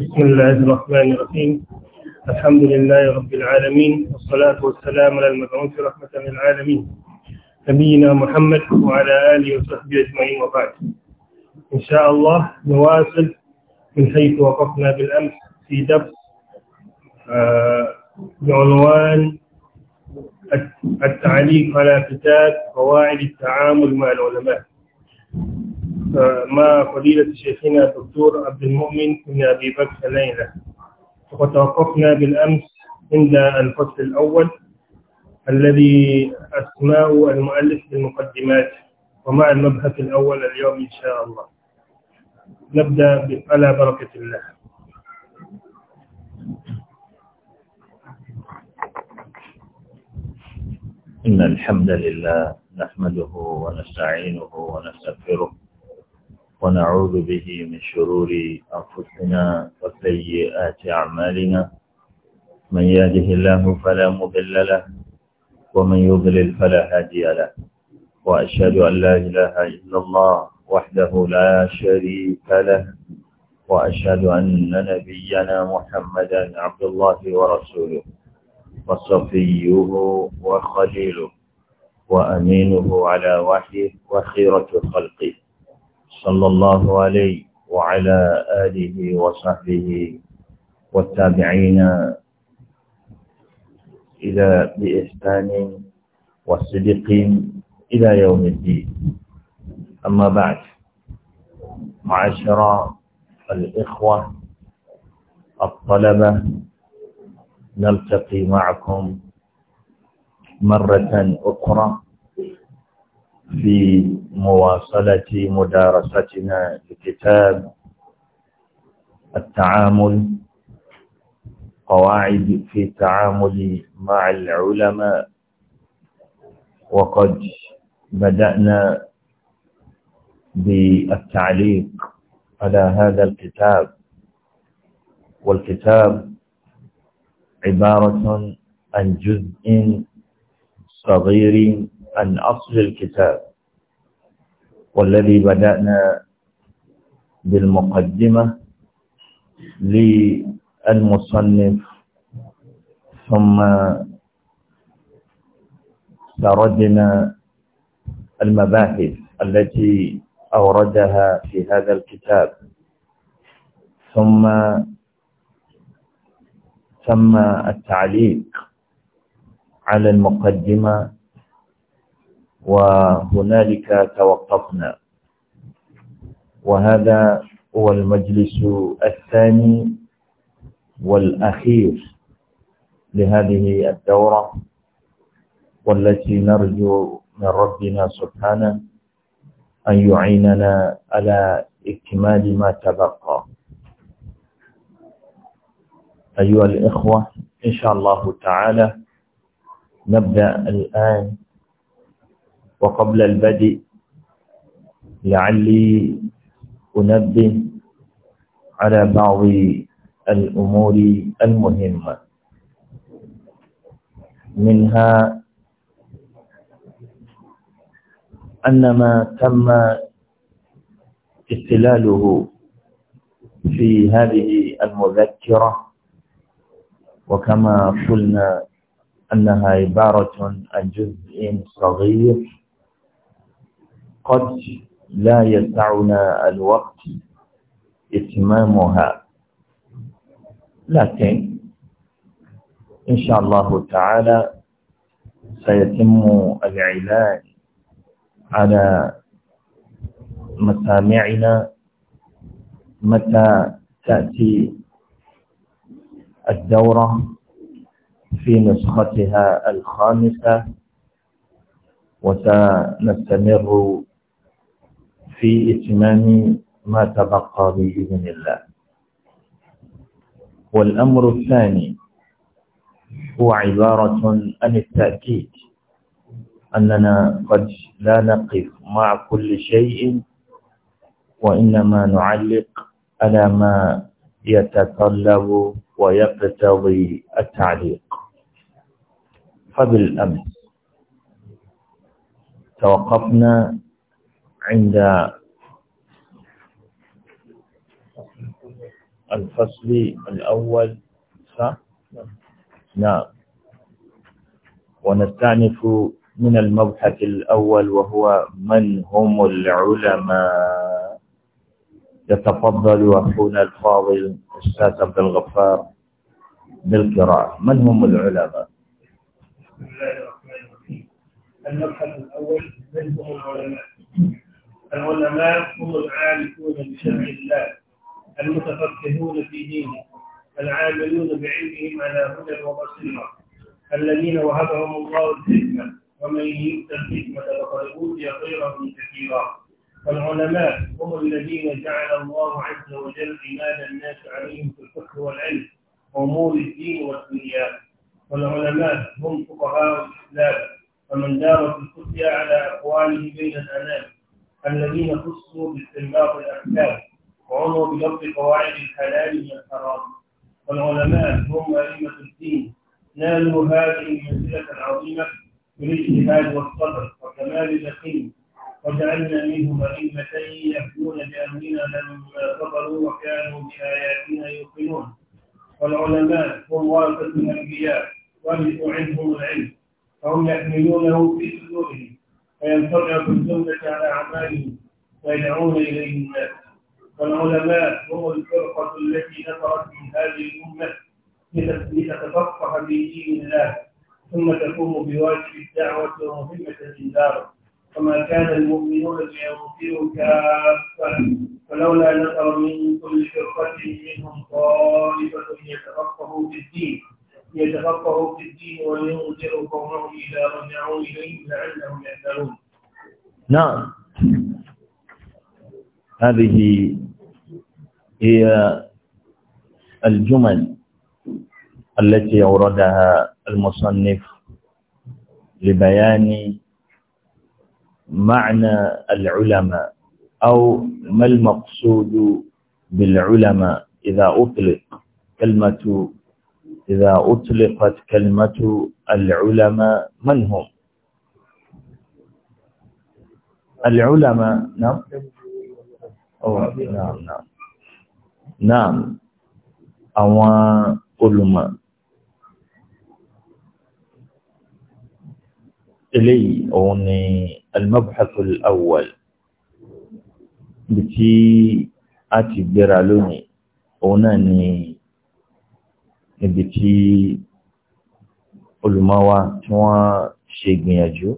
بسم الله الرحمن الرحيم الحمد لله رب العالمين والصلاة والسلام على المبعوث رحمة للعالمين نبينا محمد وعلى آله وصحبه أجمعين وبعد إن شاء الله نواصل من حيث وقفنا بالأمس في درس آه، بعنوان التعليق على كتاب قواعد التعامل مع العلماء مع فضيلة شيخنا الدكتور عبد المؤمن بن أبي بكر ليلة وقد توقفنا بالأمس عند الفصل الأول الذي أسماء المؤلف بالمقدمات ومع المبحث الأول اليوم إن شاء الله نبدأ على بركة الله إن الحمد لله نحمده ونستعينه ونستغفره ونعوذ به من شرور أنفسنا وسيئات أعمالنا من يهده الله فلا مضل له ومن يضلل فلا هادي له وأشهد أن لا إله إلا الله وحده لا شريك له وأشهد أن نبينا محمدا عبد الله ورسوله وصفيه وخليله وأمينه على وحيه وخيرة خلقه صلى الله عليه وعلى آله وصحبه والتابعين إلى بإحسان وصدق إلى يوم الدين أما بعد معاشر الإخوة الطلبة نلتقي معكم مرة أخرى في مواصلة مدارستنا لكتاب التعامل قواعد في التعامل مع العلماء وقد بدأنا بالتعليق على هذا الكتاب والكتاب عبارة عن جزء صغير عن أصل الكتاب والذي بدأنا بالمقدمة للمصنف ثم سردنا المباحث التي أوردها في هذا الكتاب ثم تم التعليق على المقدمة وهنالك توقفنا وهذا هو المجلس الثاني والأخير لهذه الدورة والتي نرجو من ربنا سبحانه أن يعيننا على إكمال ما تبقى أيها الإخوة إن شاء الله تعالى نبدأ الآن وقبل البدء لعلي أنبه على بعض الأمور المهمة منها أن ما تم استلاله في هذه المذكرة وكما قلنا أنها عبارة عن جزء صغير قد لا يسعنا الوقت إتمامها لكن إن شاء الله تعالى سيتم العلاج على مسامعنا متى تأتي الدورة في نسختها الخامسة وسنستمر في إتمام ما تبقى بإذن الله والأمر الثاني هو عبارة عن التأكيد أننا قد لا نقف مع كل شيء وإنما نعلق على ما يتطلب ويقتضي التعليق فبالأمس توقفنا عند الفصل الأول صح؟ نعم ونستأنف من المبحث الأول وهو من هم العلماء يتفضل أخونا الفاضل أستاذ عبد الغفار بالقراءة من هم العلماء؟ بسم الله الرحمن الرحيم المبحث الأول من هم العلماء العلماء هم العارفون بشرع الله المتفقهون في دينه العاملون بعلمهم على هدى وبصيرة الذين وهبهم الله الحكمة ومن يؤتى الحكمة فقد أوتي خيرا كثيرا والعلماء هم الذين جعل الله عز وجل عماد الناس عليهم في الفقه والعلم وأمور الدين والدنيا والعلماء هم فقهاء الإسلام ومن دار في الفتيا على أقواله بين الأنام الذين خصوا باستنباط الأحكام وعنوا بضبط قواعد الحلال من الحرام والعلماء هم أئمة الدين نالوا هذه المنزلة العظيمة بالاجتهاد والصبر وكمال اليقين وجعلنا منهم أئمتين يهدون بأمرنا لما صبروا وكانوا بآياتنا يوقنون والعلماء هم ورثة الأنبياء ورثوا عنهم العلم فهم يحملونه في صدورهم فينفرغ الجملة على أعمالهم ويدعون إليه الناس والعلماء هم الفرقة التي نفرت من هذه الأمة لتتفقه في دين الله ثم تقوم بواجب الدعوة ومهمة الإنذار وما كان المؤمنون لينفروا كافة فلولا نفر من كل فرقة منهم طائفة يتفقهوا في الدين يتفقهوا في الدين وينذر قومه إذا رجعوا إليه لعلهم يحذرون نعم هذه هي الجمل التي أوردها المصنف لبيان معنى العلماء أو ما المقصود بالعلماء إذا أطلق كلمة إذا أطلقت كلمة العلماء من هم العلماء نعم أوه. نعم نعم نعم أوان علماء إلي أوني المبحث الأول بتي أتي برالوني أوناني níbi tí olùmọ́wa tí wọ́n ṣe gbìyànjú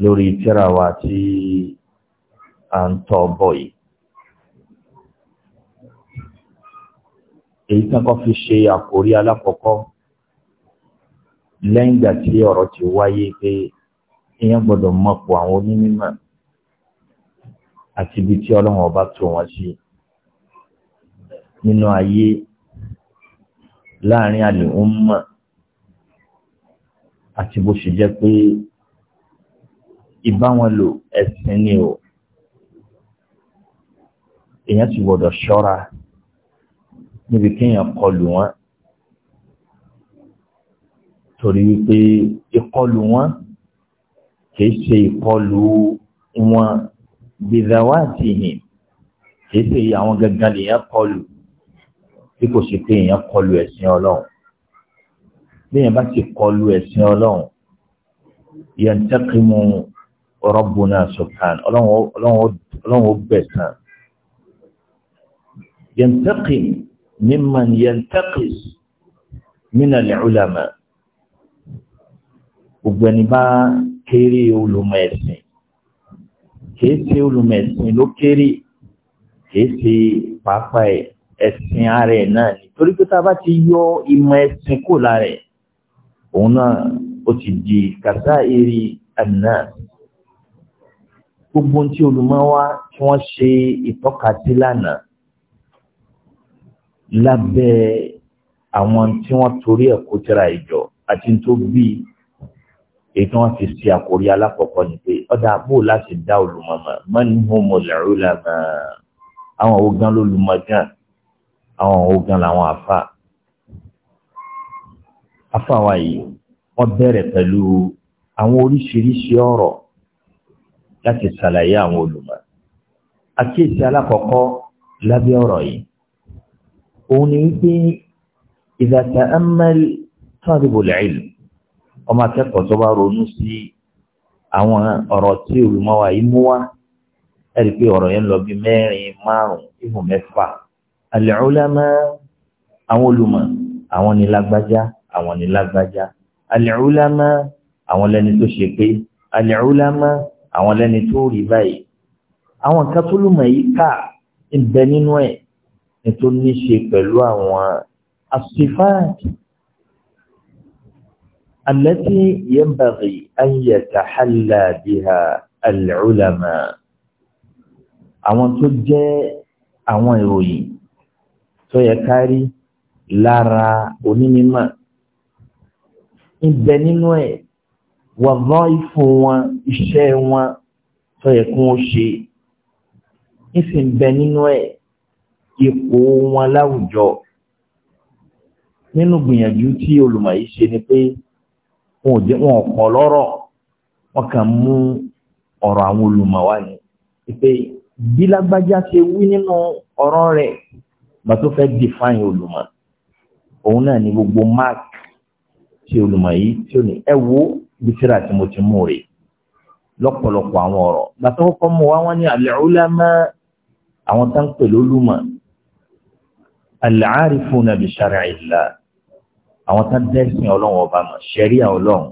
lórí tírà wa tí a ń tọ́ bọ̀ yìí. èyí tán kọ́ fi ṣe àkórí alákọ̀ọ́kọ́ lẹ́yìn ìgbà tí ọ̀rọ̀ ti wáyé pé èèyàn gbọ́dọ̀ mọ̀pọ̀ àwọn onímọ̀ àti ibi tí ọlọ́run ọba tó wọn sí nínú ayé láàrin àlè ọmọ àti bó ṣe jẹ́ pé ìbáwọn lò ẹ̀sìn ni o èèyàn ti gbọ́dọ̀ ṣọ́ra níbi kéèyàn kọlù wọn torí wípé ìkọlù wọn kìí ṣe ìkọlù wọn gbèdàwátì yìí kìí ṣe àwọn gangan lèèyàn kọlù bí kò ṣe pé èèyàn kọlu ẹ̀sìn ọlọ́run bí èèyàn bá ti kọlu ẹ̀sìn ọlọ́run yantaqimu rabbuna subhanahu ọlọ́run ó gbẹ̀san yantaqim mimman yantaqis min al-ulama gbogbo ẹni bá kéré olùmọ̀ ẹ̀sìn kìí olùmọ̀ ẹ̀sìn ló kéré kìí pàápàá ẹ̀ ẹ̀sìn ara ẹ̀ náà ni torí pé tá a bá ti yọ ìmọ̀ ẹ̀sìn kò lára ẹ̀ òun náà ó ti di kàtà eré àná gbogbo tí olùmọ̀ wa tí wọ́n ṣe ìtọ́ka sí lánàá lábẹ́ àwọn tí wọ́n torí ẹ̀ kó tẹ́ra ìjọ àti tó bí ètò wọn fi ṣe àkórí alákọ̀ọ́kọ́ ni pé ọ̀dà àbò láti dá olùmọ̀mọ̀ mọ́ni homo lẹ́rú làmà àwọn ogan lólùmọ̀ gan àwọn ogun làwọn afa afa wa yìí wọ́n bẹ̀rẹ̀ pẹ̀lú àwọn oríṣiríṣi ọ̀rọ̀ láti ṣàlàyé àwọn olùmọ̀ àkíyèsí alákọ̀ọ́kọ́ lábẹ́ ọ̀rọ̀ yìí òun ni wípé idha ta'ammal talibul ilm ọmọ akẹ́kọ̀ọ́ tó bá ronú sí àwọn ọ̀rọ̀ tí olùmọ̀ wa yìí mú wá ẹ̀rí pé ọ̀rọ̀ yẹn lọ bí mẹ́rin márùn-ún ìhùn mẹ́fà al-ulama àwọn olùmọ̀ àwọn ni lágbájá àwọn ni lágbájá al-ulama àwọn lẹ́ni tó ṣe pé al-ulama àwọn lẹ́ni tó rí báyìí àwọn nǹkan yìí kà ń nínú ẹ̀ tó ní ṣe pẹ̀lú àwọn asifáàtì التي ينبغي أن يتحلى بها العلماء àwọn tó jẹ́ àwọn ìròyìn tó yẹ kárí lára onímọ̀ ibẹ̀ nínú ẹ̀ wà vọ́ ìfún wọn iṣẹ́ wọn tó yẹ kí wọ́n ṣe ìsìn bẹ nínú ẹ̀ ipò wọn láwùjọ nínú gbìyànjú tí olùmọ̀ ṣe ni pé wọn ò jẹ́ wọn ọ̀pọ̀ lọ́rọ̀ wọn kàn mú ọ̀rọ̀ àwọn olùmọ̀ wá ni pé bí lágbájá ṣe wí nínú ọ̀rọ̀ rẹ̀ gbà tó fẹ́ define olùmọ̀ òun náà ni gbogbo mark tí olùmọ̀ yìí tí ó ní ẹ wo bisira tí mo ti mú rè lọ́pọ̀lọpọ̀ àwọn ọ̀rọ̀ gbà tó kọ́kọ́ mú wa wọ́n ní al-ulama àwọn tá ń pè lólùmọ̀ al-arifuna bi shar'illah àwọn tá dẹ́sìn ọlọ́run ọba mọ̀ ṣẹ̀ríà ọlọ́run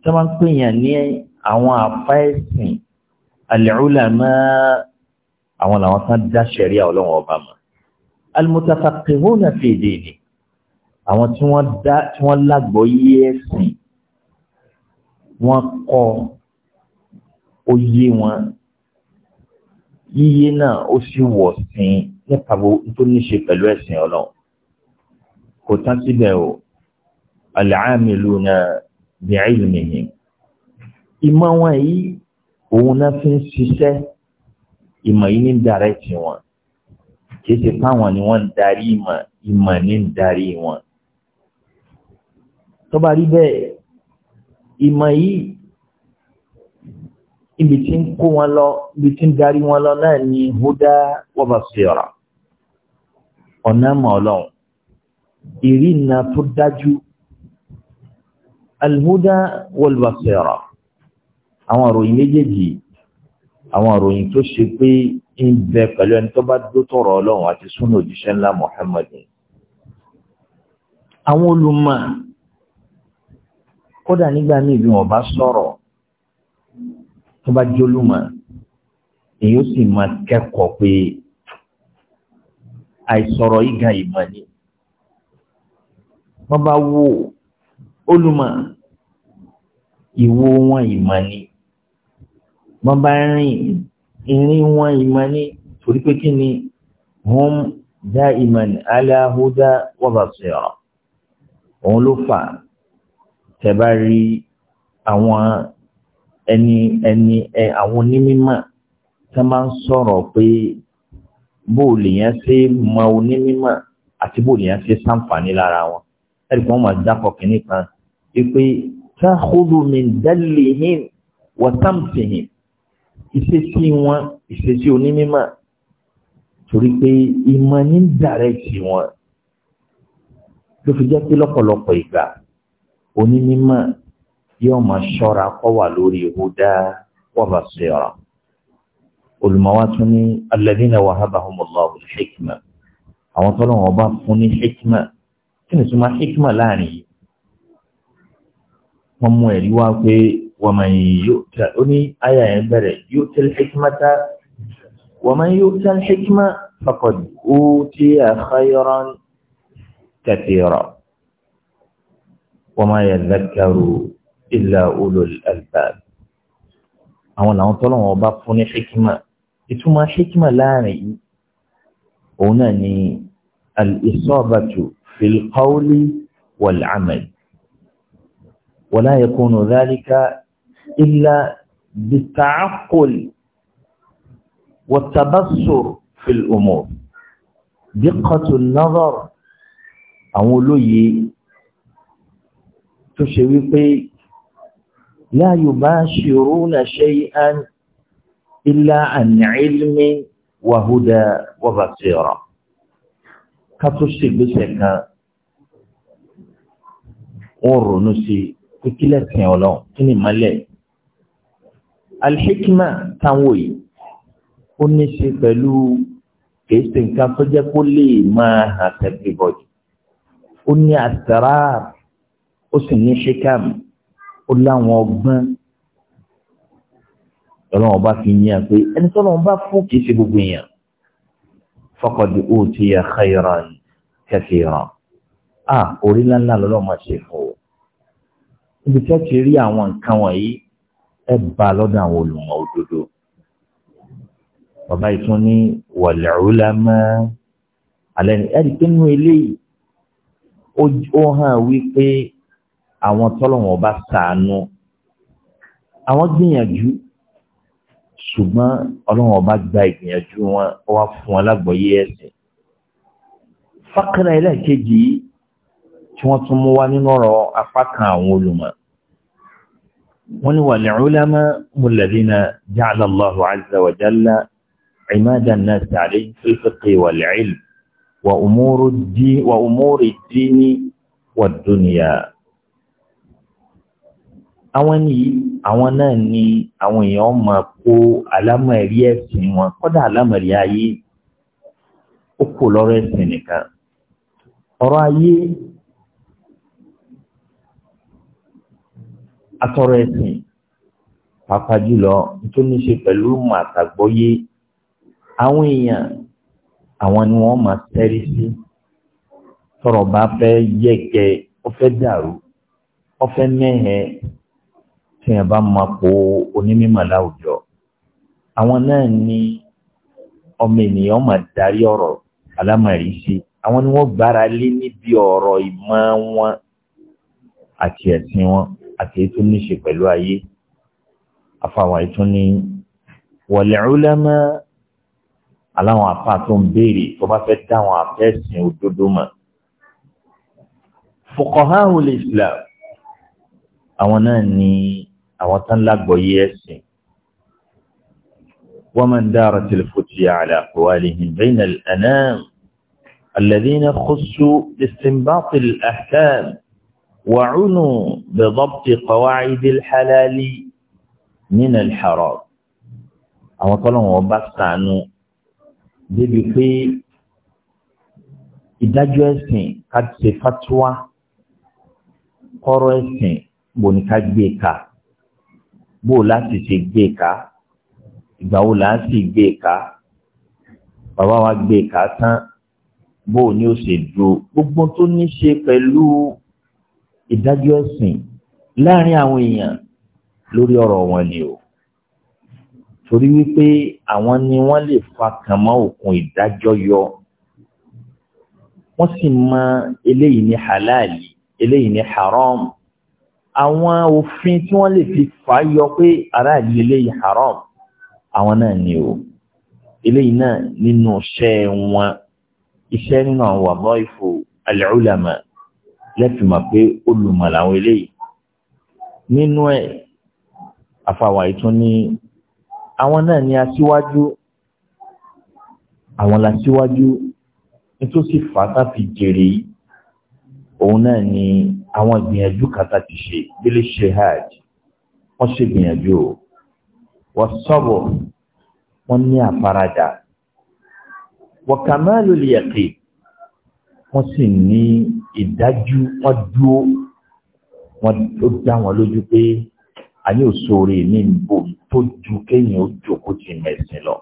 tí wọ́n ń pè ní àwọn àfa ẹ̀sìn àwọn làwọn tá dá ṣẹ̀ríà ọlọ́run ọba mọ̀ almutafakihuna fi dini àwọn tí wọ́n dá tí wọ́n lágbọ́ yé ẹ̀sìn wọ́n kọ́ oyé wọn yíyé náà ó sì wọ̀ sí nípa tó ní ṣe pẹ̀lú ẹ̀sìn ọlọ́run kò tán síbẹ̀ o al-amiluna bi'ilmihim ìmọ̀ wọn yìí òun náà fi ń ṣiṣẹ́ ìmọ̀ yìí ní dàrẹ́tì wọn kì í ṣe fáwọn ni wọ́n ń darí ìmọ̀ ìmọ̀ ní ń darí wọn. tó bá rí bẹ́ẹ̀ ìmọ̀ yìí ibi tí ń kó wọn lọ ibi tí ń darí wọn lọ náà ni huda wa basira ọ̀nà mọ̀ ọlọ́run ìrìnà tó dájú alhuda wal basira àwọn ìròyìn méjèèjì àwọn ìròyìn tó ṣe pé ń bẹ pẹ̀lú ẹni tó bá dó tọrọ ọlọ́run àti súnà òjíṣẹ́ ńlá Muhammad àwọn olùmọ̀ kódà nígbà míì bí wọn bá sọ̀rọ̀ tó bá jólúmọ̀ èyí ó sì máa kẹ́kọ̀ọ́ pé àìsọ̀rọ̀ ìga ìmọ̀ ni wọ́n bá wo olùmọ̀ ìwo wọn ìmọ̀ ni wọ́n bá rìn ìrìn wọn ìmọ̀ ni torí pé kí ni hum daiman ala huda wa basira òun ló fà tẹ́bá rí àwọn ẹni ẹni ẹ àwọn onímọ̀ tí wọ́n máa ń sọ̀rọ̀ pé bóòlù yẹn ṣe mọ onímọ̀ àti bóòlù yẹn ṣe sàǹfààní lára wọn ẹ̀rí kan máa dákọ̀ kínní kan wípé táhùrù min dalihin wa tamtihin ìṣesí wọn ìṣesí onímọ̀ torí pé ìmọ̀ ní dàrẹ́tì wọn ló fi jẹ́ pé lọ́pọ̀lọpọ̀ ìgbà onímọ̀ yóò máa ṣọ́ra kọ́ wà lórí ìhúdá wàbà sí ọ̀rọ̀ olùmọ̀wá tún ní alladhina wahabahumullahu al-hikma àwọn tọ́lọ́ wọn bá fún ní hikma kí ni súnmọ́ hikma láàrin yìí wọ́n mú ẹ̀rí wá pé ومن يؤت أني آية ينبري يؤت الحكمة ومن يؤت الحكمة فقد أوتي خيرا كثيرا وما يذكر إلا أولو الألباب àwọn làwọn tọ́lọ́wọ́n ọba fún ní hikima ìtumọ̀ hikima láàrin yìí òun náà ni al-isabatu fil qawli wal amal إلا بالتعقل والتبصر في الأمور دقة النظر àwọn olóye tó ṣe wípé la yubashiruna shay'an illa an ilmin wa huda wa basira ká tó ṣe gbèsè kan wọ́n ronú sí kíkílẹ̀ sìn ọlọ́run kí ni ìmọ́lẹ̀ alhikima táwọn òye ó ní ṣe pẹ̀lú kìí ṣe nǹkan tó jẹ́ kó lè máa hàn everybody ó ní asrar ó sì ní hikam ó láwọn ọgbọ́n ọlọ́wọ́n bá fi yíyan pé ẹni tó lọ́wọ́n bá fún kìí ṣe gbogbo èèyàn faqad utiya khayran kathiran a orí ńláńlá lọ́lọ́ máa ṣe fún o ibi tí ti rí àwọn nǹkan wọ̀nyí ẹ bá lọ́dọ̀ àwọn olùmọ̀ òdodo bàbá ìtún ní wàlẹ̀ ulama alẹ́ ní ẹ̀rí pé nínú eléyìí ó hàn wípé àwọn tọ́lọ̀wọ̀n bá sàánú àwọn gbìyànjú ṣùgbọ́n ọlọ́wọ̀n ọba gba ìgbìyànjú wọn wá fún wọn lágbọ̀ọ́yé ẹ̀sìn fákàrà ẹlẹ́ẹ̀kejì tí wọ́n tún mú wá nínú ọ̀rọ̀ apá kan àwọn olùmọ̀ wọ́n ní والعلماء الذين جعل الله عز وجل عماد الناس عليهم في الفقه والعلم وأمور الدين وأمور الدين والدنيا àwọn yìí àwọn náà ni àwọn èèyàn máa kó alámọ̀rí ẹ̀sìn wọn kọ́dà alámọ̀rí ayé ó kò lọ́rọ̀ ẹ̀sìn nìkan ọ̀rọ̀ ayé atọ́rọ ẹ̀sìn pàápàá jùlọ tó ní ṣe pẹ̀lú mọ̀ àwọn èèyàn àwọn ni wọ́n máa tẹ́rí sí tọrọ bá fẹ́ yẹ̀kẹ́ ó dàrú ó fẹ́ tí wọ́n bá máa po onímọ̀ láwùjọ àwọn náà ni ọmọ ènìyàn máa darí ọ̀rọ̀ alámàrí sí àwọn ni wọ́n gbára lé níbi ọ̀rọ̀ ìmọ̀ wọn àti ẹ̀sìn wọn àti èyí tó ní ṣe pẹ̀lú ayé afáwọn èyí tó ní wọ̀lẹ̀ ulama aláwọn afá tó ń béèrè tó bá fẹ́ dáwọn afẹ́sìn òdodo mọ̀ fuqahahul islam àwọn náà ní àwọn tán lágbọ̀ọ́yé ẹ̀sìn ومن دارت الفتية على أقوالهم بين الأنام الذين خصوا باستنباط الأحكام وعنوا بضبط قواعد الحلال من الحرام àwọn tọ́lọ̀ wọn bá sànú débi pé ìdájọ́ ẹ̀sìn ká ṣe fatuwa kọ́rọ̀ ẹ̀sìn bò ní ká gbé e ka bó o láti ṣe gbé e ka ìgbà wo là gbé e ka bàbá wa gbé ka tán bó o ní ṣe dúró gbogbo tó ní ṣe pẹ̀lú ìdájọ́ ẹ̀sìn láàrin àwọn èèyàn lórí ọ̀rọ̀ wọn ni o torí wípé àwọn ni wọ́n lè fa kàn mọ́ òkun ìdájọ́ yọ wọ́n sì mọ eléyìí ní halali eléyìí ní haram àwọn òfin tí wọ́n lè fi fà yọ pé aráàlú eléyìí haram àwọn náà ni o eléyìí náà nínú iṣẹ́ wọn iṣẹ́ nínú àwọn wàbọ̀ ìfò al-ulama lẹ́tì mọ̀ pé olùmọ̀ làwọn eléyìí nínú ẹ̀ àfàwàyí tún ní àwọn náà ní aṣíwájú àwọn làṣíwájú nítòsí fàtà fi jèrè yìí òun náà ni àwọn ìgbìyànjú kàtà ti ṣe délé ṣe hajj wọ́n ṣe gbìyànjú o wọ́n sọ̀rọ̀ wọ́n ní àfaradà wọ́n kàmáàlú lè yẹ̀ pé wọ́n sì ní ìdájú wọn dúró wọn ló dá wọn lójú pé a ní òṣòro mi bò tó ju kéèyàn ó jókòó ti mẹ̀sìn lọ.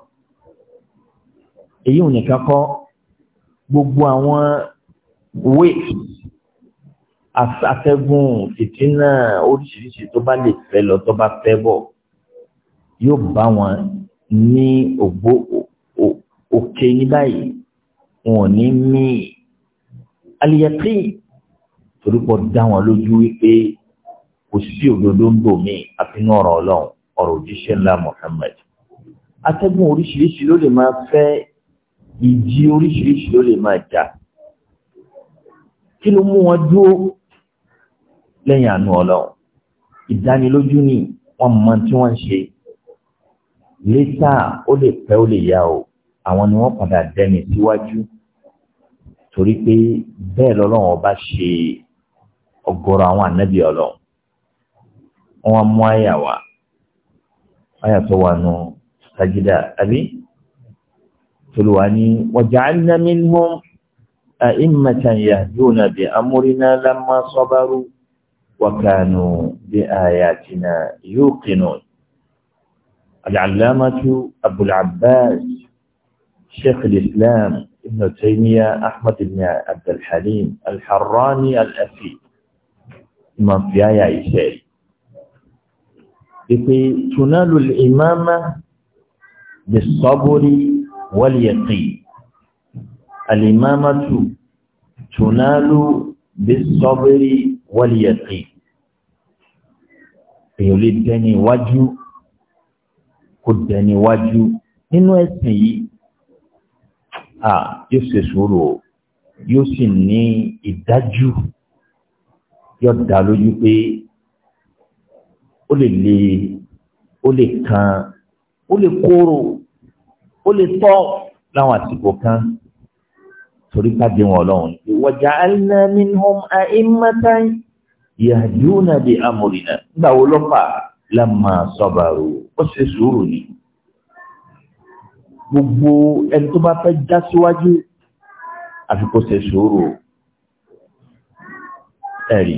èyí ò nìkan kọ́ gbogbo àwọn wéèkì atẹ́gùn fìtínà oríṣiríṣi tó bá lè fẹ́ lọ tó bá fẹ́ bọ̀ yóò bá wọn ní ògbó òkè ní báyìí wọn ò ní míì àlìyàtí torípọ̀ dá wọn lójú wípé kò sí òdodo ń dò mí àfinú ọ̀rọ̀ ọlọ́run ọ̀rọ̀ òjíṣẹ́ ńlá Muhammad atẹ́gùn oríṣiríṣi ló lè máa fẹ́ ìjì oríṣiríṣi ló lè máa jà kí ló mú wọn dúró lẹ́yìn àánú ọlọ́run ìdánilójú ni wọ́n mọ tí wọ́n ń ṣe létà ó lè pẹ́ ó lè yá o àwọn ni wọ́n padà dẹni síwájú. Si torí pé bẹ́ẹ̀ lọ́lọ́run ọba ṣe ọ̀gọ̀rọ̀ àwọn ànábì ọlọ́run wọ́n mú àyà wá àyà tó wà nù sàjídà àbí tolúwa ni wa ja'alna minhum a'immatan yahduna bi amrina lamma sabaru wa kanu bi ayatina yuqinun al-allamatu Abul Abbas Sheikh al-Islam ابن تيمية أحمد بن عبد الحليم الحراني الأسي إمام في آية إشاري لكي تنال الإمامة بالصبر واليقين الإمامة تنال بالصبر واليقين يولد دني وجه قد دني وجه إنه اسمي à yóò ṣe sùúrù o yóò sì ní ìdájú yóò dá lójú pé ó lè le ó lè kan ó lè kóró ó lè tọ́ láwọn àsìkò kan torí ká wọn lọ́wọ́ wa ja'alna minhum a'immatan yahduna bi amrina lọ́pàá lamma sabaru ó ṣe sùúrù ni gbogbo ẹni tó bá fẹ́ já síwájú àfi kó ṣe sùúrù ẹ̀rí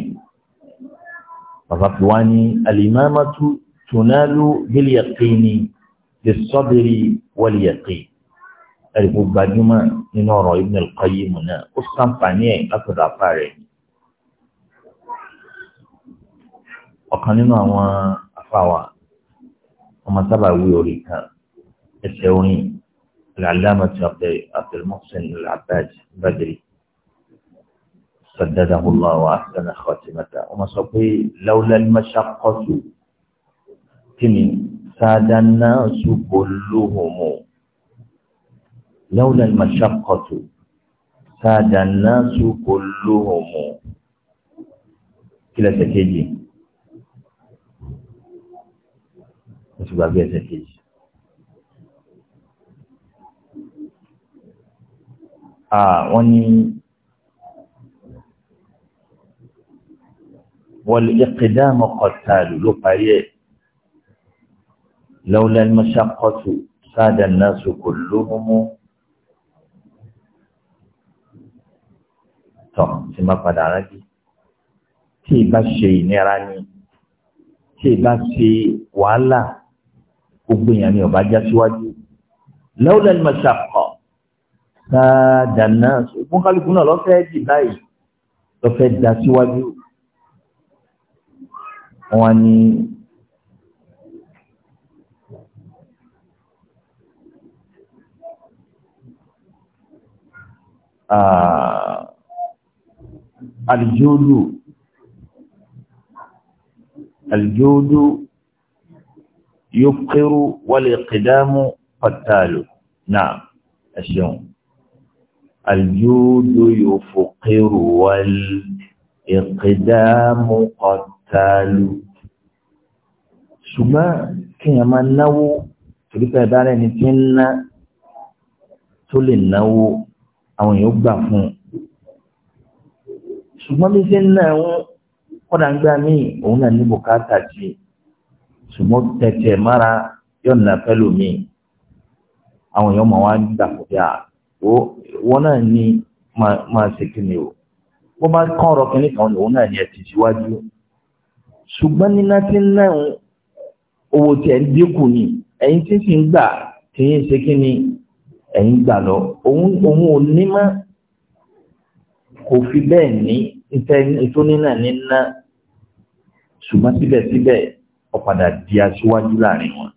bàbá fi wá ní alìmọ́mọ́tú tunalu bílíyàkíní lè sọ́bìrì wọlíyàkí ẹ̀rí kó gbajúmọ̀ nínú ọ̀rọ̀ Ibn al-Qayyim náà ó sàǹfààní ẹ̀ látọ̀dọ̀ apá rẹ̀ ọ̀kan nínú àwọn afáwà ọmọ sábà wí orí kan ẹsẹ̀ orin العلامة عبد المحسن العباس بدري سدده الله وأحسن خاتمته وما صفي لولا المشقة كني ساد الناس كلهم لولا المشقة ساد الناس كلهم كلا سكيجي بس سكيجي wọ́n ní wọ́n lè kéde àmọ́ kọ̀tàlù ló parí ẹ̀ lọ́wọ́lá mọ́ṣákọ́tù sáàdà náà sòkò lóhùnmú. tọ̀ tí máa padà rántí tí ì bá ṣe ìnira ni tí ì bá ṣe wàhálà gbogbo èèyàn ni ọba já síwájú lọ́wọ́lá mọ́ṣákọ́ sáàdà náà fún kálukú náà lọ́fẹ́ dì báyìí lọ́fẹ́ da síwájú wọn ni àlìjóòdù àlìjóòdù yóò kérú pàtàlù náà ẹ̀ṣẹ̀wọ̀n. الجود يفقر والإقدام قتال ṣùgbọ́n kíyàn máa náwó torípẹ́ ìdára ẹni tí ń ná tó lè náwó àwọn èèyàn gbà fún un ṣùgbọ́n bí ṣe ń ná ẹ̀wọ̀n kọ́dà ń gbà míì òun náà ní bùkátà jì ṣùgbọ́n tẹ̀tẹ̀ mára yọ̀nà pẹ́lú míì àwọn èèyàn máa wá gbà fún bí i wọ́n náà ní máa ṣe kí ni o wọ́n bá kán ọ̀rọ̀ kìíní kan ní òun náà ní ẹ̀tì síwájú ṣùgbọ́n níná tí ń náà owó tí ẹ̀ ń dínkù ni ẹ̀yin tí sì ń gbà kì í ṣe kí ni ẹ̀yin gbà lọ òun ò ní mọ́ kò fi bẹ́ẹ̀ ní ìtóní náà ní ná ṣùgbọ́n síbẹ̀síbẹ̀ ó di aṣíwájú láàrin wọn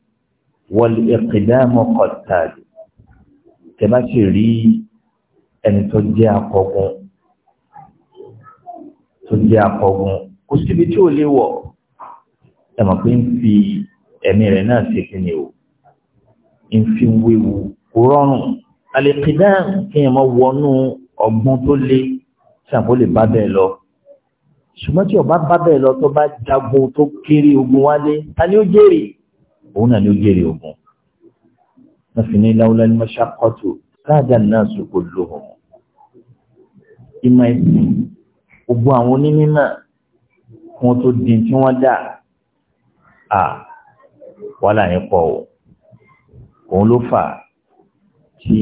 wal iqdamu qattali tẹ̀bá sì rí ẹni tó jẹ́ akọgun tó jẹ́ akọgun kò síbi tí ò lè wọ̀ ẹ mọ̀ pé ń fi ẹ̀mí rẹ̀ náà ṣe kí ni o ń fi wéwu kò rọrùn àlèkìdá kí ẹ wọnú ọgbọ́n tó lé ṣàpò bá bẹ́ẹ̀ lọ ṣùgbọ́n tí ọba bá bẹ́ẹ̀ lọ tó bá jagun tó kéré ogun wálé ta ni ó jèrè òun náà ni ó jèrè ogun نفني لولا المشقة ساد الناس كلهم ìmọ̀ ẹ̀sìn gbogbo àwọn onímọ̀ wọn tó di tí wọ́n dà à wàhálà yẹn pọ̀ o òun ló fà tí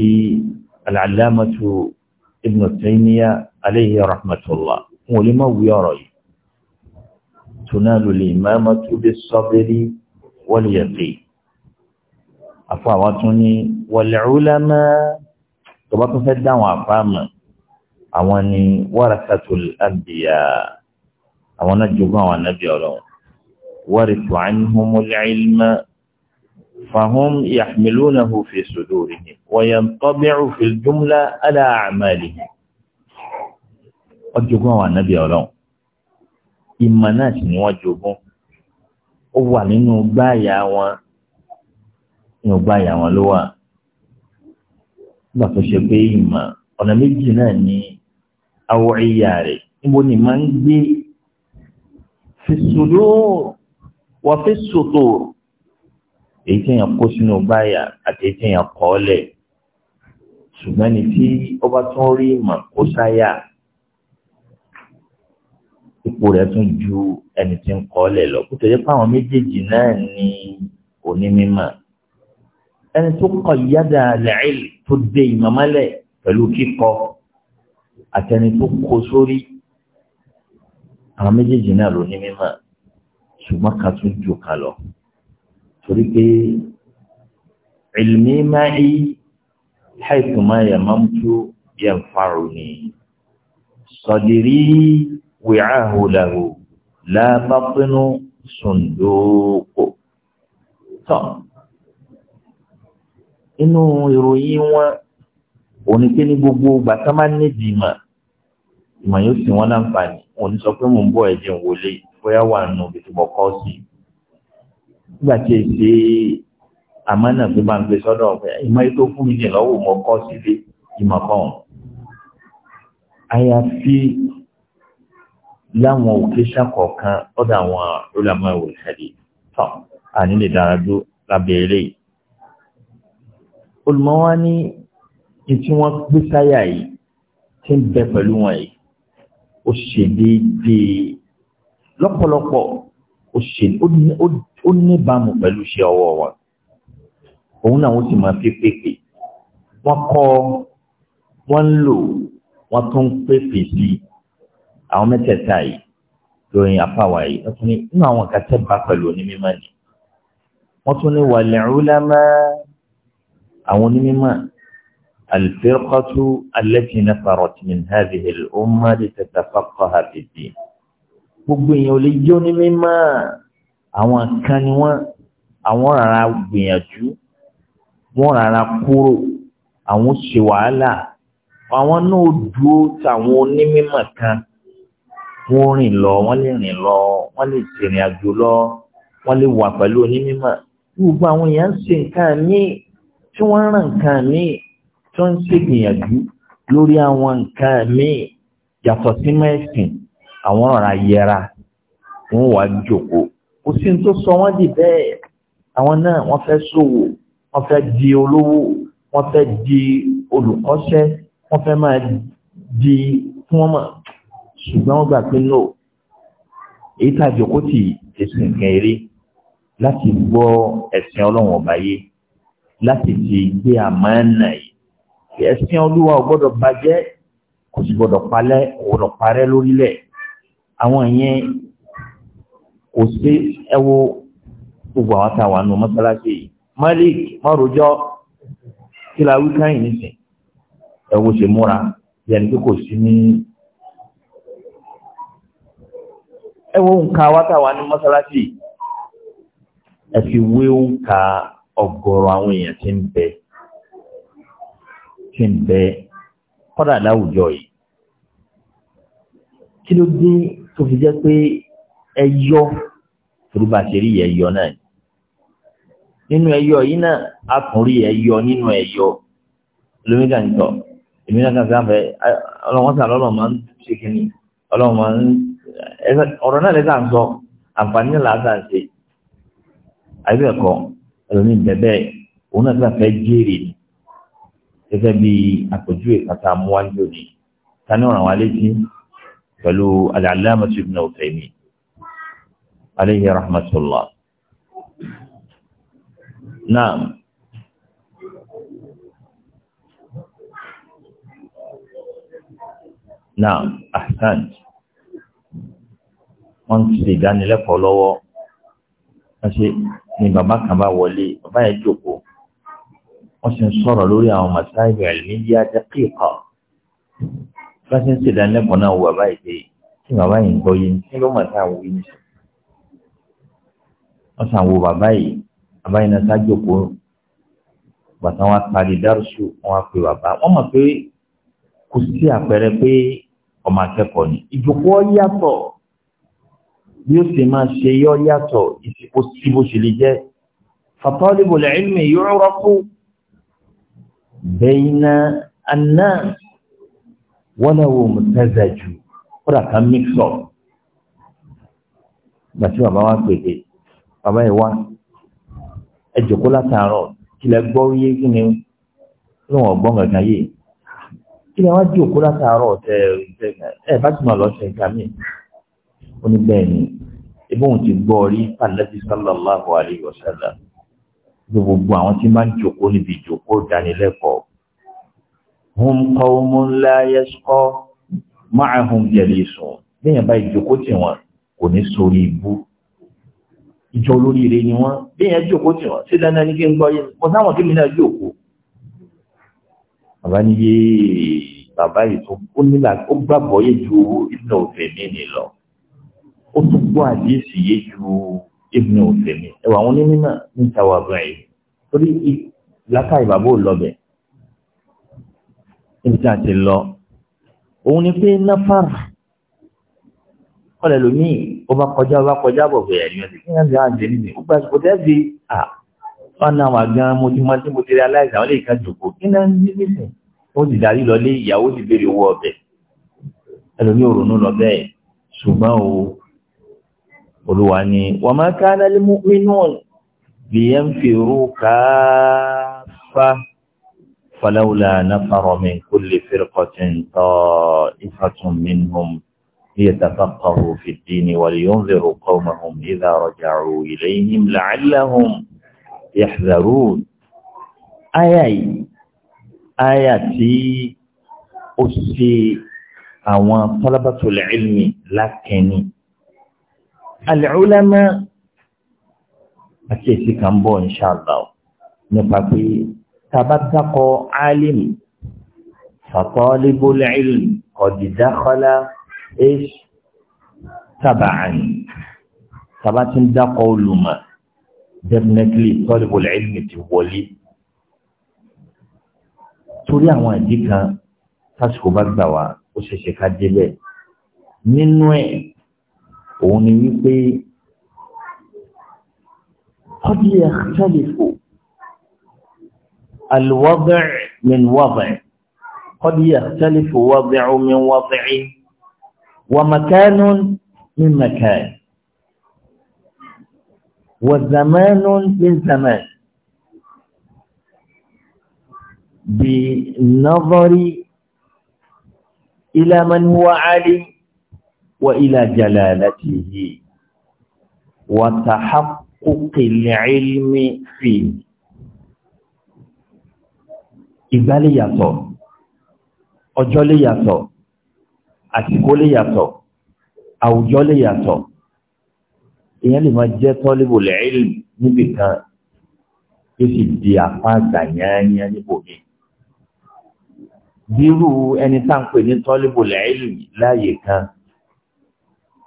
al-allamatu Ibn Taymiyyah alayhi rahmatullah wọn ò lè má wí ọ̀rọ̀ tunalu al-imamatu bis-sabri wal-yaqin àfọ àwọn tún ní wal ulama tó bá tún fẹ́ dá àwọn àfọ àmọ́ àwọn ni warasatul anbiya àwọn náà jogún àwọn anábì ọlọ́run warithu anhumul ilma fahum yahmilunahu fi sudurihim wa yantabi'u fil jumla ala a'malihim wọ́n jogún àwọn anábì ọlọ́run ìmọ̀ náà sì ni wọ́n jogún ó wà nínú gbáàyà wọn inú gbá ìyá wọn ló wà nígbà tó ṣe pé ìmọ̀ ọ̀nà méjì náà ni awọ ìyá rẹ̀ níbo ni máa ń gbé fèsòdó wà fèsòdó èyí tí èèyàn kó sínú báyà àti èyí tí èèyàn kọ́ lẹ̀ ṣùgbọ́n ní tí ọba tún rí ìmọ̀ kó sáyà ipò rẹ̀ tún ju ẹni tí ń kọ́ lẹ̀ lọ kó tó yẹ méjèèjì náà ni onímọ̀ ẹni tó kọ ìyáda lẹ́ẹ̀lì tó dé ìmọ̀mọ́lẹ̀ pẹ̀lú kíkọ àtẹni tó kó sórí àwọn méjèèjì náà ló ní mímọ̀ ṣùgbọ́n ká tún jù ká lọ torí pé ìlmí máa ń حيث ما يممت ينفعني صدري وعاه له لا بطن صندوق طب inú ìròyìn wọn òní pé ní gbogbo ìgbà tá máa ń nídìí ìmọ̀ ìmọ̀ yóò sì wọ́n láǹfààní wọn ò ní sọ pé mò ń bọ̀ ẹ̀jẹ̀ ń wọlé bóyá wà nù bí mo kọ́ sí i. nígbà tí èsì àmánà tó bá ń gbé sọ́dọ̀ ọ̀fẹ́ ìmọ̀ yìí tó fún mi jẹ̀ lọ́wọ́ mo kọ́ sílé ìmọ̀ kan. àyàfi láwọn òkèṣà kọ̀ọ̀kan ọ̀dọ̀ àwọn olùlàmọ̀ ìwòsàn yìí tán àní lè dára dúró lábẹ́ eléyìí olùmọ́wá ní ìtí wọ́n gbé sáyà yìí tí ń bẹ pẹ̀lú wọn yìí ó ṣe déédéé lọ́pọ̀lọpọ̀ ó ṣe ó níbàámu pẹ̀lú iṣẹ́ ọwọ́ wọn òun náà wọ́n sì máa fi pépè wọ́n kọ́ wọ́n ń lò wọ́n tún ń pépè sí àwọn mẹ́tẹ̀ẹ̀ta yìí lóyìn afáwa yìí wọ́n tún ní inú àwọn kàtẹ́ pẹ̀lú onímọ̀ ni wọ́n tún ní wàlẹ̀ ọ̀làmọ́ àwọn onímọ̀ alifirikatu alẹ́tì nafarat min hadhihi al-umma di tatafaqqaha fi ddin gbogbo èèyàn ò lè jẹ́ onímọ̀ àwọn kan ni wọ́n àwọn rárá gbìyànjú wọ́n rárá kúrò àwọn ṣe wàhálà àwọn náà dúró táwọn onímọ̀ kan wọ́n rìn lọ wọ́n lè rìn lọ wọ́n lè ṣèrìn àjò lọ wọ́n lè wà pẹ̀lú onímọ̀ gbogbo àwọn èèyàn ń ṣe nǹkan míì tí wọ́n ràn nǹkan míì tí wọ́n ń ṣègbìyànjú lórí àwọn nǹkan míì yàtọ̀ sí mẹ́sìn àwọn ọ̀rọ̀ ayẹra wọ́n wà jòkó kò sí ní tó sọ wọ́n di bẹ́ẹ̀ àwọn náà wọ́n fẹ́ ṣòwò wọ́n fẹ́ di olówó wọ́n fẹ́ di olùkọ́ṣẹ́ wọ́n fẹ́ máa di fún wọn mọ̀ ṣùgbọ́n wọ́n gbà pé no èyí tá a jòkó tì tẹ̀sìn kẹrin láti gbọ́ ẹ̀sìn ọlọ́run ọ̀báyé láti fi gbé àmánà yìí ẹ̀sìn olúwa ò gbọ́dọ̀ bàjẹ́ kò sì gbọ́dọ̀ palẹ̀ ọ̀rọ̀ parẹ́ lórílẹ̀ àwọn yẹn kò sí ẹwọ gbogbo àwọn tá a wà nù mọ́sálásí yìí Malik mọ́rojọ́ kí la wí káyìn nísìn ẹwọ ṣe múra yẹn pé kò sí ní ẹwọ nǹkan àwọn tá a wà nù mọ́sálásí ẹ fi wé nǹkan ọ̀gọ̀rọ̀ àwọn èèyàn ti ń bẹ ti ń bẹ kọ́dà láwùjọ yìí kí ló dé tó fi jẹ́ pé ẹyọ torí bá ṣe rí ẹyọ náà nínú ẹyọ yìí náà a tún rí ẹyọ nínú ẹyọ lómi kà ń tọ èmi náà kàn sáfẹ ọlọ́wọ́n sà lọ́lọ́ máa ń ṣe kínní ọlọ́wọ́n máa ń ọ̀rọ̀ náà lẹ́sà ń sọ àǹfààní náà làásà ń ṣe àbẹ̀kọ́ ẹlòmíì bẹ̀bẹ̀ òun náà fẹ́ jèrè ni gẹ́gẹ́ bí àpèjúwe kàtà muwanjo ni tani ọ̀ràn wa létí pẹ̀lú al-Allāmah Ibn Uthaymin alayhi rahmatullah naam. Naam, ahsan. Wọ́n ti ṣèdánilẹ́kọ̀ọ́ lọ́wọ́ wọ́n ṣe ni bàbá kan bá wọlé bàbá yẹn jókòó wọ́n sì ń sọ̀rọ̀ lórí àwọn masáyìí àìníyá dákìkà bá ṣe ń ṣèdánilẹ́kọ̀ọ́ náà wọ bàbá yìí pé tí bàbá yìí ń gbọ́ yìí kí ló mọ̀ tá à ń wí nìṣẹ́ bàbá yìí bàbá yìí náà ṣáájú bàtà wọn parí dárúṣù wọn pe bàbá wọn mọ̀ pé kò sí àpẹẹrẹ pé ọmọ akẹ́kọ̀ọ́ ni ìjókòó yàtọ̀ bí ó sì máa ṣe yọ́ yàtọ̀ ìsìnkú sí bó ṣe lè jẹ́ fatalibu al-ilmi yu'rafu bayna an-nas walaw mutazaju kódà ká mixọ̀ gbà tí bàbá wa pèdè bàbá yìí wá ẹ jòkó látàárọ̀ kílẹ̀ gbọ́ yé kí ni wọ́n gbọ́ nǹkan yé kílẹ̀ wá jòkó látàárọ̀ tẹ̀ ẹ bá tún lọ ṣe nǹkan ó ní bẹ́ẹ̀ ni ebóun ti gbọ́ rí pàdánù sallallahu alayhi wa sallam gbogbo àwọn tí máa ń jòkó níbi ìjòkó ìdánilẹ́kọ̀ọ́ hum qawmun la yashqa ma'ahum jalisun bẹ́ẹ̀ bá ìjòkó tí wọn kò ní sórí ibú ìjọ olóríire ni wọn bẹ́ẹ̀ jòkó tí wọn sí dandan ní kí n gbọ́ yé mo sáwọn tí mi náà jòkó bàbá ni yéé bàbá yìí tó ó gbàgbọ́ yé ju ìdùnnà òfin mi nì lọ ó tún gbọ́ àdíyèsí yé ju ibùdó òfèmí ẹwà àwọn onímọ̀ ní tàwa gan yìí torí láká ìbàbò lọ́bẹ̀ níbi tí a ti lọ òun ni pé náfàrà ọ̀rẹ́ lómi ó bá kọjá ó bá kọjá bọ̀ bẹ̀rẹ̀ ni ọ̀sẹ̀ kí wọ́n ti hàn jẹ́ni ó gbà kó tẹ́ fi à ọ̀nà àwọn àgbà mo ti mọ tí mo ti rí aláìsàn àwọn lè ká jòkó kí náà ní nísìn ó ti darí lọlé ìyàwó ti béèrè owó ọbẹ̀ ẹlòmí òrònú lọ bẹ́ẹ̀ ṣùgbọ́n o olúwa ni wọ́n máa ká náà mú inú lìyẹ́ ń fi rú káfá fọláwùlà náfàrọ̀ mi kó lè fẹ́rẹ̀kọ́tì ń tọ́ ìfàtún minhum ليتفقهوا في الدين ولينذروا قومهم إذا رجعوا إليهم لعلهم يحذرون آية ayà tí ó ṣe àwọn talabatul ilmi lákẹ́ni al-ulama àti èsì kan bọ̀ inṣàlá nípa pé tabatakọ alim fatalibul ilm qad dakhala ish taba'an tabati ń dákọ olùmọ̀ definitely talibul ilm ti wọlé torí àwọn ìdí kan tásìkò bá gbà wá ó ṣeṣe ká débẹ̀ nínú ẹ̀ òun قد يختلف الوضع من وضع قد يختلف وضع من وضع ومكان من مكان وزمان من زمان بنظر إلى من هو عالم وإلى جلالته وتحقق العلم فيه ìgbálé yàtọ̀ ọjọ́ lè yàtọ̀ àsìkò lè yàtọ̀ àwùjọ lè yàtọ̀ èyàn lè máa jẹ́ tọ́lébò lẹ́ẹ̀lì níbì kan tó sì di apá àgbàyányá níbòmí bírú ẹni tá ń pè ní tọ́lébò lẹ́ẹ̀lì láàyè kan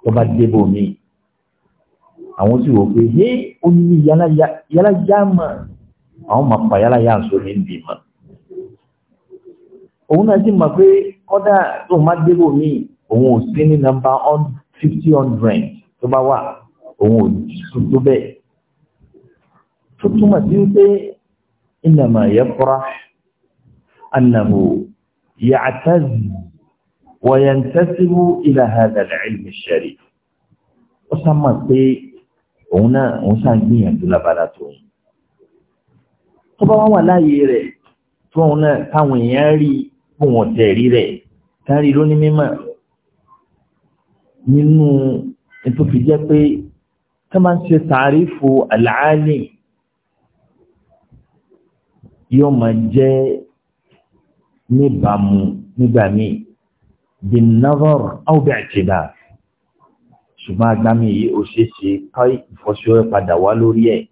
tó bá débò mí àwọn sì wò pé hé ó ní yálàyà mà àwọn máa pa yálàyà sómi ń bì mà òun náà sì mọ̀ pé kọ́dà tó má débò mí òun ò sí ní nọ́mbà fifty hundred tó bá wà òun ò sùn tó bẹ́ẹ̀ tó túmọ̀ sí wípé ìnàmà yẹ kọ́ra ànàmù yàtàzì wọ̀yẹ̀ntẹ́síbú ilà hàdàlẹ̀ ìlmi ṣẹ̀rí. ó sàmà pé òun náà òun sàn gbìyànjú lábala tó ń. tó bá wọn wà láàyè rẹ̀ tó òun náà táwọn èèyàn rí fún wọn tẹ̀ rí rẹ̀ kárí lónìí mímọ́ nínú ètò fi jẹ́ pé ká máa ń ṣe tààrífù àlàálì yóò máa jẹ́ níbàámu nígbà míì bí nọ́vọ̀rọ̀ ọ̀bẹ̀ àtìdá ṣùgbọ́n agbámi yìí ó ṣe ṣe kọ́ ìfọ́síwẹ́ padà wá lórí ẹ̀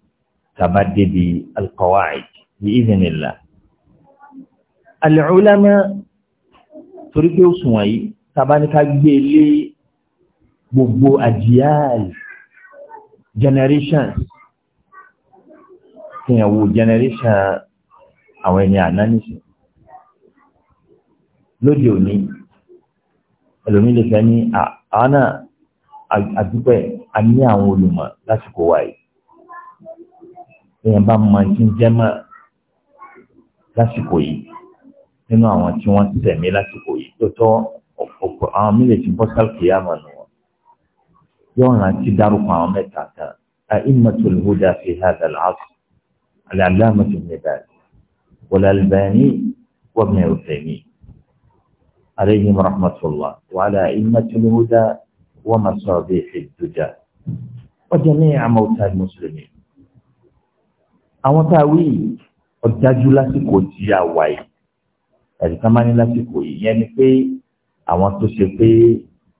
tàbá débi alqawaid ní ìdìnnìlá al-ulama torí pé ó sùn wọ̀nyí tàbá ní ká gbé lé gbogbo àjíyàl generation kí ẹ̀ wo generation àwọn ẹni àná nìṣẹ́ lóde òní ẹlòmí lè fẹ́ ní àwọn náà àdúpẹ́ a ní àwọn olùmọ̀ lásìkò wa yìí èèyàn bá mọ tí ń jẹ́ mọ́ lásìkò yìí nínú àwọn tí wọ́n ti tẹ̀mí lásìkò yìí tó tọ́ ọ̀pọ̀ àwọn mílẹ̀ tí kì í àmọ́ nù wọn yóò rántí dárúkọ àwọn mẹ́ta kan أئمة الهدى في هذا العصر العلامة ابن باز والألباني وابن عثيمين عليهم رحمة الله وعلى أئمة الهدى ومصابيح الدجى وجميع موتى المسلمين àwọn tá a wí yìí ọ̀dájú lásìkò tí a wà yìí ẹ̀rí ká máa ní lásìkò yìí yẹn ni pé àwọn tó ṣe pé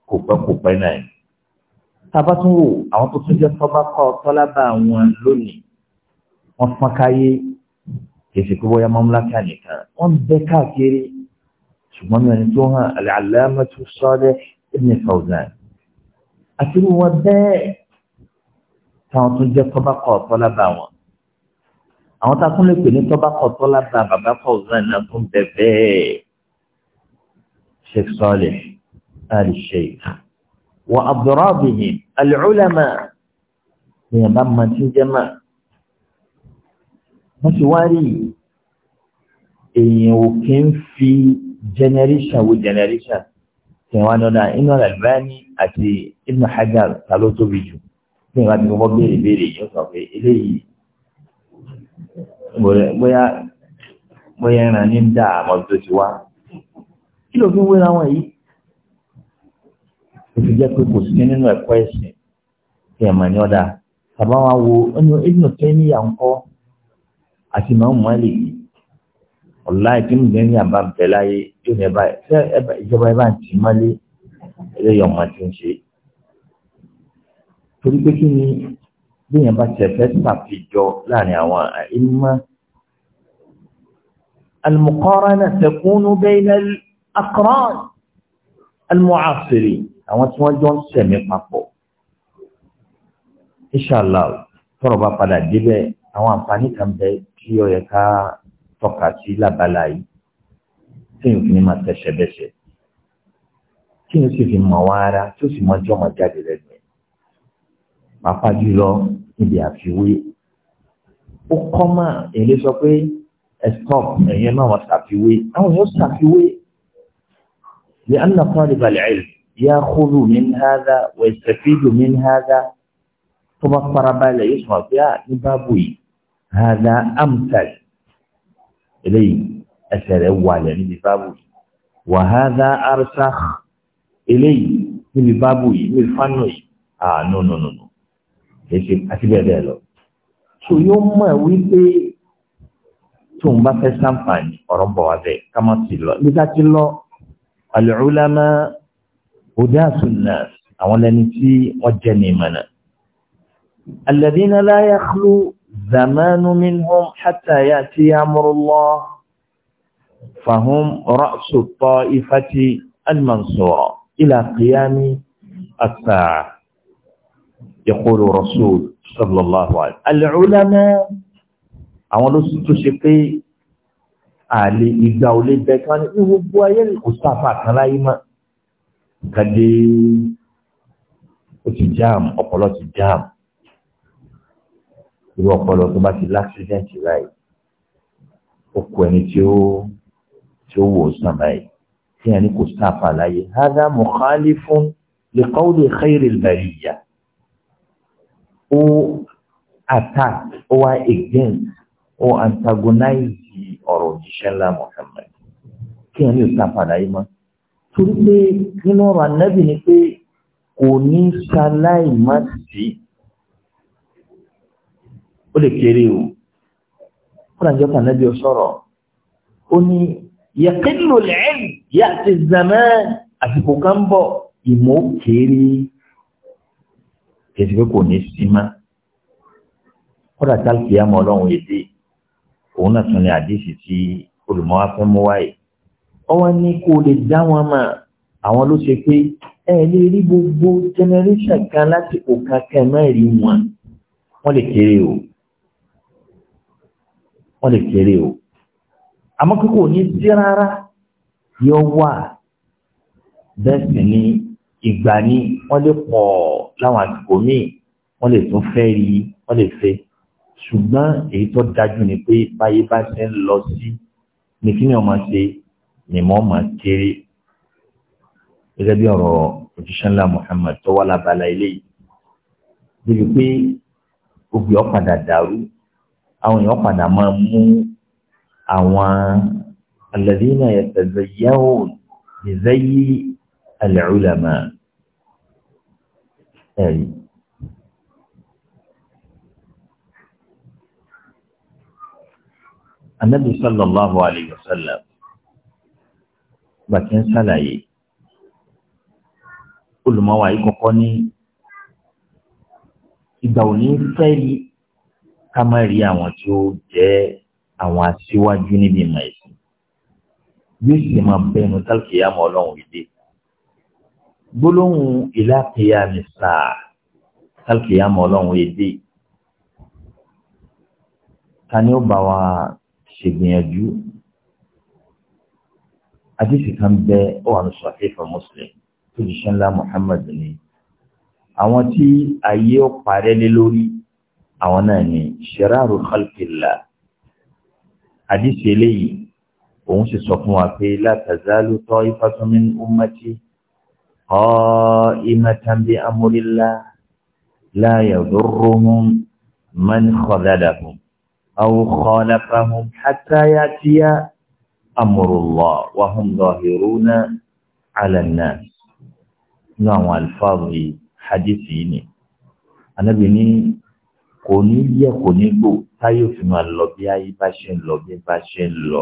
kò pẹ́ kò pẹ́ náà ni tá a bá tún wò àwọn tó tún jẹ́ tọ́ba kọ́ tọ́lábà wọn lónìí wọ́n fọ́n káyé kì í ṣe pé bóyá mọ́múlákà nìkan wọ́n bẹ káàkiri ṣùgbọ́n mẹ́rin tó hàn al-allamatu Salih ibn Fawzan àti wọn bẹ́ẹ̀ táwọn tó jẹ́ tọ́bákọ̀ ọ̀tọ́lá bá wọn àwọn tá a tún lè pè ní tọ́bákọ̀ ọ̀tọ́lá bá bàbá Fawzan náà tún bẹ bẹ́ẹ̀ Sheikh Salih al-Sheikh wa adrabihim al-ulama ni àbá máa ti jẹ́ máa wọ́n ti wá rí èèyàn ò kí ń fi generation wo generation tí wọ́n nọ́dà inú Albani àti Ibn Hajar ta ló tóbi jù tí wọ́n ti kọ́kọ́ béèrè béèrè yóò sọ pé eléyìí bóyá bóyá ìran ní ń dá àmọ́ tó ti wá kí ló fi ń wéra wọn yìí ó fi jẹ́ pé kò sí nínú ẹ̀kọ́ ẹ̀sìn tí ẹ̀mọ̀ ní ọ̀dà bàbá wa wo ẹnu Ibn Taymiyyah ń àti Imam Malik yìí ọ̀la tí mo bẹ́ẹ̀ ní àbá ń bẹ̀ láyé yóò ní ẹ̀bá ìjọba ẹ̀bá ń tì mọ́lé ẹlẹ́yìn ọmọ ti ń ṣe. torí pé kí ni bí yẹn bá ti ẹ̀fẹ́ sàfijọ láàrin àwọn àìmọ́ al-muqarana takunu bayna al-aqran al àwọn tí wọ́n jọ ń sẹ̀mí papọ̀ inshallah tọrọ bá padà débẹ̀ àwọn àǹfààní kan bẹ kí ó tọ́ka sí lábala yìí tí yóò fi ní máa tẹ̀sẹ̀ bẹ́sẹ̀ tí yóò sì fi mọ̀ wá ara tí ó sì mọ ọjọ́ máa jáde lẹ́nu ẹ̀ pàápàá jùlọ níbi àfiwé ó kọ́ máa èlé sọ pé ẹ stop ẹ̀yẹ máa wọ́n ṣàfiwé àwọn yóò ṣàfiwé lè ànà fún àdìbàlẹ̀ ẹ̀ yá kúrú mi ní hádà wẹ̀ ṣẹ̀fídù mi ní hádà tó bá farabalẹ̀ yóò sọ pé à ah, ní báàbù yìí hádà amtali eléyìí ẹsẹ̀ rẹ̀ wàlẹ̀ níbi báàbù yìí wàhádà arsakh eléyìí níbi báàbù yìí níbi fánù yìí ah no no no no èsì àti bẹ́ẹ̀ bẹ́ẹ̀ lọ. tó yóò mọ̀ wípé tó ń bá fẹ́ sàǹfààní ọ̀rọ̀ bọ̀ wá bẹ́ẹ̀ ká má ti lọ nígbà tí lọ al-ulama àwọn lẹni tí wọ́n jẹ́ ní ìmọ̀ náà. alladhina la yakhlu زمان منهم حتى يأتي أمر الله فهم رأس الطائفة المنصورة إلى قيام الساعة يقول رسول صلى الله عليه وسلم العلماء أولو ستشقي àlè ìgbà ò lè bẹ kí wọn ní gbogbo ayé kò sáfà kan láyé mọ kàdé ó ti jáàmù ọpọlọ ti jáàmù irú ọpọlọ tó bá ti láksidẹ̀ntì báyìí ó kọ ẹni tí ó tí ó wò ó sàn báyìí tí ẹni kò sáfà láyé hádà mukhalifun li qawli khairil bariyya ó attack ó wá against ó antagonize ọ̀rọ̀ òjíṣẹ́ ńlá Muhammad kí ẹni ò sáfà láyé mọ́ torí pé nínú ọ̀rọ̀ anábì ni pé kò ní ṣaláì má sí ó lè kéré o fúnàjọ́ kan náà bí ó sọ̀rọ̀ ó ní yẹ̀kínlò lẹ́yìn yá ti zàmẹ́ àsìkò kan bọ̀ ìmọ̀ kéré kẹsì pé kò ní sí má kódà tálkì yá mọ ọlọ́run èdè òun náà tún ní àdéhìí tí olùmọ́wá fẹ́ mú wáyé ọwọ́ ní kó lè dá wọn mọ̀ àwọn ló ṣe pé ẹ lè rí gbogbo generation kan lásìkò kankan náà rí wọn lè kéré o wọ́n lè kéré o àmọ́ kíkò ní sí rárá yóò wà bẹ́ẹ̀ sì ni ìgbà ni wọ́n lè pọ̀ láwọn àsìkò míì wọ́n lè tún fẹ́ rí wọ́n lè fẹ́ ṣùgbọ́n èyí tó dájú ni pé báyé bá ṣe ń lọ sí ni kí ni ọmọ ṣe ni mo máa kéré gẹ́gẹ́ bí ọ̀rọ̀ òjíṣẹ́ ńlá Muhammad tó wà lábala ilé yìí débi pé obì ọ̀padà dàrú àwọn èèyàn padà máa mú àwọn alladhina yatazayyawun bi zayyi al-ulama ẹ̀rí. Ànábì sallallahu alayhi wa sallam bàtí ń sàlàyé olùmọ̀wá yìí kọ́kọ́ ní ìgbà òní fẹ́ yìí. ká má rí àwọn tí ó jẹ́ àwọn aṣíwájú níbi ìmọ̀ ẹ̀sìn yóò sì máa bẹnu tálkìyàmọ̀ ọlọ́run ìdè gbólóhùn ìlàkìyàmì sáà tálkìyàmọ̀ ọlọ́run ìdè ta ni ó bá wa ṣègbìyànjú àdìsí kan bẹ ọ̀hún sọ̀fẹ́fẹ́ Muslim tó di ṣẹ́ńlá Muhammad ni àwọn tí ayé ó parẹ́ lé lórí àwọn náà ni ṣẹ́ráàrù khalqillah àdìsí eléyìí òun sì sọ fún wa pé la tazalu ta'ifatun min ummati qa'imatan bi amrillah la yadurruhum man khadalahum aw khalafahum hatta ya'tiya amrullah wa hum zahiruna 'ala an-nas nínú àwọn àlùfáà yìí hadìsí yìí ni anábì ní kò ní yẹ kò ní gbò táyé òfin máa lọ bí ayé bá ṣe ń lọ bí bá ṣe ń lọ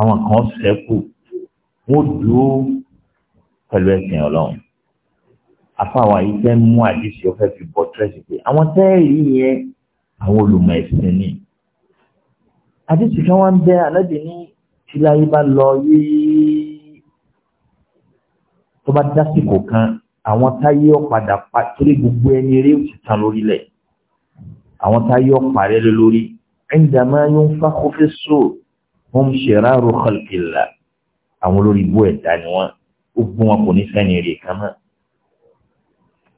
àwọn kan ṣẹ́kù wọ́n dúró pẹ̀lú ẹ̀sìn ọlọ́run afáwa yìí fẹ́ mú àdìsí ọ̀fẹ́ fi bọ̀ tírẹ́sì pé àwọn tẹ́ẹ̀rí yẹn àwọn olùmọ̀ ẹ̀sìn ni àdìsí kan wá ń bẹ aláde ní tíláyé bá lọ yéé tó bá dásìkò kan àwọn táyé ọ̀padà pa torí gbogbo ẹni eré òsì lórílẹ̀ yìí àwọn táyé ọ̀parẹ́ lé lórí indama yunfakhu fis-sur hum shiraru khalqillah àwọn olórí ibú ẹ̀dá ni wọ́n ó gún wọn kò ní sẹ́ni rè kan mọ́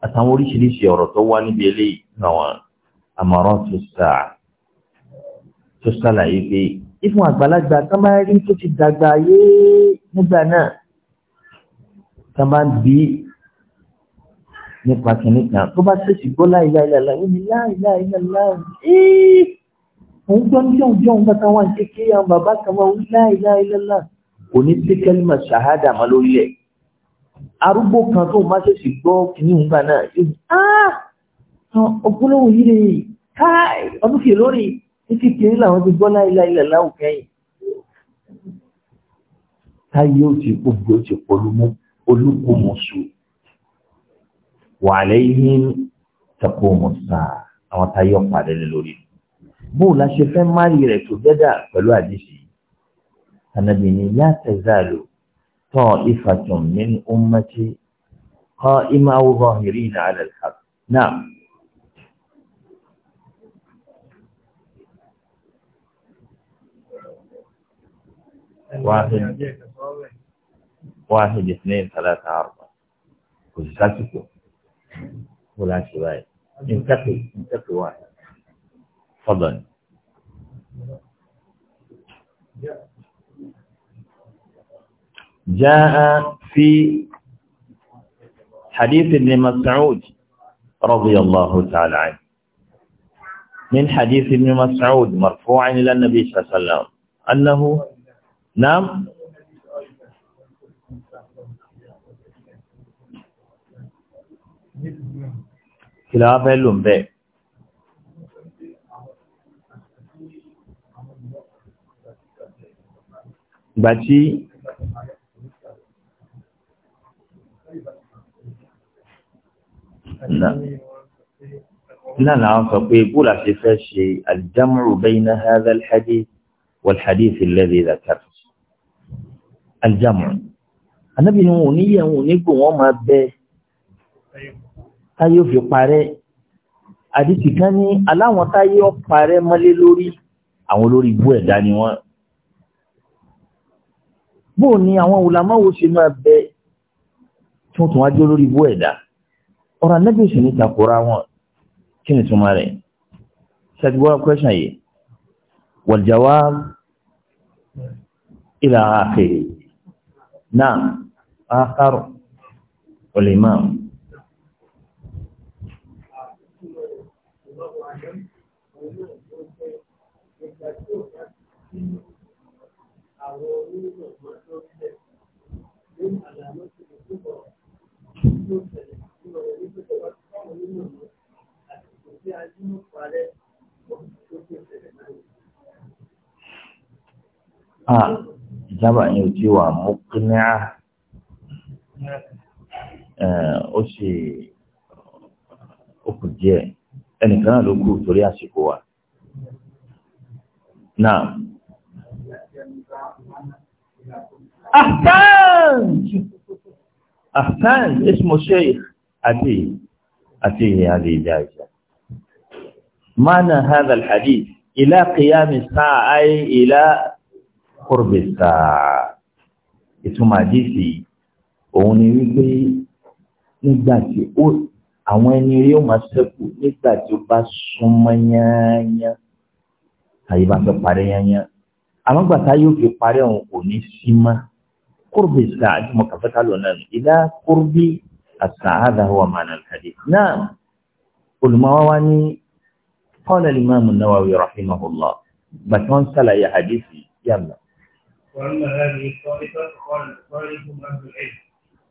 àtàwọn oríṣiríṣi ọ̀rọ̀ tó wá níbi eléyìí náà wọn àmọ̀ràn tó sáà tó sàlàyé pé ìfún àgbàlagbà tó máa rí tó ti dàgbà yé nígbà náà tó máa ń bí nípa kìíní kan tó bá ṣèṣì gbọ́ láìláìláìlá ó ní láìláìláìlá ee òun gbọ́ ní jọ̀hún jọ̀hún bá táwọn àti kí àwọn bàbá kan máa wí láìláìláìlá kò ní sí kẹ́límà ṣàhádà máa lórí ẹ̀ arúgbó kan tó má ṣèṣì gbọ́ kìíní ìgbà náà yóò ní ah ọ̀pọ̀lọ́wọ̀ yìí rèé káì ọdún kìí lórí títí kìí làwọn ti gbọ́ láìláìláìlá òkèyìn táyé ó ti gbogbo ó ti pọ̀lú وعليهم تقوم الساعة أو تيوقع للوري بو لا شفين مالي ريكو جدا فلو أديشي فنبيني لا تزال طائفة من أمتي قائمة أو ظاهرين على الحق نعم واحد واحد اثنين ثلاثة أربعة كل ستة فلان شوية انتقي انتقي واحد تفضل جاء في حديث ابن مسعود رضي الله تعالى عنه من حديث ابن مسعود مرفوعا إلى النبي صلى الله عليه وسلم أنه نعم خلافه لومبه بچی لا لا لا لا لا لا لا لا لا لا لا لا ذكرت الجمع النبي نوني يوني قوما به táyé ò fi parẹ́ àdìsí kan ní aláwọn táyé ò parẹ́ mọ́lé lórí àwọn olórí ibú ẹ̀dá ni wọ́n. bó o ní àwọn òlàmọ́wò ṣe máa bẹ tí wọ́n tún wá lórí ibú ẹ̀dá ọ̀rọ̀ anábì sì ní takora wọn kí ni túmọ̀ rẹ̀ ṣàtìwọ́n kwẹ́sàn yìí wọ̀ljáwá ìlà àkèrè náà ákàrọ̀ ọ̀lẹ́mọ̀. àwọn onígbàgbọ́ tó ń bẹ̀ ní àlàmọ́ tó ń túbọ̀ tó tẹ̀lé tí wa. na. ahsan ahsan ismu shaykh abi atihi hadhihi jaiza maana hadha alhadith ila qiyam as-sa'a ay ila qurb as-sa'a ìtumọ̀ hadisi òun ni wípé nígbà tí ó àwọn ẹni rí ó máa ṣẹ́kù nígbà tí ó bá súnmọ́ yányán àyè bá fẹ́ parí yányán àmọ́ gbàtà yóò fi parí òun kò ní sí máa قرب الساعة ثم كفتها إلى قرب الساعة هذا هو معنى الحديث نعم المواني يعني؟ قال الإمام النووي رحمه الله ما سلا يا حديثي يلا وأما هذه الطائفة فقال هم أهل العلم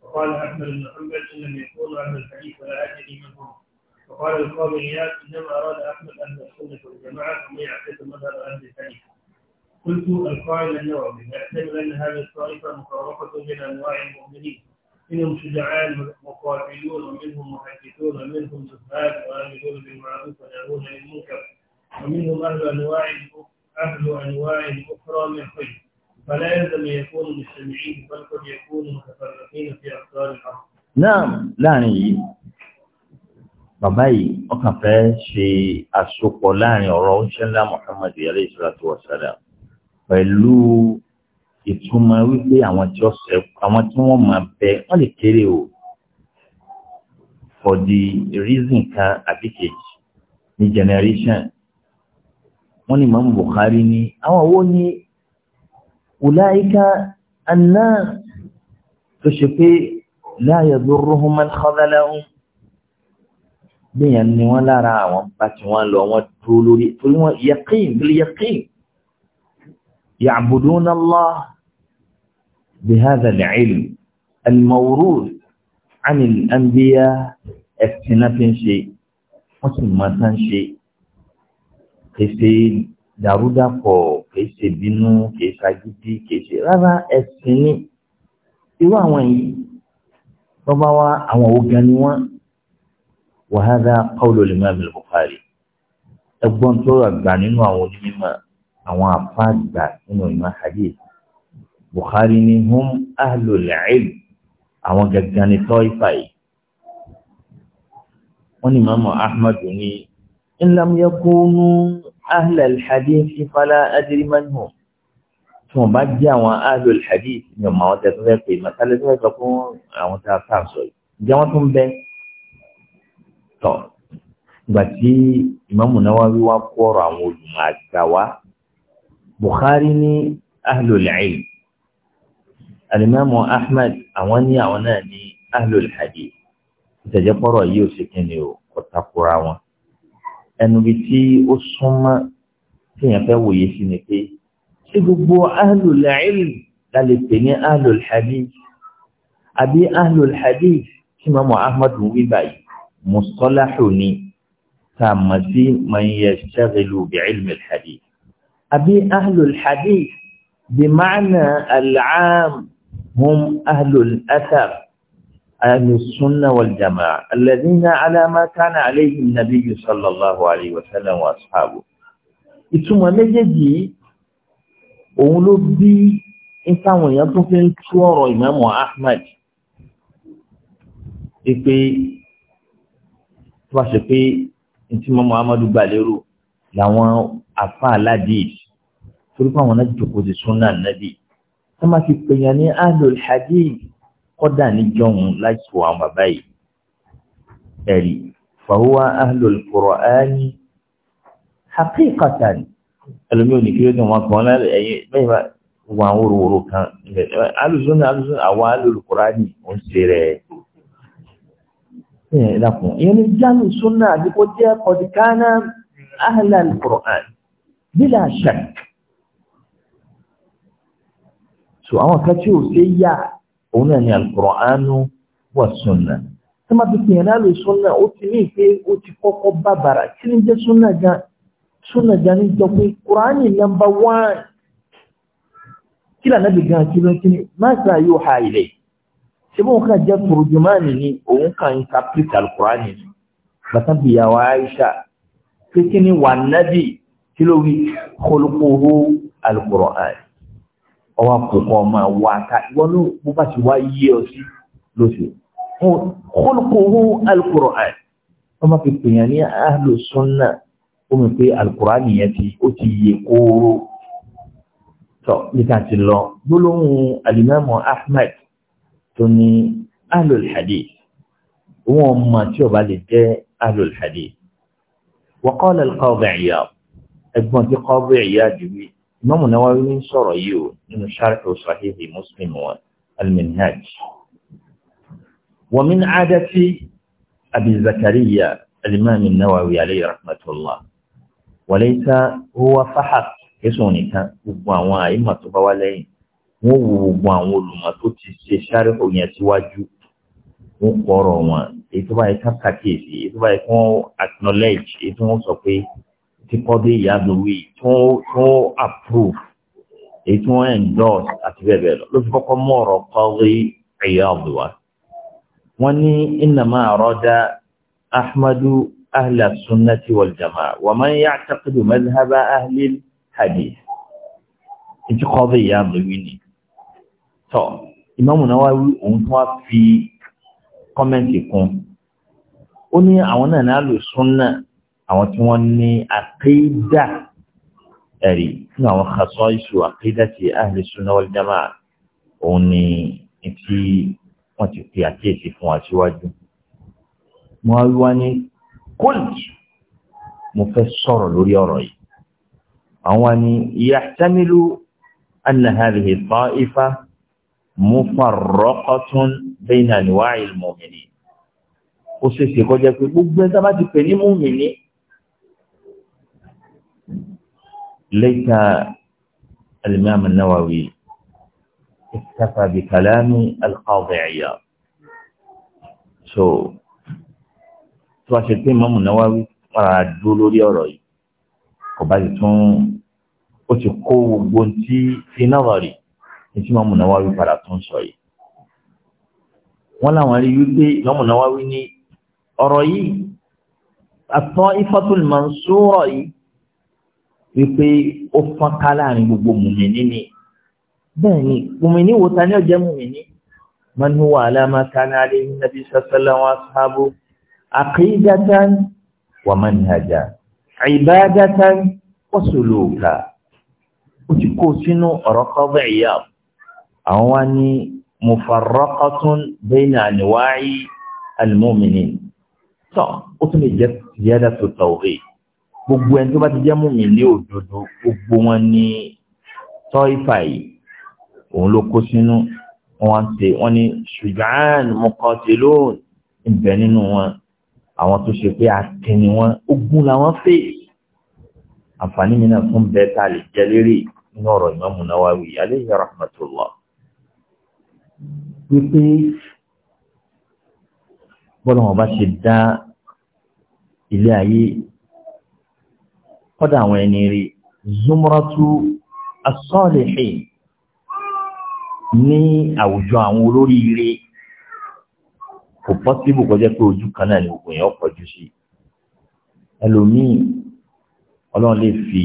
وقال أحمد بن حنبل إن لم يكونوا أهل الحديث ولا أدري من هم وقال القاضي إنما أراد أحمد أن السنة والجماعة ومن يعتقد مذهب أهل الحديث قلت القائل النووي يعتبر أن هذه الطائفة مفرقة من أنواع المؤمنين منهم شجعان مقاتلون ومنهم محدثون ومنهم زهاد وآمرون بالمعروف ونهون عن المنكر ومنهم أهل أنواع أهل أنواع أخرى من الخير فلا يلزم يكونوا مجتمعين بل قد يكونوا متفرقين في أقطار الأرض. نعم لا نيجي bàbá yìí wọn kàn fẹ́ ṣe àsopọ̀ láàrin ọ̀rọ̀ oúnjẹ ńlá muhammed alayhi salatu wa salam pẹ̀lú ìtumọ̀ wípé àwọn tí ó sẹ àwọn tí wọ́n máa bẹ wọ́n lè kéré o for the reason kan àbí kejì ní generation wọ́n ní Imam Bukhari ní àwọn owó ní ulaika anna tó ṣe pé la yadurruhum man khadhalahum gbìyànjú ni wọ́n lára àwọn bá ti wọ́n lọ wọ́n tó lórí torí wọ́n yaqin يعبدون الله بهذا العلم الموروث عن الأنبياء اكتناف شيء وسمة شيء كيسي دارودا فو كيسي بنو كيسي عجيبي كيسي رارا ẹ̀sìnì irú àwọn yìí bọ́bá wa وهذا قول الإمام البخاري ẹgbọ́n tó rà gbà nínú àwọn onímọ̀ àwọn afáàgbà nínú ìmọ̀ hadith Bukhari ni hum ahlul ilm àwọn gẹ́gẹ́ ni tọ́ìfà yìí wọ́n ní Imam Ahmad ní in lam yakunu ahlul hadith fala adri man hum tí wọ́n bá jẹ́ àwọn ahlul hadith ní ọmọ àwọn tẹ́tọ́ fẹ́ pé màtálẹ́ tó fẹ́ sọ fún àwọn tá a fà sọ yìí jẹ́ wọ́n tún bẹ́ tọ̀ ìgbà tí Imam Nawawi wá kó ọ̀rọ̀ àwọn olùmọ̀ àgbà wá Bukhari ní ahlul ilm alimami Ahmad àwọn ní àwọn náà ní ahlul hadith ìtẹ̀jẹ́ pọ̀rọ̀ yìí ò sì kí ni o kò takora wọn ẹnu bíi tí ó súnmọ́ téèyàn fẹ́ wòye sí ni pé ṣé gbogbo ahlul ilm la lè pè ní ahlul hadith àbí ahlul hadith tí mamu Ahmad ń wí báyìí mustalahu ni tá a sí man yashtagilu bi ilmi al أبي أهل الحديث بمعنى العام هم أهل الأثر أهل السنة والجماعة الذين على ما كان عليه النبي صلى الله عليه وسلم وأصحابه ìtumọ̀ méjèèjì òun ló bí ìtàwọn èèyàn tó fi ń tú ọ̀rọ̀ ìmáàmù Ahmad pé tó bá ṣe pé ìtìmọ̀mù Ahmad gbà làwọn afá aládìí torí pé àwọn náà jòkó ti súnà nàbì ẹ má ti pèèyàn ní ahlul hadith kọ́dà níjọ́hun láìsọ àwọn bàbá yìí ẹ̀rí fahuwa ahlul qur'ani haqiqatan ẹlòmí ò ní kí ló dé wọn kàn án ẹ̀yìn bẹ́ẹ̀ bá wọ àwọn òrùwòrò kan alùsùn alùsùn àwọn ahlul qur'ani ò ń ṣe rẹ̀ ẹ̀ dàpọ̀ ìyẹn ní jáàmù súnà àti kó jẹ́ qur'an bila shak so àwọn kan tí ò ṣe yá òun náà ni alukuraanu wà sunna tí wọ́n ti fi hàn náà lè sunna ó ti ní pé ó ti kọ́kọ́ bá bàrà kí ni jẹ́ sunna gan sunna gan ni jọ pé kuraani nọ́mbà wán kí lànà bí gan kí ló ń kí ni má sà yóò ha ilẹ̀ ṣé bóun kà jẹ́ turjumani ni òun kàn ń ka pírítà alukuraani ni bàtà bìyàwó Aisha pé kí ni wà nábì kí ló wí kólókòó alukuraani ọwọ́ àkókò ọmọ wa ká ìwọ ló bó bá ti wá yé ọ sí lóṣù kólkòó alukur'an wọ́n máa fi pèèyàn ní ahlu sunna ó mi pé alukur'an yẹn ti ó ti yẹ kóró tọ́ níta ti lọ gbólóhùn alimami ahmed tó ní ahlu hadith wọn mọ tí ọba lè jẹ ahlu hadith wa qala al-Qadi Iyad ẹ̀gbọ́n tí Qadi jùlọ. Imam Nawawi ń sọ̀rọ̀ yìí o nínú Sharhu Sahihi Muslim wọn Al-Minhaj. Wa min 'adati Abi Zakariya Al-Imam Nawawi alayhi rahmatullah. Wa laysa huwa fahad kẹsàn-án nìkan gbogbo àwọn àyímọ̀ tó bá wá lẹ́yìn wọ́n wo gbogbo àwọn olùmọ̀ tó ti ṣe Sharhu yẹn síwájú wọ́n kọ̀ọ̀rọ̀ wọn èyí tó bá yẹ ká kàkíyèsí èyí tó bá yẹ kí wọ́n acknowledge èyí tó wọ́n sọ pé tí kọ́dé ìyádòwì tó tó approve èyí tí wọ́n endorse àti bẹ́ẹ̀ bẹ́ẹ̀ lọ ló fi kọ́kọ́ mú ọ̀rọ̀ kọ́dé ìyádòwì wa. wọ́n ní innama arada ahmadu ahla sunnati wal jamaa wa man ya'taqidu madhhaba ahli hadith ètí kọ́dé ìyádòwì ni. tọ́ Imam Nawawi òun tó fi kọ́mẹ́ǹtì kún ó ní àwọn náà ní alùsùn àwọn tí wọ́n ní àkéédà ẹ̀rí fún àwọn xasọ́ iṣu àkéédà ti ahli sunnah wal jamaa òun ni tí wọ́n ti pe àkíyèsí fún aṣíwájú. mo á wá ní kóòtù mo fẹ́ sọ̀rọ̀ lórí ọ̀rọ̀ yìí. àwọn ni yahtamilu anna hadhihi ta'ifa mufarraqatun bayna anwa'i al-mu'minin. ó ṣeé ṣe kó pé gbogbo ẹ̀dá bá ti pè ní mùmìnì ليس الإمام النووي اكتفى بكلام القاضي عياض so tó a ṣe pé mọ́mù Nawawi para dúró lórí ọ̀rọ̀ yìí kò bá ti tún ó ti kó gbogbo tí fi náà rí ní tí mọ́mù Nawawi para tún sọ yìí wọ́n láwọn rí wípé mọ́mù Nawawi ní ọ̀rọ̀ yìí àtọ́ ifatul mansura yìí wípé ó fọ́n ká láàrin gbogbo mùmìnì ni bẹ́ẹ̀ ni mùmìnì wo ta ni ó jẹ́ mùmìnì man huwa ala ma kana alayhi nabi sallallahu alaihi wa ashabu aqidatan wa manhaja ibadatan wa suluka ó ti kó sínú ọ̀rọ̀ kọ́bẹ̀ ìyá àwọn wá ní mufarraqatun bayna anwa'i al tán ó tún lè jẹ́ ziyadatu tawhid gbogbo ẹni tó bá ti jẹ́ mùmí ní òdodo gbogbo wọn ní tọ́ìfà yìí òun ló kó sínú wọn ṣe wọn ní ṣùgbọ́n muqatilun ìbẹ̀ nínú wọn àwọn tó ṣe pé akẹni wọn ogun làwọn fè àǹfààní mi náà fún bẹ́ẹ̀ tá a lè jẹ lérí nínú ọ̀rọ̀ Imamu Nawawi alayhi rahmatullah wípé bọ́lá wọn bá ṣe dá ilé ayé kọ́dà àwọn ẹni rí zumratu as-salihin ní àwùjọ àwọn olórí ire kò pọ́sibù kọjá pé ojú kan náà ni ògùn yẹn kọjú sí ẹlòmíì ọlọ́run lè fi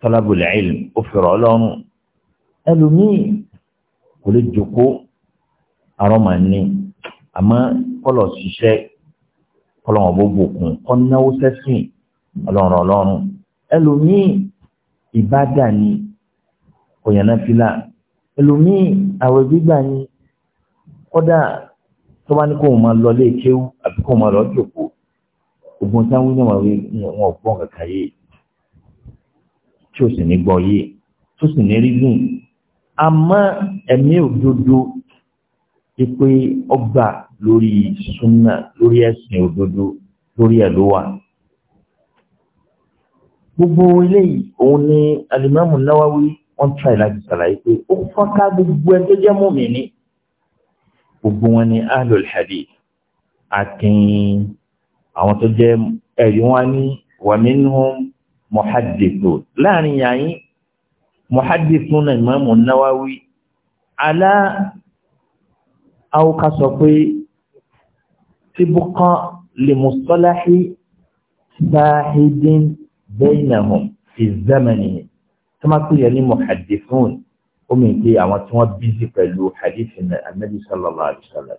talabul ilm ó fi rọ̀ ọlọ́run ẹlòmíì kò lè jókòó àrọ́ ní àmọ́ kọ́lọ̀ ṣiṣẹ́ ọlọ́run bó bòkun ọ̀nàwó sẹ́sìn ọlọ́run ọlọ́run ẹlòmíì ìbádà ni òyànà fìlà ẹlòmíì àwẹ̀ gbígbà ni kọ́dà tó bá ní kó máa lọ lé kéwú àbí kó máa lọ jòkó ogun táwọn yẹn wọn gbọ́n kankan yé tí ó sì ní gbọ́ yé tó sì ní rí gùn àmọ́ ẹ̀mí òdodo ipe ọgbà lórí sunna lórí ẹ̀sìn òdodo lórí ẹ̀ ló wà. gbogbo eléyìí òun ni alimami Nawawi wọn tíra láti ṣàlàyé pé ó fọ́nká gbogbo ẹ̀ tó jẹ́ mùmínì gbogbo wọn ni ahlul hadith akin àwọn tó jẹ́ ẹ̀rí wọn ní wa minhum muhaddithun láàrin yàyín muhaddithun náà Imam Nawawi alá. أو كسوفي تبقى لمصطلح شاهد بينهم في الزمن كما تقول يعني محدثون ومن كي أمتنا بيزيك لو حديث النبي صلى الله عليه وسلم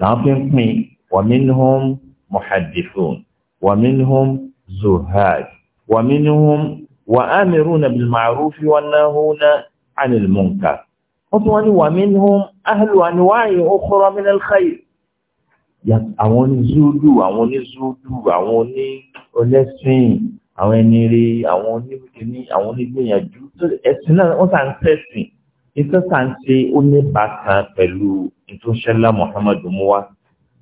لكن ومنهم محدثون ومنهم زهاد ومنهم وآمرون بالمعروف والناهون عن المنكر wọ́n tún wọ́n ní wà minhum ahlu anwa'i ukhra min al-khayr àwọn onízúúdù àwọn onízúúdù àwọn oní ọlẹ́sìn àwọn ẹni rí àwọn oníbìkíní àwọn onígbìyànjú ẹ̀sìn náà wọ́n sàn tẹ̀sìn nítorí sàn ṣe ó ní bàtàn pẹ̀lú ìtúnṣẹ́lá Muhammadu muwa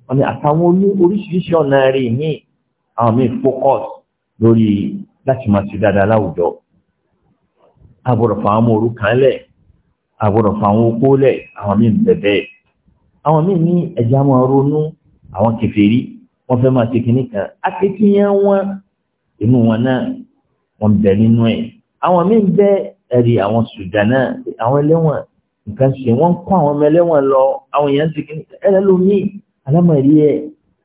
wọ́n ní àtàwọn oní oríṣiríṣi ọ̀nà rí ní àwọn míì focus lórí láti máa ṣe dáadáa láwùjọ àbọ̀rọ̀ fàámù orúkàn lẹ̀ àgbọ̀dọ̀ fún àwọn okó lẹ̀ àwọn míì bẹ̀bẹ̀ àwọn míì ní ẹ̀já máa ronú àwọn kèfèrí wọ́n fẹ́ máa ṣe kìíní kan akitiyan wọn inú wọn náà wọ́n bẹ̀ nínú ẹ̀ àwọn míì bẹ́ ẹ̀rí àwọn sùdánà àwọn ẹlẹ́wọ̀n nǹkan ṣe wọ́n kó àwọn ọmọ ẹlẹ́wọ̀n lọ àwọn èèyàn ṣe kìíní ẹlẹ́lómi alámọ̀rí ẹ̀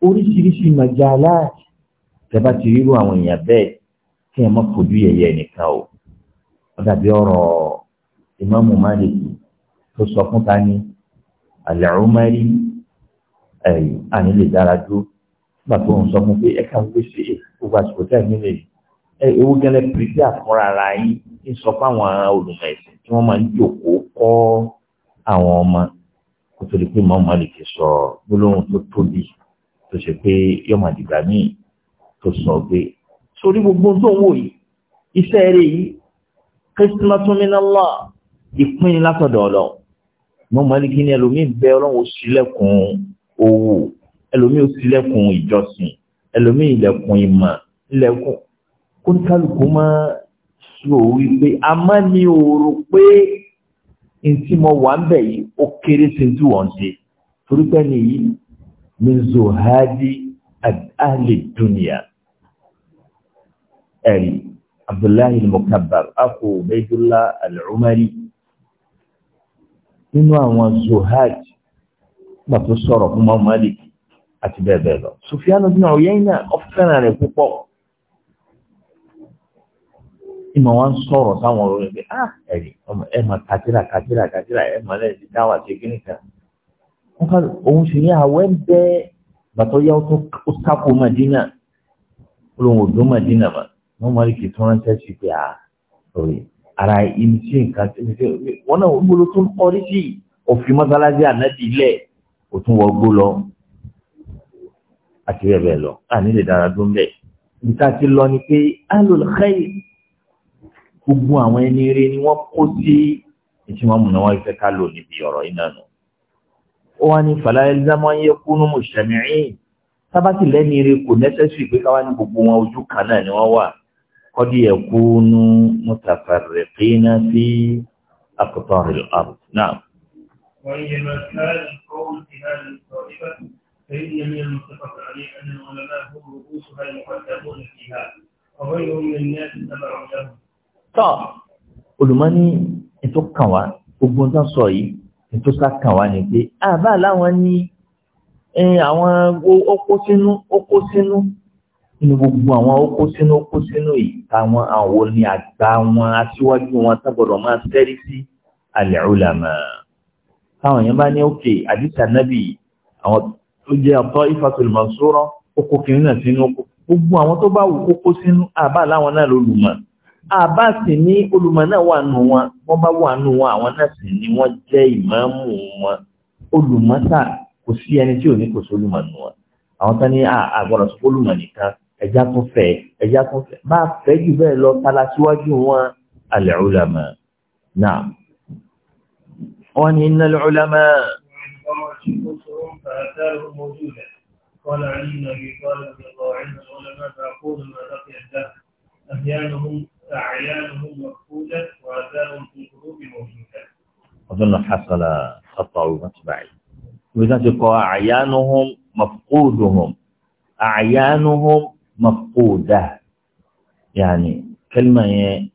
oríṣiríṣi màjàlá tẹ́bá o ó ìmáàmù máàlìkì tó sọ fún ta ni àlẹ́ ọmọrí ẹ̀yìn àní lè dára dúró nígbà tó ń sọ fún pé ẹ̀ka ń pèsè gbogbo àsìkò tẹ̀ mí lè ẹ̀ ewu gẹ́lẹ́ pèsè àfúnra ara yín ń sọ fáwọn olùmọ̀ ẹ̀sìn tí wọ́n máa ń jòkóó kọ́ àwọn ọmọ kó tó di pé ìmáàmù máàlìkì sọ gbólóhùn tó tóbi tó ṣe pé yọmọ àdìgbà míì tó sọ pé sórí gbogbo tó ń wò yìí iṣẹ́ rẹ̀ yìí kristimatun min Allah ìpín látọ̀dọ̀ ọ̀lọ́ mo mọ̀ ní kí ni ẹlòmíì bẹ ọlọ́run ó ṣílẹ̀kùn owó ẹlòmíì ó ṣílẹ̀kùn ìjọsìn ẹlòmíì ilẹ̀kùn ìmọ̀ ilẹ̀kùn kó ní kálukú máa ṣòro wípé a máa ní òòrò pé ntí mo wà ń bẹ̀ yìí ó kéré sí tí wọ́n ṣe torí pé nìyí min zohadi ahli dunya ẹ̀rí abdullahi al-mukabbar akhu ubaydullah al nínú àwọn zohaj gbà tó sọ̀rọ̀ fún mọ́ Malik àti bẹ́ẹ̀ bẹ́ẹ̀ lọ Sufyan bin Uyayna ọ̀fẹ́ràn rẹ̀ púpọ̀ ìmọ̀ wọn sọ̀rọ̀ sáwọn ọ̀rọ̀ rẹ̀ pé ah ẹ̀rí ẹ̀ mà kátìrà kátìrà kátìrà ẹ̀ mà lẹ́yìn dáwà ṣe kí nìkan wọn kà òun sì ní àwẹ̀ ń bẹ bàtọ́ yá ó sáko Madina olóhùn òdó Madina mà mọ́ Malik tó rántẹ́ sí pé ah òye ara ibi tí nǹkan wọn náà ń gbolo tó ń kọrí sí òfin mọ́sálásí ànábì ilẹ̀ ó tún wọ gbó lọ àti bẹ́ẹ̀ bẹ́ẹ̀ lọ àní lè dára dún bẹ́ẹ̀ ibi tá ti lọ ni pé alul khair gbogbo àwọn ẹni rẹ ni wọ́n kó sí ìtí wọn múná wọn fẹ́ ká lò níbi ọ̀rọ̀ iná ó wá ní fàlà yẹ kúnú mùsàmìín sábàtì lẹ́ni rẹ kò nẹ́sẹ̀sì pé káwá ní gbogbo wọn ojú kan náà ni wọ́n wà. قد يكون متفرقين في أقطار الأرض نعم وهي مسألة القول في هذه الطائفة فإن من المتفق عليه أن العلماء هم رؤوسها المقدمون فيها وغيرهم من الناس تبع لهم طب olùmọ́ni ètò kàn wá gbogbo nǹkan sọ yìí ètò sá kàn wá ni pé àbá làwọn ní àwọn ó kó sínú ó kó sínú nínú gbogbo àwọn okó sínú okó sínú yìí táwọn àwọn ní àgbà wọn aṣíwájú wọn sábọ̀dọ̀ máa sẹ́rí sí al-ulama táwọn yẹn bá ní òkè àdìsá nábì àwọn tó jẹ́ ọ̀tọ́ ifatul mansura okó kìíní náà sínú okó gbogbo àwọn tó bá wù kókó sínú àbá láwọn náà lólùmọ̀ àbá sì ní olùmọ̀ náà wà nù wọn wọ́n bá wà nù wọn àwọn náà sì ni wọ́n jẹ́ ìmáàmù wọn olùmọ̀ àwọn tán ní àgbọ̀dọ̀ sólùmọ̀ nìkan ẹja tún fẹ́ ẹja tún fẹ́ máa fẹ́ jù bẹ́ẹ̀ lọ tala síwájú wọn alẹ́ ulama náà wọ́n ní iná ulama. قال عن النبي قال رضي الله عنه العلماء تعقول ما لقي الدهر أحيانهم أعيانهم مفقودة وآثارهم في القلوب موجودة أظن حصل خطأ متبعي وإذا تقول أعيانهم مفقودهم أعيانهم مفقودة يعني كلمة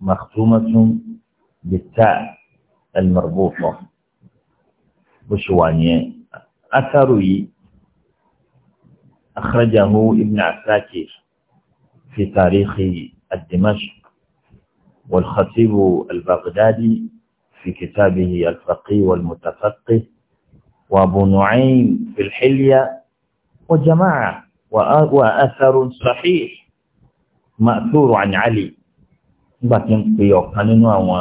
مختومة بالتاء المربوطة بشوانية يعني؟ أثري أخرجه ابن عساكر في تاريخ الدمشق والخطيب البغدادي في كتابه الفقيه والمتفقه وابو نعيم في الحلية وجماعة وأثر صحيح مأثور عن علي nígbà tí ń pe ọ̀kan nínú àwọn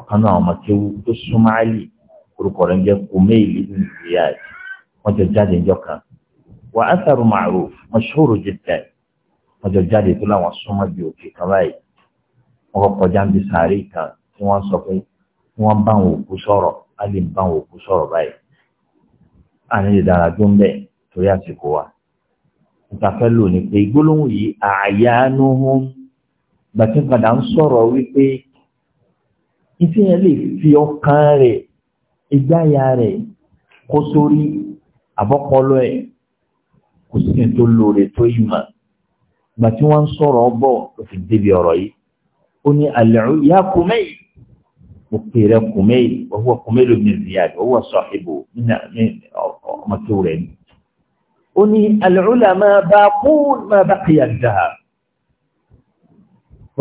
ọ̀kan náà ọmọ tí ó tó súnmọ́ àlì orúkọ rẹ̀ ń jẹ́ kùmẹ́ẹ̀lì ní ìyá ẹ̀ wọ́n jọ jáde ńjọ́ kan wà á sàrò màrò mọ̀ṣúrò jẹta ẹ̀ wọ́n jọ jáde torí àsìkò wa ìtafẹ́ lò ní pé gbólóhùn yìí àyánuhum gbàtí padà ń sọ̀rọ̀ wípé iṣẹ́ yẹn lè fi ọkàn rẹ̀ ìgbáyà rẹ̀ kó sórí àbọ́pọ̀lọ́ ẹ̀ kò sí ní tó lóore tó ìmọ̀ gbàtí wọ́n ń sọ̀rọ̀ bọ̀ ló fi débi ọ̀rọ̀ yìí ó ní àlẹ́rú ya kùmẹ́yì mo pè rẹ kùmẹ́yì wọ́n wọ́n kùmẹ́yì lómi ìrìn àjò wọ́n wọ́n sọ ìbò ọmọ tó rẹ̀ ni ó ní al-ulama baqun ma baqiya ad-dahar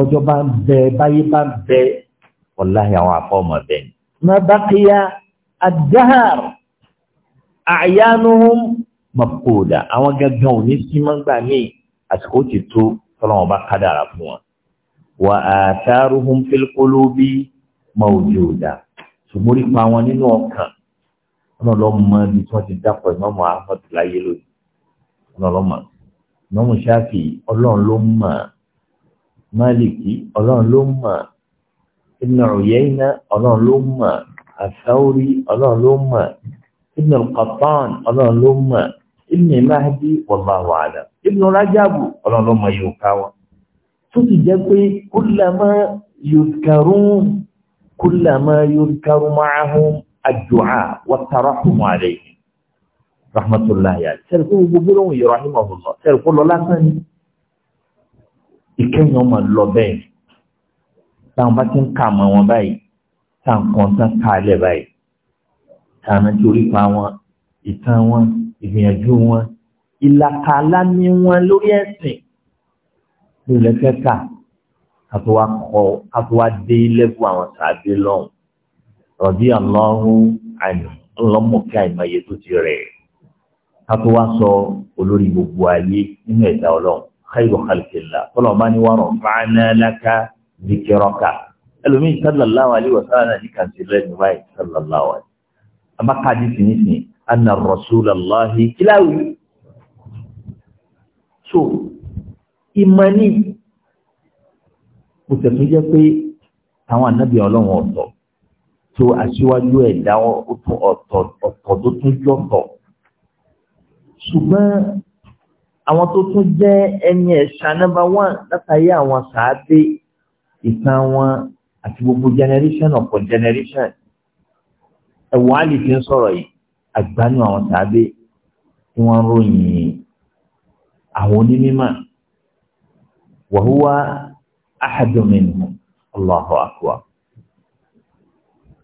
ọjọ́ bá ń bẹ báyé bá ń bẹ wallahi àwọn àfọ́mọ̀ bẹ ma baqiya ad-dahar a'yanuhum mafquda àwọn gẹ́gẹ́ òní sí máa ń gbà ní àsìkò ti tó tọ́lọ́wọ́n bá kádàrà fún wọn wa atharuhum fil qulubi mawjuda ṣùgbọ́n rí wọn nínú ọkàn ọlọ́lọ́ mọ ibi tí wọ́n ti dápọ̀ ìmọ̀mọ́ ahmed láyé lónìí lọ́lọ́mọ mọ́mú ṣáfì ọlọ́run ló mọ̀ máàlìkì ọlọ́run ló mọ̀ ibn Uyayna ọlọ́run ló mọ̀ àsáórí ọlọ́run ló mọ̀ ibn al-Qattan ọlọ́run ló mọ̀ ibn Mahdi wallahu a'lam ibn Rajabu ọlọ́run ló mọ̀ yóò ká tó ti jẹ́ pé kullama yudhkarun kullama yudhkaru ma'ahum ad-du'a wa tarahum alayhim rahmatulahi ali sẹ́ni kó gbogbo lóhùn yìí rahimahullah sẹ́ni kó lọ lásán ni ìkẹyìn ọmọ lọ bẹ́ẹ̀ táwọn bá ti ń ka àmọ́ wọn báyìí táwọn kan tán ká alẹ́ báyìí táwọn ti orí pa wọn ìtàn wọn ìgbìyànjú wọn ìlàkàlà ni wọn lórí ẹ̀sìn nílẹ̀ kẹta àtúwà dé lẹ́bù àwọn sàádé lọ́hùn rọ̀bí àlọ́hùn àìmọ̀ ọlọ́mọkẹ́ àìmọye tó ti rẹ̀ ẹ́ kátó wá sọ olórí gbogbo ayé nínú ẹ̀dá ọlọ́run khayru khalqillah tọ́lọ̀ bá ní wàrọ̀ fàánà laka zikiraka ẹlòmíì sallallahu alayhi wa sallam ní kàǹtì rẹ̀ ní báyìí sallallahu alayhi abákàdé sì ní sìn anna rasulallahi kíláwì so ìmọ̀ni kò tẹ̀sùn jẹ́ pé àwọn ànábì ọlọ́run ọ̀tọ̀ tó aṣíwájú ẹ̀dá ọ̀tọ̀ tó tún jọ̀tọ̀ ṣùgbọ́n àwọn tó tún jẹ́ ẹni ẹ̀ṣà nọ́mbà wán látàyé àwọn sàábé ìtàn wọn àti gbogbo generation ọ̀pọ̀ generation ẹ̀wọ̀n á lè fi ń sọ̀rọ̀ yìí àgbánú àwọn sàábé tí wọ́n ròyìn àwọn onímọ̀ wàhúwá àhàdùnmínú Allahu akbar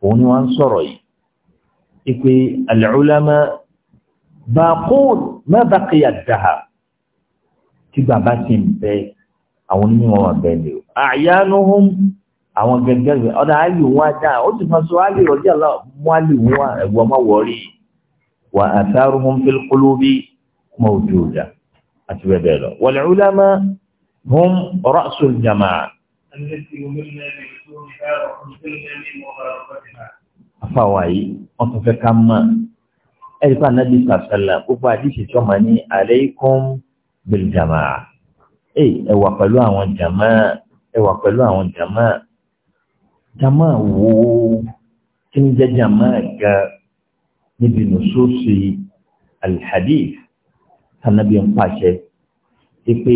òun ni wọ́n ń sọ̀rọ̀ yìí ipe al-ulama bàkóòd má bàkìyà dàhà tí bàbá sì ń bẹ àwọn onímọ̀ wọn bẹ lè o àyánu hom àwọn gẹ́gẹ́ rẹ̀ ọ̀dà ayé wọn dá ó sì fọ́n so ayé ọjọ́ ọ̀la mú ayé wọn ẹ̀ríkà nàbí sàṣàlà púpọ̀ àdìsí tó máa ní alaykum bil jamaa ẹ̀ ẹ̀wà pẹ̀lú àwọn jamaa ẹ̀wà pẹ̀lú àwọn jamaa jamaa wo kí ni jẹ́ jamaa ga níbi nùsọ́sì alhadith tànàbí ń pàṣẹ ìpè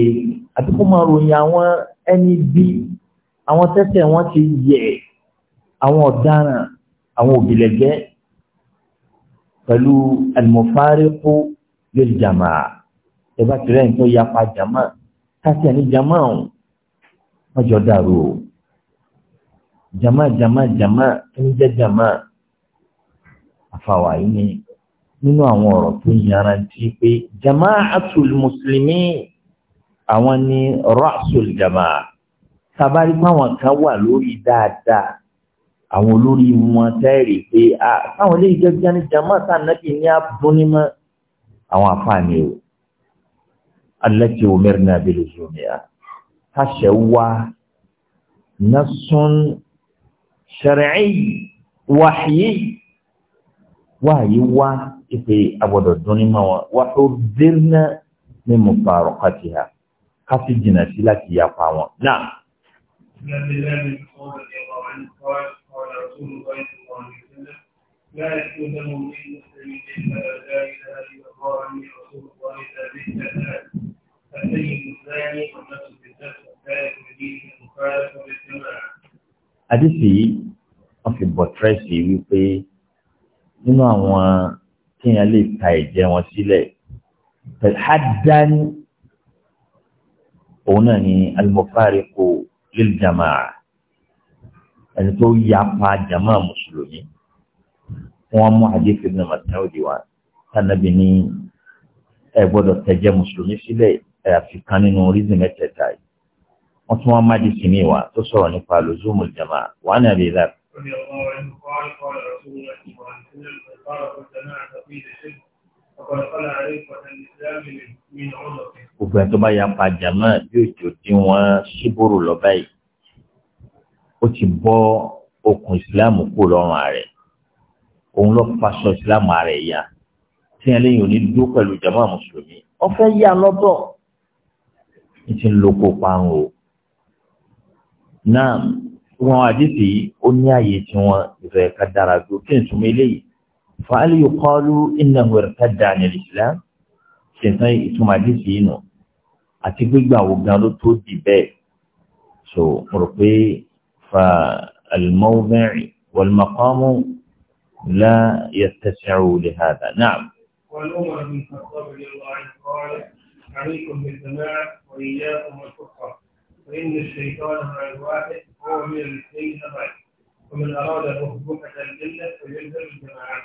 àbíkú máa ròyìn àwọn ẹni bí àwọn tẹ́tẹ̀ wọn ti yẹ àwọn ọ̀daràn àwọn òbílẹ̀jẹ́ pẹ̀lú àlùmọ̀fáríkù lórí jàmà ẹ̀bá tìrẹ̀ ń tó yapa jàmà káṣí àní jàmà ọ̀hún wọ́n jọ dàrú o jàmà jàmà jàmà ń jẹ́ jàmà àfàwà yìí ni nínú àwọn ọ̀rọ̀ tó yarantí pé jàmà àtúl mùsùlùmí àwọn ni rọ́ọ̀sùl jàmà sábàrí pàwọn kan wà lórí dáadáa àwọn olórí wọn tẹ́rì pé àwọn ilé ìjọba ní jamaica nàbì ní abúnímọ̀ àwọn àfààní o alẹ́tì omerina abẹ́lẹ̀ zomia káṣẹ wá nasun shar'i wáyé wáyé wá ìpè agbọ́dọ̀ dúnímọ̀ wọn wàhó dérínà ní mufaraqatiha káṣí jìnnà sí láti yapa wọn náà. رسول الله صلى الله عليه وسلم لا يكون من المسلمين إلا لا إله إلا الله عني رسول الله ثابت الآن السيد الثاني والنفس بالنفس الثالث مدينة المخالفة للجماعة Àdìsí wọ́n fi bọ̀tírẹ́sì wípé nínú àwọn téèyàn lè ta ẹ̀jẹ̀ wọn sílẹ̀ haddan òun náà ni al-mufariqu lil-jama'a ẹni tó yapa jama mùsùlùmí wọ́n mú hadith ibn Mas'ud wa tànàbí ní ẹ gbọ́dọ̀ tẹ̀jẹ́ mùsùlùmí sílẹ̀ ẹ àfikàn nínú rízì mẹ́tẹ̀ẹ̀ta yìí wọ́n tún wọ́n má di sinmi wa tó sọ̀rọ̀ nípa luzumul jama wa ana bi dha. Gbogbo ẹ̀ tó bá yapa jama yóò jò dín wọn síbòrò lọ báyìí ó ti bọ́ okùn ìsìláàmù kó lọ́rùn ààrẹ òun lọ faṣọ ìsìláàmù ààrẹ ya tí ẹlẹ́yìn òní dúró pẹ̀lú jama mùsùlùmí ọ̀fẹ́ yà lọ́dọ̀ ní ti ń lo kó parun o náà wọn àdìsí ó ní àyè tí wọn ìfẹ́ ká dára tó kí n túnmọ̀ eléyìí fàálì yóò kọ́lu iná wẹ̀rẹ̀ká dání ìsìláàmù ṣètàn ìtumọ̀ àdìsí yìí nù àti gbígbà wo ló tó di bẹ́ẹ̀ so mo rò pé فالموضع والمقام لا يتسع لهذا نعم والأمر بن الخطاب رضي الله عنه قال عليكم بالجماعة وإياكم والفقه فإن الشيطان مع الواحد هو من الاثنين أبعد ومن أراد أخبوحة الجنة فيلزم الجماعة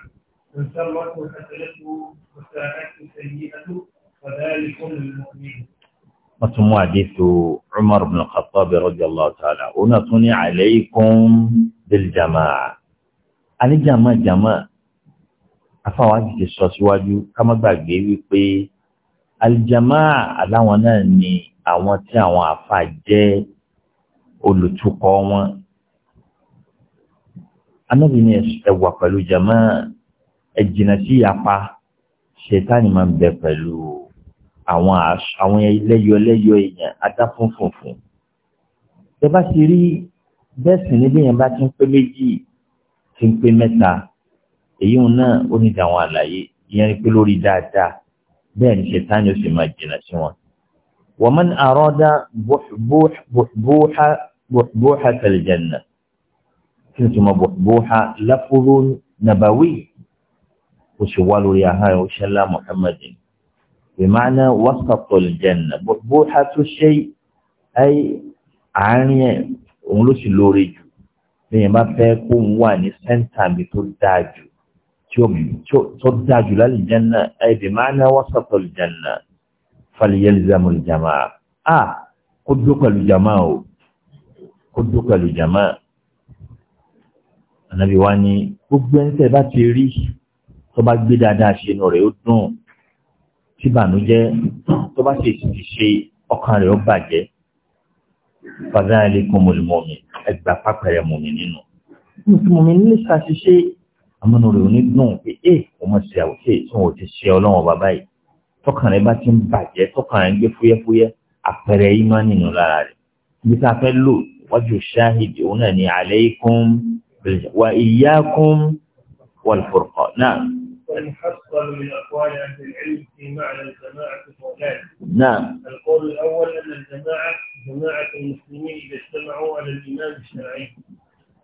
من سرته حسنته وساءته سيئته فذلكم للمؤمنين wọ́n tún mú àdísù Umar ibn Khattab radiyallahu ta'ala òun náà tún ní alaykum bil jamaa alíjàmá jamaa afáwa ti ti sọ síwájú ká má gbàgbé wípé alìjàmá aláwọn náà ni àwọn tí àwọn àfa jẹ́ olùtukọ̀ wọn anábì ni ẹwà pẹ̀lú jamaa ẹ̀jìnà sí apá ṣètánì máa ń bẹ pẹ̀lú àwọn àwọn ẹlẹ́yọlẹ́yọ èèyàn adáfúnfùnfùn tẹ bá ti rí bẹ́ẹ̀ sì níbi yẹn bá ti ń pé méjì ti ń pé mẹ́ta èyí ń náà ó ní dàwọn àlàyé ìyẹn ni pé lórí dáadáa bẹ́ẹ̀ ni ṣètánì ó sì máa jìnnà sí wọn. ومن أراد بحبوح بحبوحة بحبوحة الجنة كنتم بحبوحة لفظ نبوي وشوال يا هاي وشلا محمد بمعنى وسط الجنة بوحة الشيء أي عانية ونلوش لوريجو lẹ́yìn bá fẹ́ kó ń wà ní sẹ́ńtà mi tó dáa jù tó dáa jù lálìjánná ẹ̀bì máa ná wọ́sọ̀tọ̀ lìjánná falẹ̀yẹ́lìzámù lìjámà á kó dó pẹ̀lú jàmá o kó dó pẹ̀lú jàmá. ànábì wa ni gbogbo ẹni bá ti rí tó bá gbé dáadáa ṣe inú rẹ̀ ó dùn tí bànújẹ́ tó bá sì ti ṣe ọkàn rẹ̀ ó bàjẹ́ fadhalikumul mu'min ẹgbà pápẹ̀rẹ̀ mọ̀mí nínú. mọ̀mí nílé ṣàṣìṣe àmọ́nà rẹ̀ onídùn pé ẹ eh, ọmọ ṣe àwòṣe tí wọn ò ti ṣe ọlọ́wọ́n bàbá yìí tọkàn rẹ̀ bá ti ń bàjẹ́ tọkàn rẹ̀ ń gbé fúyẹ́fúyẹ́ àpẹẹrẹ yìí nínú lára rẹ̀ ibi tá a fẹ́ lò wájú ṣáhìdì òun náà ni alaykum wa iyyakum wal furqan náà. حصل من أقوال أهل العلم في معنى الجماعة قولان. نعم. القول الأول أن الجماعة جماعة المسلمين إذا اجتمعوا على الإمام الشرعي.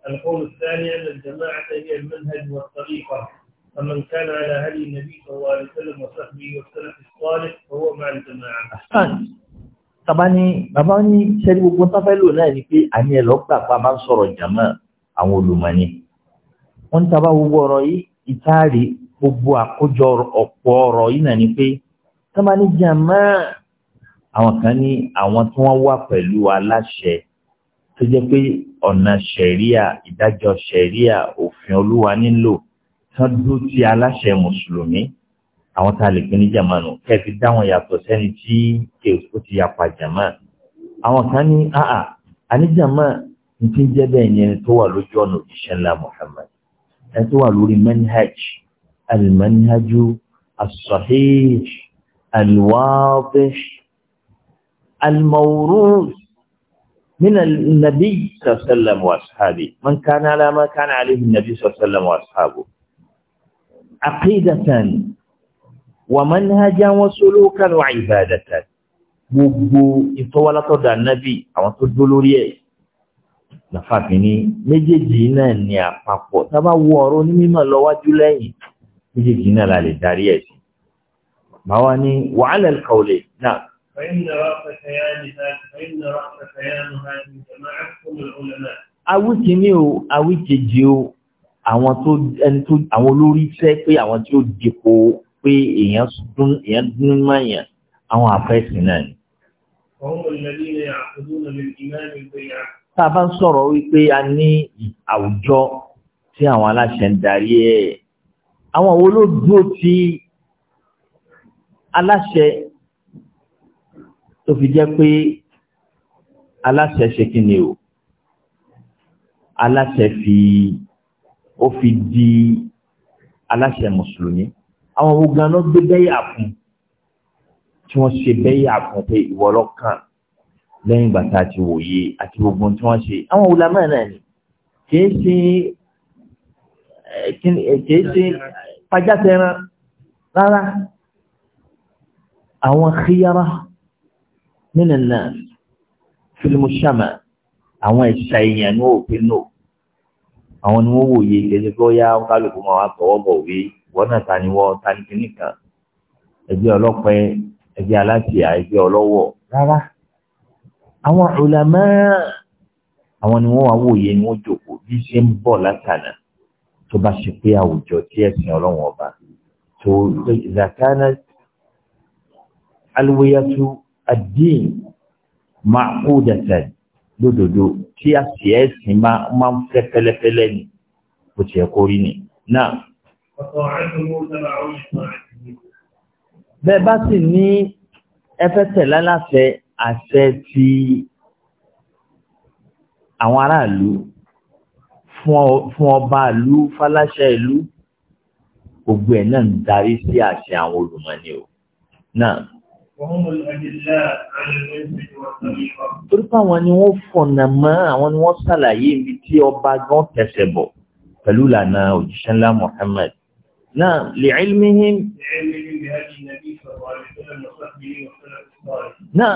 القول الثاني أن الجماعة هي المنهج والطريقة فمن كان على هدي النبي صلى الله عليه وسلم وصحبه والسلف الصالح فهو مع الجماعة. أحسنت. Bàbá ní bàbá ní ṣẹ́ni gbogbo tó fẹ́ lò náà ni pé àmì ẹ̀ lọ́gbà pa máa ń sọ̀rọ̀ jàmọ́ àwọn olùmọ̀ gbogbo ọ̀rọ̀ logba pa soro awon gbogbo àkójọ ọ̀pọ̀ ọ̀rọ̀ yìí náà ni pé tó bá ní jàmá àwọn kan ní àwọn tí wọ́n wà pẹ̀lú aláṣẹ tó jẹ́ pé ọ̀nà ṣẹ̀ríà ìdájọ́ ṣẹ̀ríà òfin olúwa nílò tán dúró ti aláṣẹ mùsùlùmí àwọn tá a lè pín ní jàmá nù kẹ́ẹ̀fi dáwọn yàtọ̀ sẹ́ni tí kò ti yapa jàmá àwọn kan ní àà àníjàmá ní ti ń jẹ́ bẹ́ẹ̀ yẹn tó wà lójú ọ̀nà òjíṣẹ́ ńlá Muhammad ẹ tó wà lórí manhaj المنهج الصحيح الواضح الموروث من النبي صلى الله عليه وسلم واصحابه من كان على ما كان عليه النبي صلى الله عليه وسلم واصحابه عقيده ومنهجا وسلوكا وعباده gbogbo ìtọ́wálátọ̀dà nábì àwọn tó dó lórí ẹ̀ nàfààfin ní méjèèjì náà ní àpapọ̀ tábà wo ọ̀rọ̀ onímọ̀ lọ́wájú lẹ́yìn méjèèjì náà la lè darí ẹ̀ sí. báwa ní wàhálà kàwlé náà. awíkì ni o awíkì jẹ o àwọn tó ẹni tó àwọn olórí fẹ́ pé àwọn tí ó dìpọ̀ pé èèyàn dún èèyàn àwọn àfẹ́sìn náà ni. tá bá sọ̀rọ̀ wípé a ní àwùjọ tí àwọn aláṣẹ ń darí ẹ̀ àwọn wo ló dúró ti aláṣẹ tó fi jẹ́ pé aláṣẹ ṣe kí ni o aláṣẹ fi ó fi di aláṣẹ mùsùlùmí àwọn wo gan ló gbé bẹ́yà fún tí wọ́n ṣe bẹ́yà fún pé ìwọ lọ́kàn lẹ́yìn ìgbà tá a ti wòye àti gbogbo tí wọ́n ṣe àwọn wòlámà náà ni kì í ṣe Eh, kìí ṣe pàjásẹ̀ran rárá àwọn khiyara nínú náà fílímù ṣàmà àwọn ẹ̀ṣà èèyàn ní òfin náà àwọn ni wọ́n wòye gẹ́gẹ́ bí ó yá kálukú máa wá tọwọ́ bọ̀ wí wọ́n náà ta ni wọ́n ta ni kíní kan ẹgbẹ́ ọlọ́pẹ́ ẹgbẹ́ aláṣìá ẹgbẹ́ ọlọ́wọ̀ rárá àwọn ulama àwọn ni wọ́n wá wòye ni wọ́n jókòó bí ṣe ń bọ̀ látànà tó bá ṣe pé àwùjọ tí ẹ̀sìn ọlọ́run ọba tó zakana alwiyatu ad-din ma'qudatan lódodo tí a sì ẹ̀sìn máa ń fẹ́ fẹ́lẹ́fẹ́lẹ́ ni bó ti yẹ kó rí ni náà. bẹ́ẹ̀ bá sì ní ẹfẹ́ tẹ̀lá láfẹ́ àṣẹ ti àwọn aráàlú fún ọba ìlú fáláṣẹ ìlú gbogbo ẹ̀ náà ń darí sí àṣẹ àwọn olùmọ̀ni o náà. torí àwọn ni wọ́n fọ̀nà mọ́ àwọn ni wọ́n ṣàlàyé ibi tí ọba gan tẹ̀sẹ̀ bọ̀ pẹ̀lú ìlànà òjíṣẹ́ ńlá Muhammad náà lè ilmihim. náà.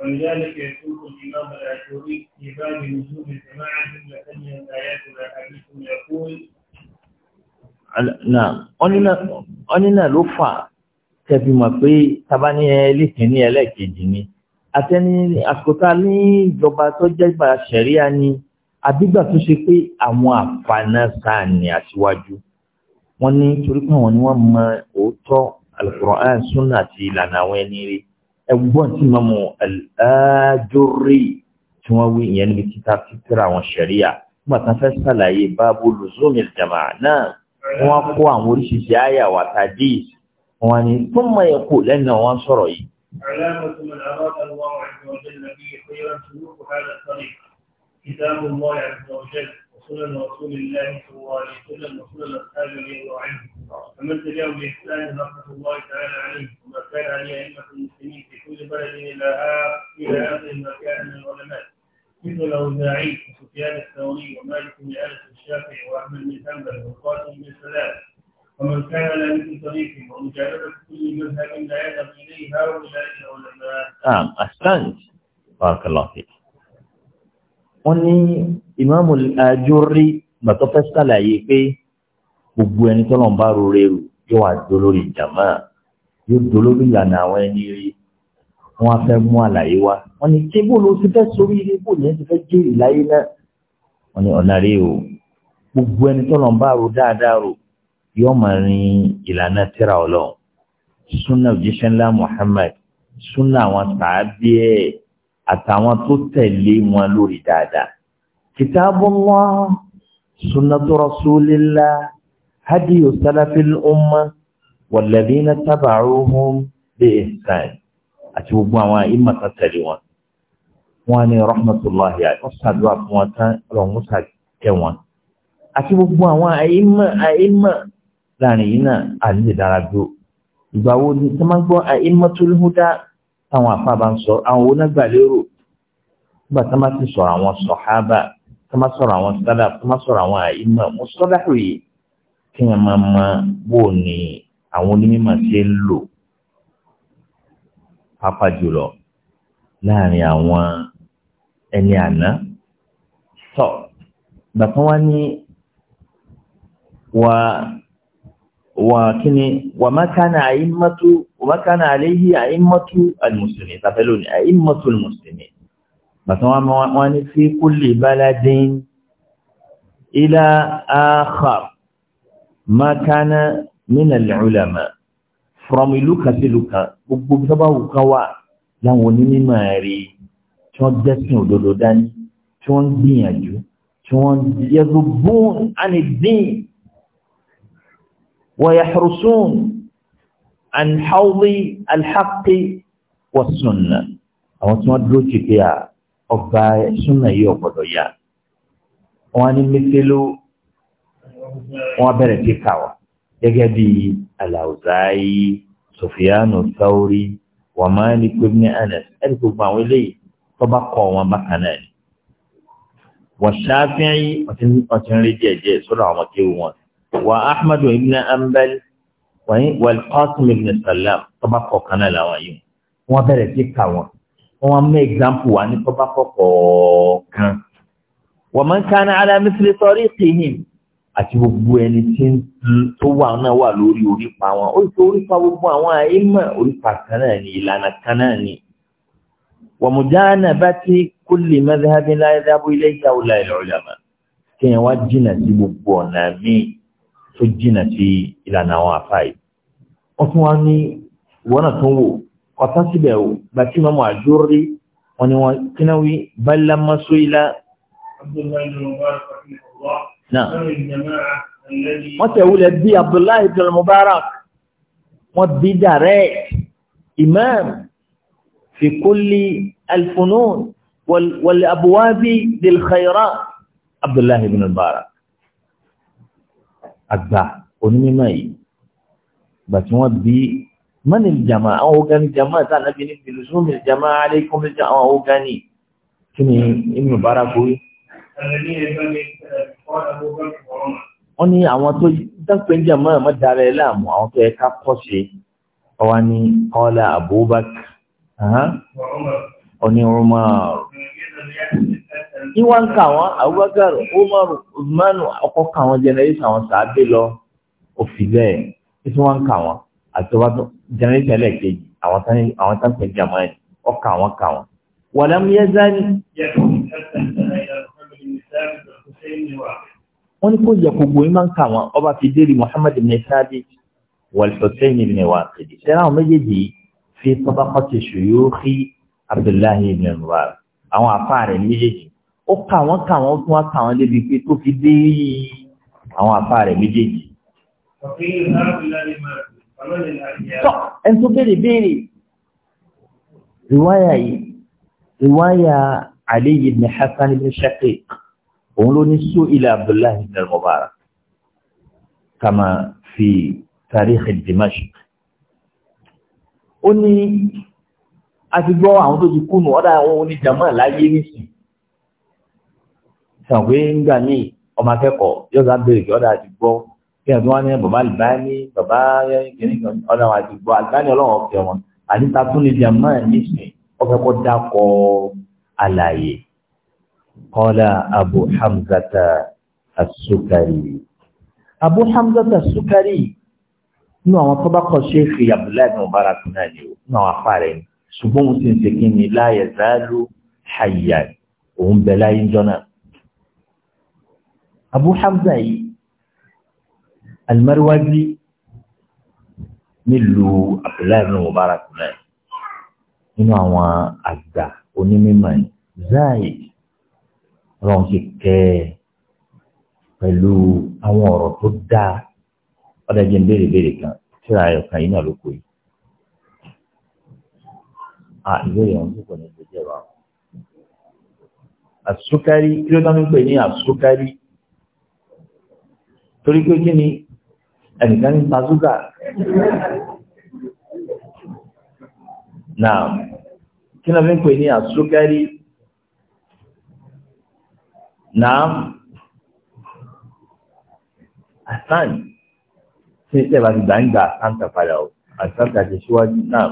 ولذلك يقول الإمام الآشوري في باب نزول الجماعة جملة من الآيات والأحاديث يقول Naam, wọ́n ní náà ló fà tẹ̀fi mọ̀ pé taba ní ẹlẹ́kìn ní ẹlẹ́kejì ni. Àtẹni àkótá ní ìjọba tó jẹ́ ìgbà ṣẹ̀ríà ni àbígbà tó ṣe pé àwọn àfààná sáà aṣíwájú. Wọ́n ní torí pé àwọn ni wọ́n mọ òótọ́ Al-Qur'an, Sunnah àti ìlànà àwọn ẹni rí ẹgbọ́n tí mọ́mú al-Ajurri tí wọ́n wí ìyẹn níbi títà títà àwọn ṣẹ̀ríà nígbà tán fẹ́ sàlàyé báàbù lùzúmi jàmà náà wọ́n kó àwọn oríṣiríṣi àyà wà tàdí wọn ni tó mọ ẹ̀kọ́ lẹ́nu wọn sọ̀rọ̀ yìí. Àlẹ́ سنن رسول الله صلى الله عليه وسلم وسنن اصحابه رضي الله عنهم فمن تبعهم باحسان رحمه الله تعالى عليه وما كان عليه ائمه المسلمين في كل بلد الى آه، الى اخر ما كان من العلماء مثل الاوزاعي وسفيان الثوري ومالك بن انس الشافعي واحمد بن حنبل والقاسم بن سلام ومن كان على مثل طريقهم ومجالده كل مذهب لا يذهب اليه هؤلاء العلماء. نعم احسنت بارك الله فيك. wọ́n ní ìmáàmù àjòrí gbàtọ́ fẹ́ sàlàyé pé gbogbo ẹni tọ́lọ̀ ń bá rore rò yóò wá dó lórí ìjàmá yóò dó lórí ìlànà àwọn ẹni rí wọ́n á fẹ́ mú àlàyé wá wọ́n ní kébò ló ti fẹ́ sórí ilé bò ní ẹ fẹ́ jèrè láyé náà wọ́n ní ọ̀nà rí o gbogbo ẹni tọ́lọ̀ ń bá rò dáadáa rò yóò máa rin ìlànà tírà ọlọ́run sunna òjíṣẹ́ ńlá Muhammad sunna àwọn sàábí àtàwọn tó tẹ̀lé wọn lórí dáadáa kitabullah sunnatu rasulillah hadiyu salafil umma walladhina taba'uhum bi ihsan àti gbogbo àwọn ìmọ̀ta tẹ̀lé wọn wọn ni rahmatullahi wọn ṣàdúrà fún wọn tán ọlọ́run ṣàkẹ́ wọn àti gbogbo àwọn àìmọ̀ àìmọ̀ láàrin yìí náà àlejò dára dúró ìgbà wo ni tí wọ́n gbọ́ àìmọ̀ tó lóhùn dáa táwọn àfa bá ń sọ àwọn owó náà gbà lérò nígbà tá má ti sọ̀rọ̀ àwọn sọ̀hábà tá má sọ̀rọ̀ àwọn sádà tá má sọ̀rọ̀ àwọn àìmọ̀ mo sọ́dà rèé kí wọ́n máa mọ bó ni àwọn onímọ̀ ṣe ń lò pápá jùlọ láàrin àwọn ẹni àná tọ́ bàtán wá ní wà wà kí ni wà má kánà àìmọ́tò wákàna àléhì àìmọ́tú àlùmùsùlùmí tàbí lónìí àìmọ́tú àlùmùsùlùmí bàtà wọn wọn ní sí kúlì báládín ilá akhar mákàna min al-ulama from ìlú kan sí ìlú kan gbogbo bí wọ́n bá wù kan wà láwọn onímọ̀ rí tí wọ́n dẹ́sìn òdodo dání tí wọ́n gbìyànjú tí wọ́n yẹ gbogbo ànídìn wọ́n yẹ an hawli alhaqi wa sunna àwọn tí wọ́n dúró ti pé à ọba sunna yìí ọ̀gbọ̀dọ̀ yá wọ́n ní mẹ́tẹ́lú wọ́n bẹ̀rẹ̀ sí kàwá gẹ́gẹ́ bí aláwùzáyí sofiyanu sauri wa malik ibn anas ẹni gbogbo àwọn eléyìí tó bá kọ wọn bákan ni wa shafi'i ọtí ń rí díẹ̀ díẹ̀ sọ́dọ̀ àwọn kéwù wọn wa ahmadu ibn ambal wàlúkọ́sùn ibn salam tọ́ba kọ̀ọ̀kan náà làwọn yìí wọ́n bẹ̀rẹ̀ sí kà wọ́n wọ́n wá mú ẹ̀gbáǹpù wá ní tọ́ba kọ̀ọ̀kan wọ́n máa ń ká ní alámísírí sọ́rí ìsìnyìn àti gbogbo ẹni tó wà náà wà lórí orípa wọn ó ti orípa gbogbo àwọn àyèmọ̀ orípa kan náà ni ìlànà kan náà ni wọ́n mú jáánà bá ti kó lè mẹ́tẹ́hábí tó jìnnà sí ìlànà àwọn àfáà ọtún wa ní wọ́nà tó ń wò ọ̀tá síbẹ̀ o gbàtí mọ́mọ́ àdúrórí wọn ni wọn kí náà wí bala masoila. wọ́n tẹ̀ wulẹ̀ bí abdullahi ibn mubarak wọ́n bí dàrẹ́ imam fi kulli alfunun wal abuwaabi dil khayra abdullahi ibn mubarak. àgbà onímọ̀ yìí gbà tí wọ́n bí mọ́nì jama àwọn ah, ogani jama tí ànábi ní bìlùsùnmì jama aleikum jama àwọn ogani kí ni inú bára kúrú. wọ́n ní àwọn tó dápẹ́ jama mọ́ dára ẹ láàmú àwọn tó yẹ ká kọ́ ṣe ọwá ní kọ́lá Abubakar ọ̀ní Umar ìwọ́n ká àwọn Abubakar Umar Usman ọkọ̀ ká àwọn àwọn sàábé lọ òfìlẹ́ẹ̀ tí wọ́n ń kà wọ́n àti wọ́n tó jẹ́nẹ́tì ẹlẹ́ẹ̀kejì àwọn tán àwọn tán fẹ́ jàmá ẹ̀ ọkà wọn kà wọ́n. wọ́n lẹ́mú yẹn zani. wọ́n ní kó yẹ gbogbo yín máa ń kà wọ́n ọba fi dérí Muhammad ibn Thabit wal Hussein ibn Waqidi sẹ́ra àwọn méjèèjì fi tabaqati shuyukhi Abdullahi ibn Mubarak àwọn àfáà rẹ̀ méjèèjì ó kà wọ́n kà wọ́n fún wa kà wọ́n débi pé tó fi dé àwọn àfáà rẹ̀ méjèèjì tọ́ ẹn tó béèrè béèrè riwaya yìí riwaya Ali ibn Hasan ibn Shaqiq òun ló ní sú ilẹ̀ Abdullahi ibn al-Mubarak kama fi tarikh Dimashq ó ní a ti gbọ́ àwọn tó ti kúnnù ọ̀dà àwọn oníjàmọ́ láyé nìsín sàn ń gbà ní ọmọ akẹ́kọ̀ọ́ yọ́sà kí ẹ̀dùn wá ní bàbá àlùbáyé bàbá kìnnìkan ọ̀nà àdìgbò àlùbáyé ọlọ́run ọ̀fẹ́ wọn àdìta tún lè jẹ mọ́ ẹ̀ nísìnyí ọ̀fẹ́ kó dákọ̀ àlàyé kọ́lá abu hamzata asukari abu hamzata asukari nínú àwọn tó bá kọ́ ṣe é fi abdullahi bin mubarak náà ni o nínú àwọn afá rẹ̀ ṣùgbọ́n mo ti ń ṣe kí ni láyé záàlú hayyan òun bẹ̀ láyé jọ́nà abu hamza yìí alimáríwájú nílùú abdullahi bin mubarak náà nínú àwọn àgbà onímọ̀ zaid ọlọ́run ti kẹ́ ẹ pẹ̀lú àwọn ọ̀rọ̀ tó dáa ọ̀dàjẹ́ ń béèrè béèrè kan tíra ẹ̀kan yìí náà ló kù yìí. a ìbéèrè wọn tó kọ ní ìgbésí ẹ̀rọ àwọn. kí ló dáná ń pè ní àsúkárí torí pé kí ni ẹnìkan ní bazúgà náà kí ló fi ń pè ní àsúkẹ́rì náà àtàn tí ìṣẹ́bà ti gbàǹgbà àtàǹtà padà ó àtàǹtà ti ṣíwájú náà.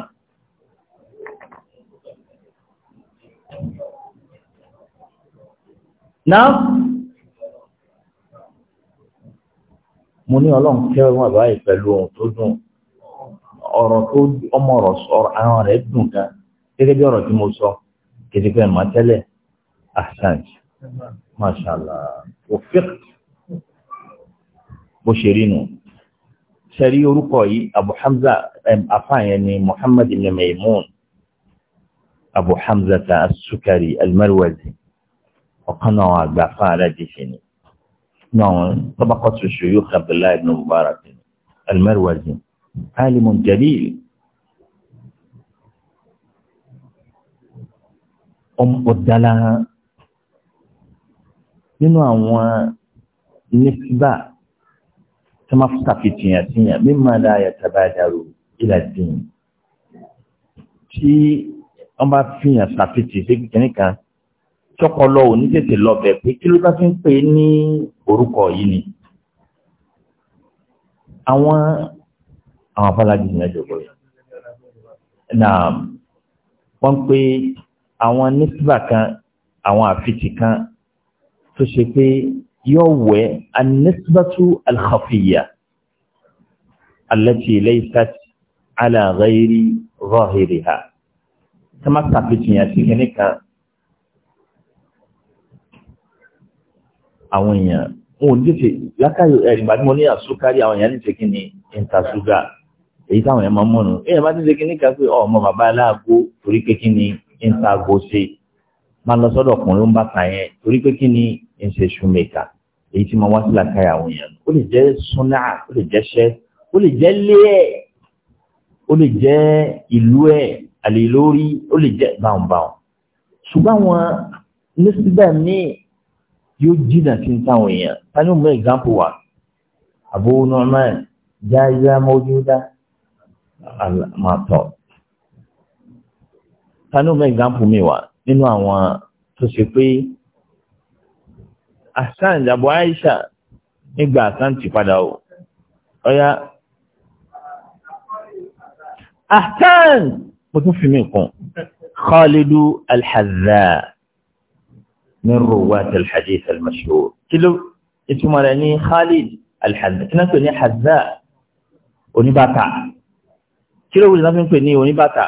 Now, mo ní ọlọ́run kẹ́ wọn bàbá yìí pẹ̀lú ohun tó dùn ọ̀rọ̀ tó ọmọ ọ̀rọ̀ sọ̀rọ̀ àwọn rẹ̀ dùn gan gẹ́gẹ́ bí ọ̀rọ̀ tí mo sọ kìdí fẹ́ mọ́ tẹ́lẹ̀ àṣàjì mashallah òfin bó ṣe rí nù ṣẹ̀rí orúkọ yìí abu hamza ni muhammad ibn maimun abu ta sukari almarwazi ọ̀kan náà àgbà fáàrà dìṣẹ́ ni نعم طبقة الشيوخ عبد الله بن مبارك المروزي عالم جليل أم الدلاء nínú àwọn nígbà tí wọ́n fi tàfitìyàn síyàn mímọ́ láàyè tàbádàrú ìlàdín tí wọ́n bá fìyàn tàfitì sí kìkìnní kan tọkọlọ ò ní tètè lọbẹ pé kí ló bá fi ń pè é ní orúkọ yìí ni àwọn àwọn afọlájú ní ẹjọ bọyọ na wọn pé àwọn nísìbà kan àwọn àfitì kan tó ṣe pé yóò wẹ anisbatu alkhafiya alati laysat ala ghairi zahiriha tí wọn ṣàfihàn sí kìnìkan. àwọn èèyàn wọn ò ní tètè lákàyò ẹ̀rìnbá tí mo ní àsúkárí àwọn èèyàn ní kí ni intasúgà èyí táwọn èèyàn máa ń mọ̀nà èèyàn bá ti ṣe kíní kan pé ọmọ bàbá aláàgó torí pé kí ni intago ṣe máa lọ sọ́dọ̀ ọkùnrin ń bá ta yẹn torí pé kí ni ń èyí tí mo wá sí làkàyà àwọn èèyàn ó lè jẹ́ súnà ó lè jẹ́ ṣẹ́ ó lè jẹ́ lé ẹ̀ ó lè jẹ́ ìlú ẹ̀ àlè lórí ó lè jẹ́ báwọn báwọn ṣùgbọ́n àwọn ní síbẹ̀ míì yóò jìnà sí táwọn èèyàn tani mo example wa Abu Nu'man jáyá mọ́júdá àmàtọ̀ tani mo example mi wa nínú àwọn tó ṣe pé asan ìjàbọ̀ Aisha nígbà asan ti padà o ọ̀yá asan mo tún fi mí kún Khalidu al min ruwat al-hadith al-mashhur kí ló ìtumọ̀ rẹ̀ ní Khalid al-Hadza kí náà pè ní Hadza oníbàtà kí ló wùdí náà fi ń pè ní oníbàtà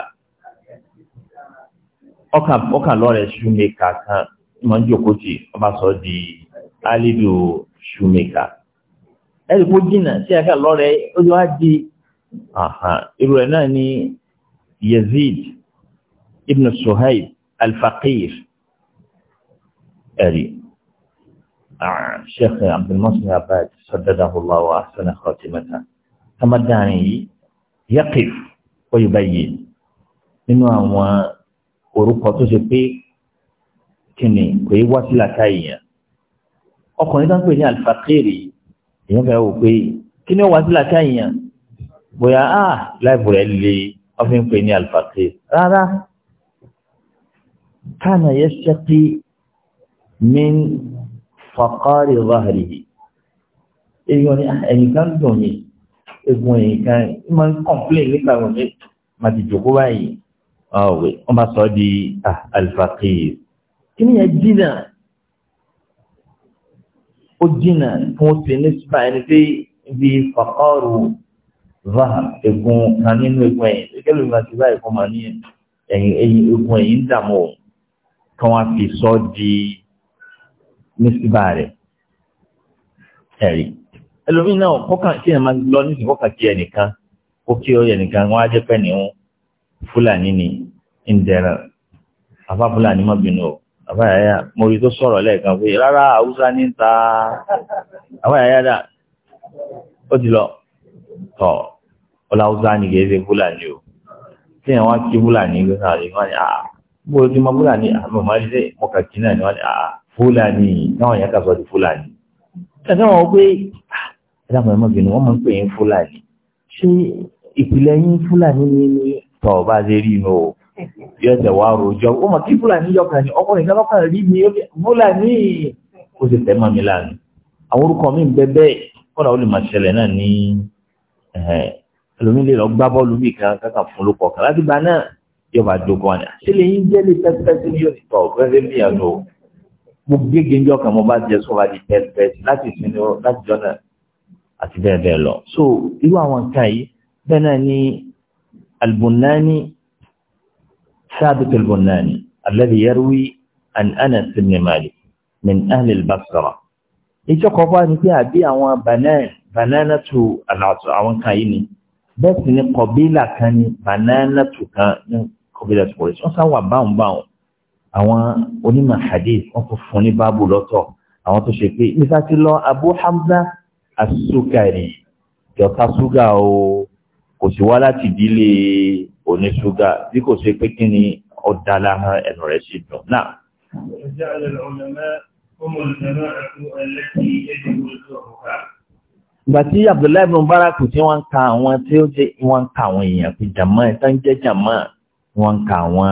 ọkàn ọkàn lọ́rẹ̀ ṣùmẹ̀kà kan ìmọ̀ ń jòkó tì ọba sọ di alidu ṣùmẹ̀kà ẹ̀rí kó jìnnà sí ẹ̀ka lọ́rẹ̀ ó ti wá di irú rẹ̀ náà ní Yazid ibn Suhaib al-Faqir ẹ̀rí Sheikh Abdulmohsen Abad saddadahullahi wa ahsana khatimata tamadarin yìí yaqif ó yìí báyìí nínú àwọn orúkọ tó ṣe pé kìnnì kò yí wá sí làkà èèyàn ọkùnrin tó ń pè ní alifakiri èèyàn fẹ́ wò pé kí ni ó wá sí làkà èèyàn bóyá a láìpẹ́ rẹ̀ lè wọ́n fi ń pè ní alifakiri rárá kánà yẹ ṣẹ́kì min faqari zahrihi èyí ni ah, ẹ̀yìn kan dùn mí egun ẹ̀yìn kan ń máa ń kọ́ńplẹ̀ nígbà wọn ní màá ti jòkó báyìí ọ̀wẹ̀ wọ́n bá sọ di ah, alfaqir kí ni ẹ jìnnà ó jìnnà fún ti ní sípà ẹni pé bí faqaru zahar egun kan nínú egun ẹ̀yìn gẹ́gẹ́ bí wọ́n ti bá ẹ̀kọ́ máa ní egun ẹ̀yìn dààmú kan wá fi sọ di nísìbà rẹ̀ ẹ̀rí ẹlòmíì náà kọ́kàn tí ẹ̀ máa lọ ní ìsìnkọ́kà kí ẹnìkan ó kí ó ẹnìkan wọn á jẹ́ pẹ́ ní fúlàní ní ìdẹ̀rẹ̀ àbá fúlàní má bínú o àbá yàyà mo rí tó sọ̀rọ̀ lẹ́ẹ̀kan pé rárá haúsá ní ń ta àbá yàyà dà ó ti lọ tọ̀ ọlá haúsá ní kìí ṣe fúlàní o tí ẹ̀ wá kí fúlàní gbé náà lè wọ́n ní àá bó o ti mọ fúlàní àmọ́ màá ṣe mọ́kàkí náà ni wọ́n ní àá. Ah, fúlàní náà yẹn kà sọ di fúlàní ẹ̀ka wọn pé ah, ẹ̀dá mọ̀ ẹ̀mọ́bìnrin wọ́n máa ń fúlàní ṣé ìpìlẹ̀ yín fúlàní ni ní tọ̀ bá ṣe rí inú o yóò tẹ̀ wá rojọ́ ó mọ̀ kí fúlàní yọ kàn ní ọkùnrin kan lọ́kàn rí mi ó fi fúlàní ó sì tẹ̀ mọ́ mi lánàá àwọn orúkọ mi ń bẹ bẹ́ẹ̀ kọ́dà ó lè máa ṣẹlẹ̀ náà ní ẹlòmí lè lọ gbá bọ́ọ̀lù mi kan kankan fún lóko ọ̀kan láti gba náà yóò bá dogun àná sílẹ̀ yín jẹ́ lè pẹ́pẹ́ sí ní yóò ti tọ̀ pẹ́pẹ́ mo gégé ńjọ kan mo bá jẹ sọ́ba di tẹ́lifẹ̀sì láti sinmi láti jọ́nà àti bẹ́ẹ̀ bẹ́ẹ̀ lọ. so irú àwọn nǹkan yìí bẹ́ẹ̀ náà ni albunani sábìtì albunani alladhi yarwi an anas ibn malik min ahli albasra. ìjọ kan bá ní pé àbí àwọn banana tu alasọ àwọn kan yìí ni bẹ́ẹ̀ sì ni kọ̀bílà kan ni banana tu kan ní kọ̀bílà tu kọ̀bílà tí wọ́n sá wà báwọn báwọn àwọn onímọ̀ hadith wọ́n tún fún ní báàbù lọ́tọ̀ àwọn tó ṣe pé nígbà tí lọ Abu Hamza As-Sukari jọta ṣúgà o kò sí wá láti ìdílé oníṣúgà bí kò ṣe pé kí ni ọ̀dà láhàn ẹnu rẹ̀ sì dùn náà. Ìgbà tí Abdullahi bin Barak tí wọ́n ń ka àwọn tí ó ń ka àwọn èèyàn pé jàmọ́ ẹ̀ tán jẹ́ jàmọ́ wọ́n ń ka àwọn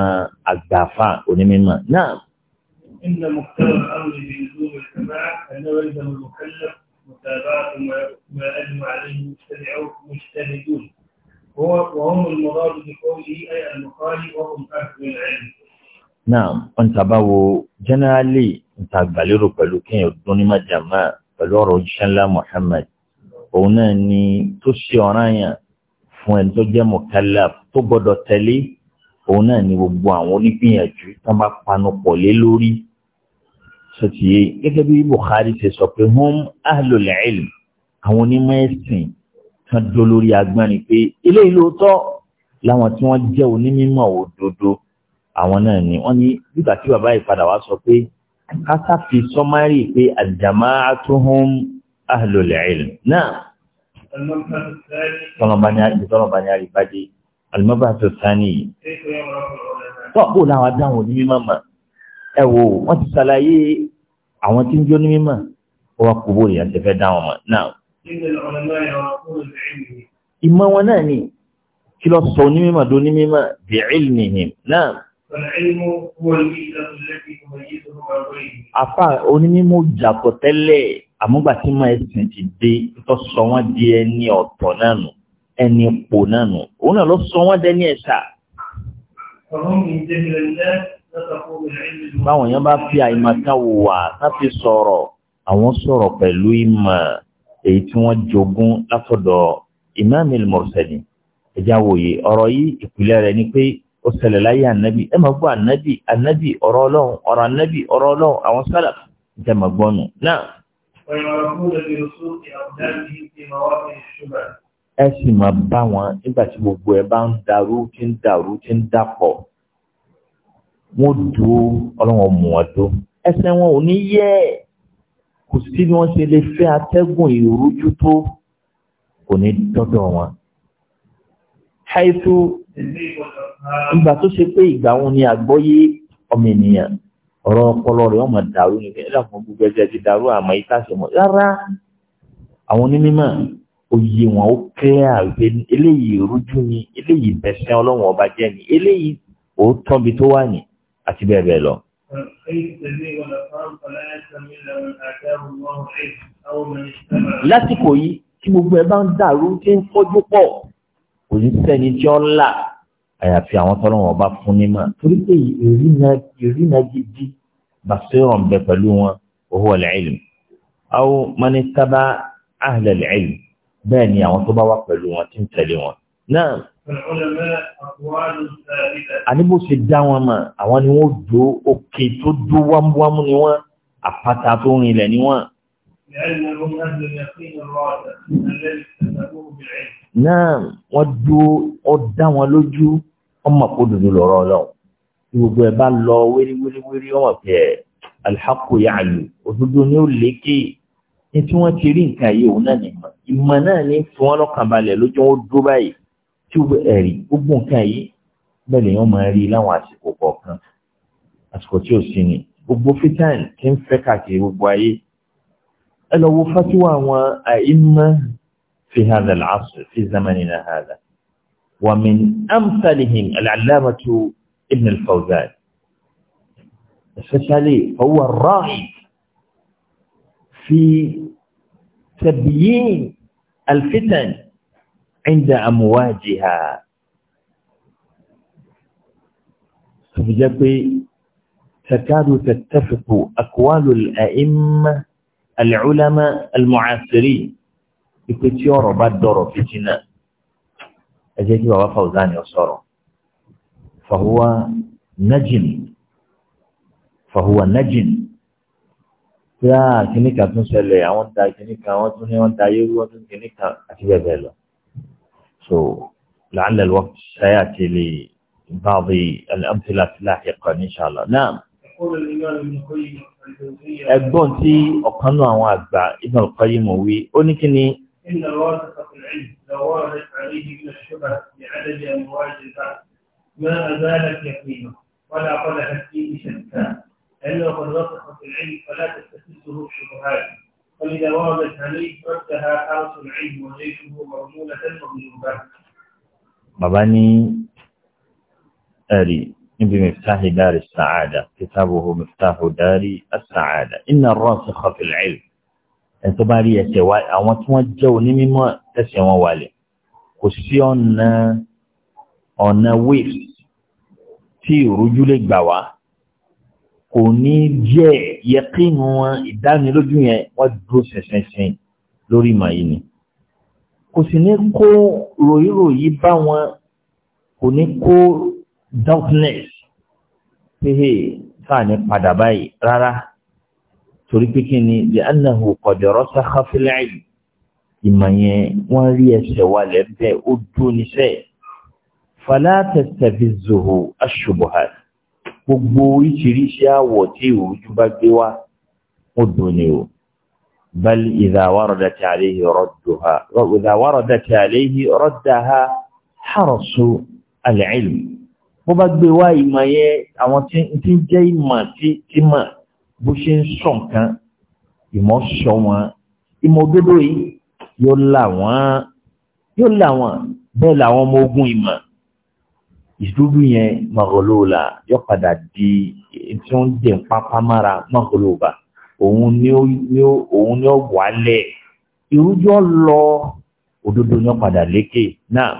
àgbàfà onímọ̀ náà. Náà, wọ́n tàbá wo generally nta gbàlérò pẹ̀lú kéèyàn dún ní májàmá pẹ̀lú ọ̀rọ̀ òjíṣẹ́ ńlá Muhammad. Òun náà ni tó ṣe ọ̀ranyàn fún ẹni tó jẹ́ mọ̀kálà tó gbọ́dọ̀ tẹ̀lé òun náà ni gbogbo àwọn onígbìyànjú tó bá panu pọ̀ lé lórí sọtìyé gẹ́gẹ́ bí Bukhari ṣe sọ pé hum ahlul ilm àwọn onímọ̀ ẹ̀sìn kan dó lórí agbárin pé eléyìí lóòótọ́ láwọn tí wọ́n jẹ́ onímọ̀ òdodo àwọn náà ni wọ́n ní nígbà tí bàbá yìí wá sọ pé kásá fi sọ́márì pé al-jama'atu hum ahlul ilm náà tọ́lọ́mbá ní àlùmọ́bà الثاني. sani yìí. tó bó làwọn adáwọn onímọ̀ mọ̀ ẹ wo wọ́n ti ṣàlàyé àwọn tí ń jó ní mímọ̀ ó wá kó bó ìyá ti fẹ́ dáwọn mọ̀ náà. ìmọ̀ wọn náà ni kí lọ sọ ní mímọ̀ dó ní mímọ̀ bí ilmihim náà. Afa onímọ̀ jàpọ̀ ti dé tó sọ wọ́n di ẹni ọ̀tọ̀ náà ẹni pò náà nù òun náà lọ sọ wọn dẹni ẹ̀ṣà. báwọn yẹn bá fi àìmọ̀kan wà ká fi sọ̀rọ̀ àwọn sọ̀rọ̀ pẹ̀lú ìmọ̀ èyí tí wọ́n jogún látọ̀dọ̀ Imamil Mursalin ẹja wòye ọ̀rọ̀ yìí ìpìlẹ̀ rẹ̀ ni pé ó ṣẹlẹ̀ láyé ànábì ẹ máa gbọ́ ànábì ànábì ọ̀rọ̀ ọlọ́run ọ̀rọ̀ ànábì ọ̀rọ̀ ọlọ́run àwọn sálà ìjà máa gbọ́ nù náà ẹ sì máa bá wọn nígbà tí gbogbo ẹ bá ń darú tí ń darú tí ń dàpọ̀ wọ́n dúró ọlọ́wọ́n mú wọn dó ẹsẹ̀ wọn ò ní yẹ̀ kò sí bí wọ́n ṣe lè fẹ́ atẹ́gùn ìrújú tó kò ní dọ́dọ̀ wọn. ṣáìtú ìgbà tó ṣe pé ìgbà wọn ni àgbọ́yé ọmọ ènìyàn ọ̀rọ̀ ọpọlọ rẹ̀ ọmọ dàrú nìkan ẹ̀dá fún gbogbo ẹgbẹ́ ti dàrú àmọ́ ìtàṣẹ̀mọ́ rárá àwọn onímọ̀ oyè wọn ó clear wípé eléyìí rújú ni eléyìí bẹ̀sẹ̀ ọlọ́run ọba jẹ́ ni eléyìí òótọ́ bi tó wà ní àti bẹ́ẹ̀ bẹ́ẹ̀ lọ. lásìkò yìí tí gbogbo ẹ bá ń dàrú tí ń fọ́jú pọ̀ kò ní sẹ́ni tí ó là àyàfi àwọn tọ́lọ́wọ́n ọba fún ní mà torí pé ìrìnà gidi bàṣẹ́rọ̀ ń bẹ pẹ̀lú wọn òhun ọ̀lẹ́ ìlú. àwọn mọ́ni àhìlẹ̀ ìlú bẹ́ẹ̀ ni àwọn tó bá wà pẹ̀lú wọn tí ń tẹ̀lé wọn náà àníbò ṣe dá wọn mọ̀ àwọn ni wọ́n do òkè tó dó wámúwámú ni wọ́n àpáta tó rinlẹ̀ ni wọ́n. náà wọ́n do ọ dá wọn lójú ọmọ kó dòdò lọ́rọ́ lọ́wọ́ tí gbogbo ẹ̀ bá lọ wéríwéríwérí ọmọ pé ẹ̀ alhaqqu òdodo ni ó lékè ní tí wọ́n ti rí nǹkan yìí òun náà nìkan ìmọ̀ náà ní fi wọ́n lọ́kàn balẹ̀ lójú wọn dúró báyìí tí ó ẹ̀rí gbogbo nǹkan yìí bẹ́ẹ̀ lè wọ́n máa rí láwọn àsìkò kọ̀ọ̀kan àsìkò tí ò sí ni gbogbo fitan ti ń fẹ́ káàkiri gbogbo ayé ẹ lọ wo fatiwa àwọn àìmọ́ fi hàdà làásù fi zamanina hàdà wà mí amsalihim alàlámàtú ibn al-fawzan especially fawwa rahi fi tabiyin الفتن عند أمواجها فبجد تكاد تتفق أقوال الأئمة العلماء المعاصرين يكون يورو بدر فتنة أجيك بابا فوزان يصره فهو نجم فهو نجم pé á ah, kìnnìkà tún ṣẹlẹ̀ àwọn ń ta kìnnìkà wọ́n tún ní wọ́n ń ta ayé wọ́n tún kìnnìkà àti bẹ́ẹ̀ bẹ́ẹ̀ lọ. so لعل الوقت سيأتي لبعض الأمثلة لاحقا إن شاء الله نعم ẹgbọ́n tí ọ̀kan náà àwọn àgbà Ibn al-Qayyim wí ó ní kí ni إن فإنه قد وصف في العلم فلا تستفزه الشبهات فإذا وردت عليه ردها حرس العلم وجيشه مرمولة مغلوبة مباني أري بمفتاح دار السعادة كتابه مفتاح دار السعادة إن الراسخ في العلم ẹ̀tọ́ bá rí ẹsẹ̀ wa àwọn tí wọ́n والي onímọ̀ أنا wọn wálẹ̀ kò sí kò ní jẹ́ yẹkínu wọn ìdánilójú yẹn wọ́n dúró ṣẹ̀ṣẹ̀ṣẹ̀ lórí ìmọ̀ yìí ni kò sì ní kó ròyìnròyìn bá wọn kò ní kó darkness pé he sáà ní padà báyìí rárá torí pé kí ni lè anahu kọ̀dọ̀rọ̀ sáà fílẹ̀ ìmọ̀ yẹn wọ́n rí ẹsẹ̀ wà lẹ́bẹ̀ẹ́ ó dúró níṣẹ́ fàlàtẹ̀sẹ̀ fi zòhò aṣubuhat gbogbo oríṣiríṣi àwọ̀ tí ìrújú bá gbé wá ó dùn ni o bal idha waradat alayhi raddaha idha waradat alayhi raddaha harasu al-ilm bó bá gbé wá ìmọ̀ yẹn àwọn tí ń jẹ́ ìmọ̀ tí tí mọ̀ bó ṣe ń sọ nǹkan ìmọ̀ sọ wọn ìmọ̀ òdodo yìí yóò là wọ́n bẹ́ẹ̀ làwọn ọmọ ogun ìmọ̀ ìdúdú yẹn mọ̀gọ́lò la yọ padà di tí wọ́n dẹ̀ ń pápá mára òun ni ó wà lẹ̀ ìrújọ́ lọ òdodo yọ padà lékè náà.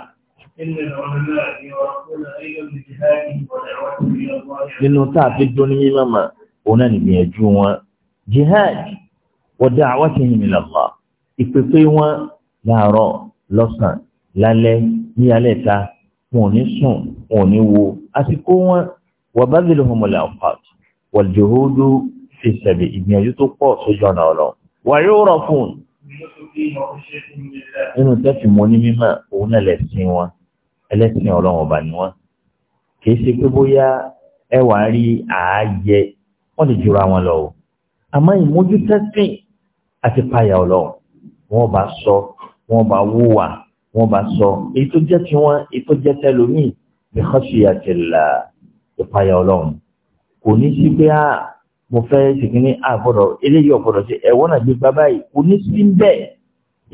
nínú tá fi dún ní mímọ́ òun náà nìgbìyànjú wọn jihad wa da'watihim ila Allah ìpèpè wọn láàárọ̀ lọ́sàn-án lálẹ́ ní wọn ò ní sùn wọn ò ní wo àsìkò wọn wọ́n bá lè hùmọ̀ làǹfààt wọ́n lè hóódó fi sẹ̀lẹ̀ ìgbìyànjú tó pọ̀ sójú ọ̀nà ọ̀rọ̀ wà yóò rọ̀ fún un. nínú tẹ́sí mo ní mímọ̀ òun náà lẹ́sìn wọn ẹlẹ́sìn ọlọ́run ọba ni wọn kì ṣe pé bóyá ẹ wàá rí ààyè wọ́n lè jura wọn lọ o àmọ́ ìmójútẹ́sìn àti payà ọlọ́run wọ́n bá sọ wọ́n bá wúwà wọ́n bá sọ èyí tó jẹ́ tiwọn èyí tó jẹ́ tẹlómìn ní kọ́síyàtìlá ìpayà ọlọ́run kò ní sí pé a ah, mo fẹ́ ṣèkínní àgbọ̀dọ̀ eléyìí ọ̀gbọ̀dọ̀ ṣe ẹ̀wọ́n náà gbé báyìí kò ní sí bẹ́ẹ̀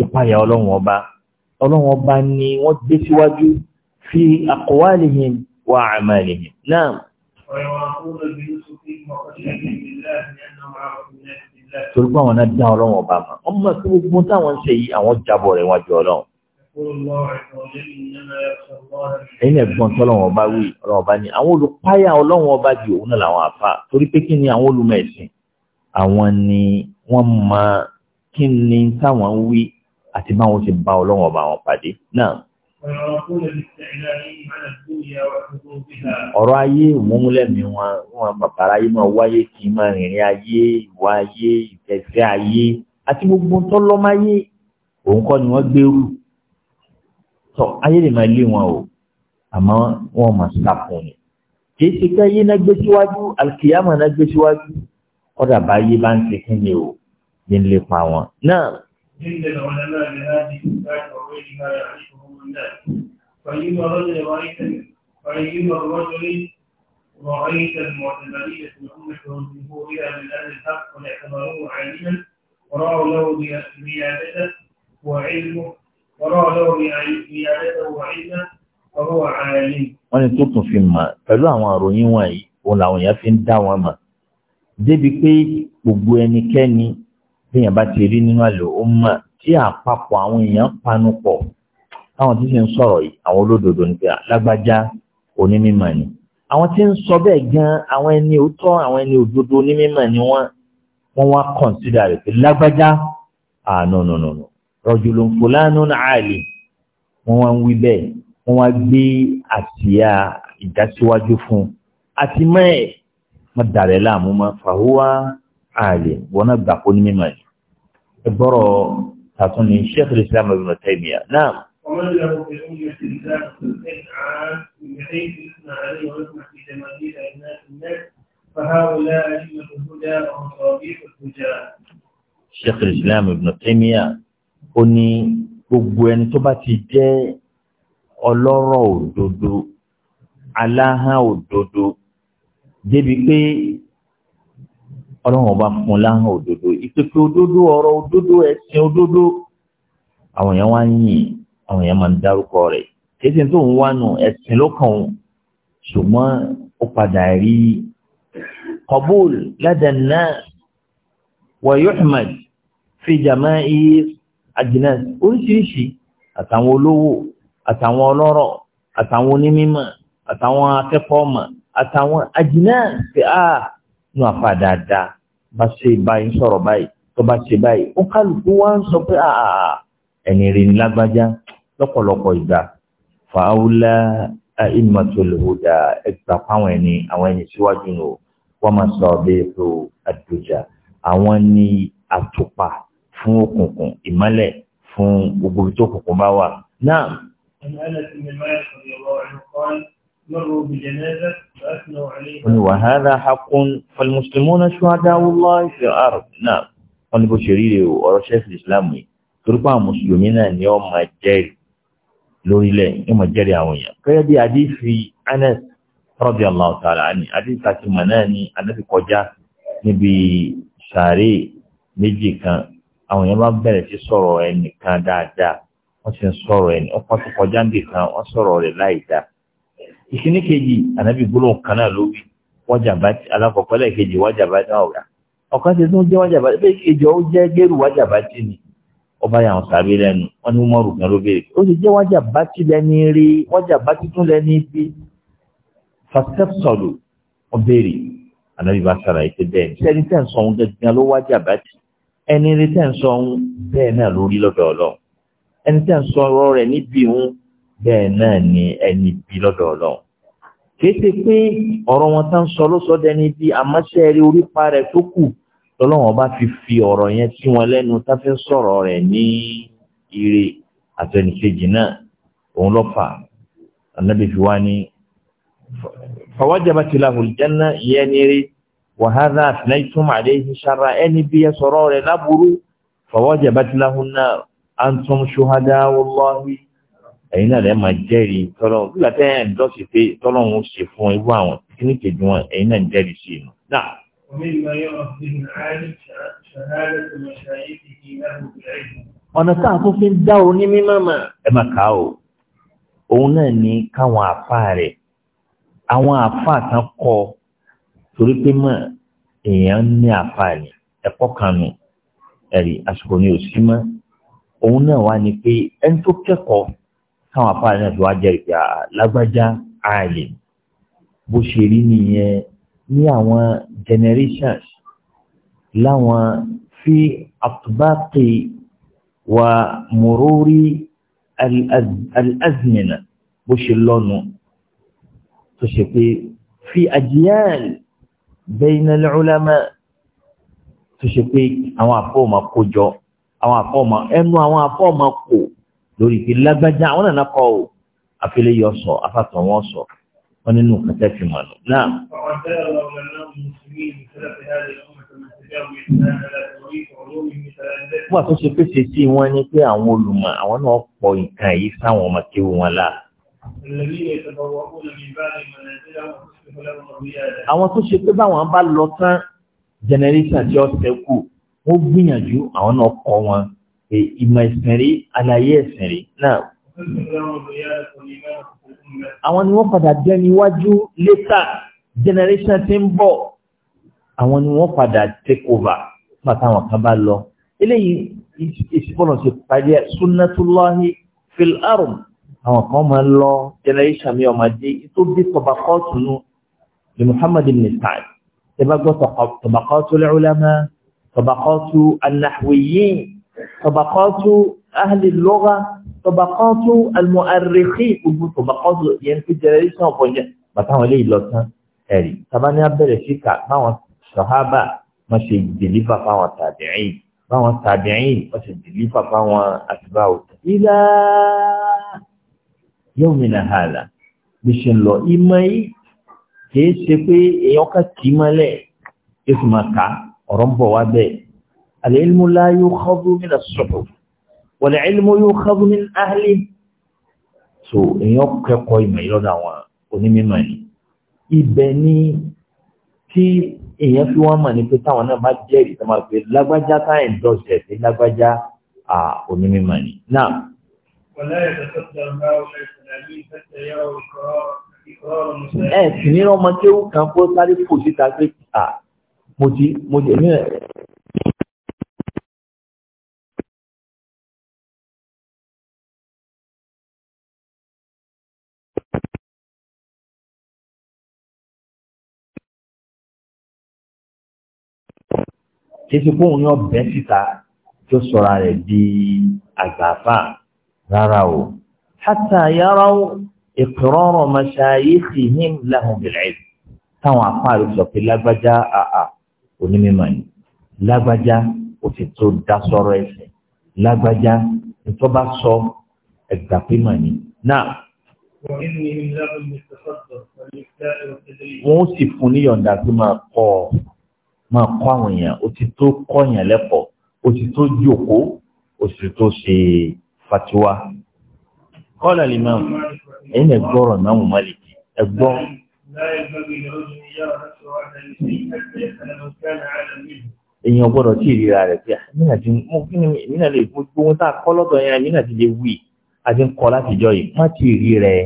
ìpayà ọlọ́run ọba ọlọ́run ọba ni wọ́n gbé síwájú fi aqwalihim wa a'malihim náà. torí pé àwọn náà dá ọlọ́run ọba mọ́ ọmọ sí gbogbo táwọn ń ṣe yìí àwọn jábọ̀ rẹ̀ wájú ọlọ́run ẹ̀yin ẹ̀gbọ́n tí ọlọ́run ọba wí ọlọ́run ọba ní àwọn olùpáyà ọlọ́run ọba di òun náà làwọn àfa torí pé kí ni àwọn olùmọ̀ ẹ̀sìn àwọn ni wọ́n mọ kí ni táwọn ń wí àti báwọn ti bá ọlọ́run ọba wọn pàdé náà. ọ̀rọ̀ ayé ìmúmúlẹ̀mí wọn wọn bàbára ayé máa wáyé kì í máa rìnrìn ayé ìwà ayé ìfẹsẹ̀ ayé àti gbogbo tọ́lọ́máyé òun kọ́ ni wọ́n gbèrú tọ́ ayé lè máa lé wọn o àmọ́ wọn máa sàpọ̀ ni kì í ṣe ká yé náà gbé síwájú alkiyama náà gbé síwájú ọ̀dà bá yé bá ń ṣe kí ni o ní ń lépa wọn náà. فأيما رجل رأيت فأيما الرجل رأيت المعتزلية من أمته من أهل الحق واعتبروه عالما ورأوا له بيادته وعلمه wọ́n ní tó tún fi mà pẹ̀lú àwọn àròyìn wọ̀nyí òun làwọn èèyàn fi ń dá wọn mà débi pé gbogbo ẹnikẹ́ni téèyàn bá ti rí nínú àlè ó mà tí àpapọ̀ àwọn èèyàn panu pọ̀ táwọn tí sì ń sọ̀rọ̀ yìí àwọn olódodo ní pé lágbájá onímọ̀ ni àwọn tí ń sọ bẹ́ẹ̀ gan àwọn ẹni òótọ́ àwọn ẹni òdodo onímọ̀ ni wọ́n wọ́n wá kọ̀ǹsídà rẹ̀ pé lágbájá ah no no no no rọjòló fúlánù àlè wọn wá ń wí bẹ́ẹ̀ wọn wá gbé àsíá ìdásíwájú fún àti mẹ́ẹ̀ má dàrẹ́ láàmú ma fàhùwà àlè wọn náà gbà kó ní mímọ́ ẹ̀ ẹ gbọ́rọ̀ tàtún ní sheikh islam ibn taymiyyah náà. ومن له في أمة الله سلطان عام بحيث يثنى عليه ويثنى في جماهير أبناء الناس فهؤلاء أئمة الهدى ومصابيح الفجار. شيخ الإسلام ابن تيمية ó ní gbogbo ẹni tó bá ti jẹ́ ọlọ́rọ̀ òdodo aláhàn òdodo débi pé ọlọ́run ọba fún láhàn òdodo ìpèpè òdodo ọ̀rọ̀ òdodo ẹ̀sìn òdodo àwọn èèyàn wá ń yìn àwọn èèyàn máa ń dárúkọ rẹ̀ kéde tó ń wá nù ẹ̀sìn ló kàn ṣùgbọ́n ó padà rí kọbúl ládàá náà wà yóò hùmàd ajinas oríṣiríṣi àtàwọn olówó àtàwọn ọlọ́rọ̀ àtàwọn onímọ̀ àtàwọn akẹ́kọ̀ọ́ ọmọ àtàwọn ajinas pé a nu àfa dáadáa bá ṣe báyìí sọ̀rọ̀ báyìí tó bá ṣe báyìí ó kálukú wá ń sọ pé ẹni rí ni lágbájá lọ́pọ̀lọpọ̀ ìgbà fàáwùlà àìmọ̀tòlò òdà ẹgbà fáwọn ẹni àwọn ẹni síwájú nù wọ́n máa sọ bẹ́ẹ̀ tó àdùjà àwọn ní àtùpà fún òkùnkùn ìmọ́lẹ̀ fún gbogbo tó kùnkùn bá wà náà. وهذا حق فالمسلمون شهداء الله في الأرض نعم wọ́n ní bó ṣe rí rèé ọ̀rọ̀ ṣẹ́fì islam yìí torípa àwọn mùsùlùmí náà ni ó máa jẹ́rìí lórílẹ̀ yóò máa jẹ́rìí àwọn èèyàn gẹ́gẹ́ bí adífi anas radiyallahu ta'ala anhu adífi àtìmọ̀ náà ni anas kọjá níbi sàárè méjì kan àwọn èèyàn bá bẹ̀rẹ̀ sí sọ̀rọ̀ ẹnìkan dáadáa wọ́n ń sọ̀rọ̀ kọjá ń kan wọ́n sọ̀rọ̀ rẹ̀ láì dá. ìkíní kejì ànábì gbólóhùn kan náà ló wí wájà bá ti alákọ̀ọ́kọ́ lẹ́ẹ̀kejì wájà bá náà rà ọ̀kan ti tún jẹ́ wájà bá kejì ó jẹ́ gẹ́rù wájà bá ti ni ọba yà sàbí lẹ́nu wọ́n ní wọ́n rùgbọ́n ló ó ti jẹ́ wájà bá ti lẹ́ni rí wájà bá ọ béèrè ànábì bá sàlàyé bẹ́ẹ̀ sẹ́ni tẹ́ ń ẹni rí tẹ́ ń sọ ohun bẹ́ẹ̀ náà lórí lọ́dọ̀ ọlọ́run ẹni tẹ́ ń sọ ọ̀rọ̀ rẹ̀ níbi ohun bẹ́ẹ̀ náà ni ẹni bí lọ́dọ̀ ọlọ́run kéte pé ọ̀rọ̀ wọn tá ń sọ ló sọ dẹni bí àmọ́ṣẹ́ rí orípa rẹ̀ tó kù lọ́lọ́run ọba fi fi ọ̀rọ̀ yẹn tí wọn lẹ́nu tá fi ń sọ̀rọ̀ rẹ̀ ní ire àtẹnìkejì náà òun lọ́fà ànábì fi wá ní fàwájàbá ti lahùn jẹ́nà ìyẹn ní rí wàhádà àtìlẹ́yìn àdéhìn ṣára ẹni bí ẹ rẹ̀ láburú fọwọ́jẹ̀ bá ti láhùn náà antum ṣuhadá náà máa jẹ́rì tọ́lọ́hún bí ẹ̀ ń pé tọ́lọ́hún ṣe fún irú àwọn kíní kejì wọn ẹ̀yin náà ń jẹ́rìí sí inú. ọ̀nà tá a tún fi ń dá o ní mímọ́ mà ẹ má kà o torí pé mọ̀ èèyàn ní àǹfààní ẹ̀kọ́ kan nù ẹ̀rí àsìkò ní òsì mọ́ òun náà wá ní pé ẹni tó kẹ́kọ̀ọ́ káwọn àǹfààní náà tó wá jẹ́ ìgbà lágbájá ààyè bó ṣe rí nìyẹn ní àwọn generations láwọn fi àtúbáàkì wa mùrúrí al bó ṣe lọ́nu tó ṣe pé fi àjíyàn bainal ulama tó ṣe pé àwọn àfọ́ọ̀mà kó jọ àwọn àfọ́ọ̀mà ẹnu àwọn àfọ́ọ̀mà kò lórí pé lágbájá àwọn nàná kọ́ ò àfẹ́lẹ́ yọ sọ afátọ̀ wọn sọ wọn nínú kẹtẹ́ fi mọ̀ nù. náà. wọ́n àtúnṣe pèsè sí wọn ni pé àwọn olùmọ̀ àwọn náà pọ̀ nǹkan yìí sáwọn ọmọ kéwù wọn الذين يتبوؤون من بعد منازلهم وتصبح لهم الريادة àwọn tó ṣe pé báwọn bá lọ tán generation tí ó ṣẹ́kù wọ́n gbìyànjú àwọn náà kọ́ wọn ìmọ̀ ẹ̀sìn rí àlàyé ẹ̀sìn rí náà. àwọn ni wọ́n padà jẹ́ níwájú létà generation tí ń bọ̀ àwọn ni wọ́n padà take over pàtàkì àwọn kan bá lọ eléyìí ìsìnkú náà ṣe parí ẹ̀ sunnatullahi àwọn kan máa ń lọ generation mi ọmọdé tó bí tọbakọ́ọ̀tù nù ní Muhammad ibn Sa'd ẹ bá gbọ́ tọbakọ́ọ̀tù al-ulama tọbakọ́ọ̀tù an-nahwiyyin tọbakọ́ọ̀tù ahli al-lugha tọbakọ́ọ̀tù al-mu'arrikhin gbogbo tọbakọ́ọ̀tù yẹn fi generation ọ̀pọ̀ jẹ́ bàtà wọn léyìí lọ tán ẹ̀rí tabani abẹ́rẹ́ síkà báwọn sọ̀hábà wọ́n ṣe dèlífà fáwọn tàbíyìn báwọn tàbíyìn wọ́n ṣe dèlífà fáwọn àtibáwò ilá yawmina hadha bí ṣe ń lọ ìmọ̀ yìí kìí ṣe pé èèyàn ká kì í mọ́lẹ̀ yóò fi máa ka ọ̀rọ̀ ń bọ̀ wá bẹ́ẹ̀ al-ilmu la yukhadhu min as-suhuf wal-ilmu yukhadhu min ahli so èèyàn kẹ́kọ̀ọ́ ìmọ̀ yìí lọ́dọ̀ àwọn onímọ̀ yìí ibẹ̀ ni tí èèyàn fi wọ́n mọ̀ ní pé táwọn náà bá jẹ́rìí tó máa pè lágbájá táyà ń dọ̀ṣẹ̀ sí lágbájá onímọ̀ yìí náà. ولا يتصدر ما ولا التلاميذ حتى يروا إقرار المسلمين. ẹ sì ní ọmọ tí ó kàn kó sáré síta pé à mo ti mo ti èmi rẹ. kí ti fóun ní ọbẹ̀ síta tó sọra rẹ̀ di àgbàfà rárá o hátà yàrá ìpìrọ̀rọ̀ mọ̀ṣáyéfì ní làwọn bìrẹ̀ táwọn afáàrí sọ pé lágbájá àà onímọ̀ ni lágbájá ó ti tó dá sọ̀rọ̀ ẹ̀sìn lágbájá nítorí bá sọ ẹgbà pímọ̀ ni náà. wọ́n sì fún níyọ̀ǹda tó máa kọ́ ọ máa kọ́ àwọn èèyàn ó kọ́ èèyàn lẹ́kọ̀ọ́ ó jókòó ó ṣe é fatiwa kọ́lá lè máa ẹ̀yìn ẹ̀gbọ́rọ̀ náà mú Málìkì ẹ̀gbọ́n. èèyàn gbọ́dọ̀ tí ìríra rẹ̀ pé nínà tí mo kí ni nínà lè mú gbóhùn tá a kọ́ lọ́dọ̀ yẹn nínà ti lè wí àti ń kọ́ láti jọ yìí má ti rí rẹ̀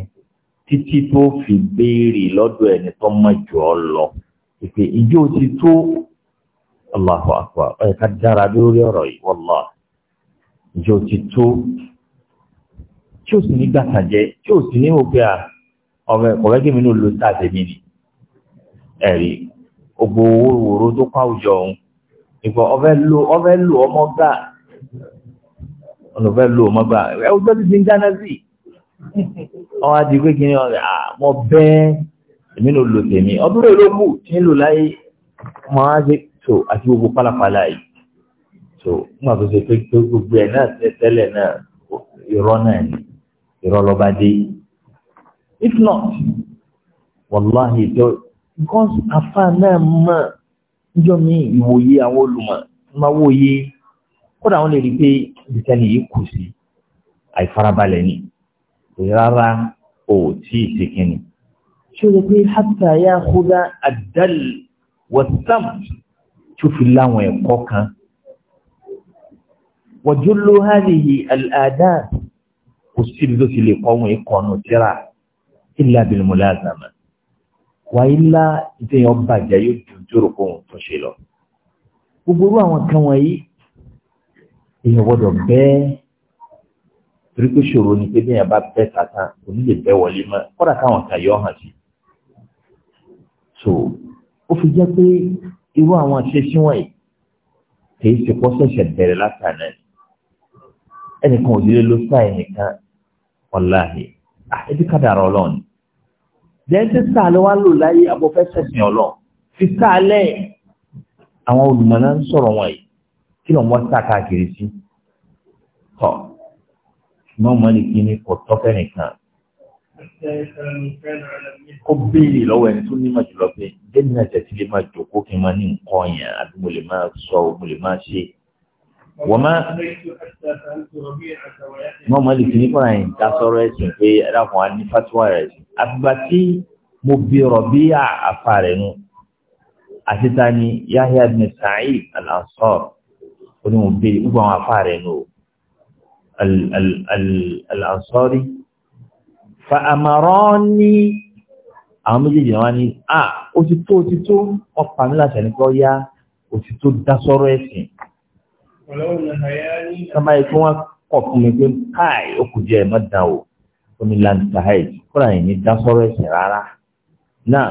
títí tó fi béèrè lọ́dọ̀ ẹni tó mọ̀ jù ọ lọ ìpè ìjó ti tó Allahu akbar ọ̀yẹ̀ká dára lórí ọ̀rọ̀ yìí wallahi ìjó ti tó tí ó sì ní gbàtàjẹ́ tí ó sì ní òpé à ọmọ ẹ̀kọ́ rẹ́gí mi ní olú sáàtẹ̀ mi ni ẹ̀rí ògbò owóró tó pa òjò ọ̀hún ìgbà ọfẹ́ lò ọmọ gbà ọ̀nàfẹ́ lò ọmọ gbà ẹ̀wùjọ́ ti ti ń jáná sí ọwọ́ àti pé kìíní ọ̀rẹ́ à mọ bẹ́ẹ̀ èmi ní olú tèmi ọdún rẹ̀ ló mú tí ń lò láyé mọ́ á tó àti gbogbo pálapàla yìí tó mọ́ àtúnṣe pé gbogbo ẹ̀ náà tẹ́lẹ̀ náà irọ́ náà ni ìrọ̀lọ́ba dé if not wàláhì ìjọ because afa náà mọ̀ níjọ́ mi ìwòye àwọn olùmọ̀ máa wòye kódà wọ́n lè rí i pé ìdíkẹ́ni yìí kù sí àìfarabalẹ̀ ni rárá ò tí ì ṣèkínni tí ó lè pé hátà yá kódà àdálì wọ́tàm tí fi láwọn ẹ̀kọ́ kan wọ́jú ló hádìí àdáàtì kò síbi tó ti lè kọ́ wọn ìkọ̀nù tíra ilà bìlìmọ̀lá àzàmà wà ilà ìdíyàn bàjẹ́ yóò dùn jòrò kó wọn tó ṣe lọ. gbogbo àwọn kan wọ̀nyí èèyàn gbọ́dọ̀ bẹ́ẹ̀ torí pé ṣòro ni pé bẹ́ẹ̀ bá bẹ́ tata òní lè bẹ́ wọlé mọ́ kọ́dà káwọn kan yọ hàn sí. so ó fi jẹ́ pé irú àwọn àṣeṣí wọ̀nyí kì í ṣe pọ́ ṣẹ̀ṣẹ̀ bẹ̀rẹ̀ látàná ẹnìkan ò ẹnìkan ọláhì àti kádàrà ọlọ́run ni dẹ́ńtí sáà ló wá lò láyé abọ́fẹ́ sẹ̀sìn ọlọ́run fi sáà lẹ́yìn àwọn olùmọ̀lá ń sọ̀rọ̀ wọn yìí kí ló ń wá sáà káàkiri sí tọ́ ṣùgbọ́n mọ́lìkì ni kò tọ́fẹ́ nìkan kó béèrè lọ́wọ́ ẹni tó nímọ̀ jùlọ pé bẹ́ẹ̀ ni àjẹsílẹ̀ máa jòkó kí n máa ní nǹkan yẹn àbí mo lè máa sọ mo lè máa ṣe wọ́mọ́ mọ́ mọ́ lè fi nípa ẹ̀yìn dá sọ́rọ̀ ẹ̀sìn pé ẹ̀dàkùn á ní fatiwa rẹ̀ sí. àfìgbà tí mo bi Rabi'a àfa rẹ̀ nù àti ta ni Yahya bin Sa'id al-Ansar ó ní mo béèrè gbogbo àwọn àfa rẹ̀ nù al-Ansari. fa amarani àwọn méjèèjì náà wá ní à ah, ó ọ̀pá mi láti ẹni kọ́ yá ó dá sọ́rọ̀ ẹ̀sìn. kama yìí kí wọ́n kọ̀ fún mi pé káì ó kù jẹ́ ẹ̀mọ́ dàn o omi lantà hajj kúrò yìí ní dásọ́rọ̀ ẹ̀sìn rárá náà.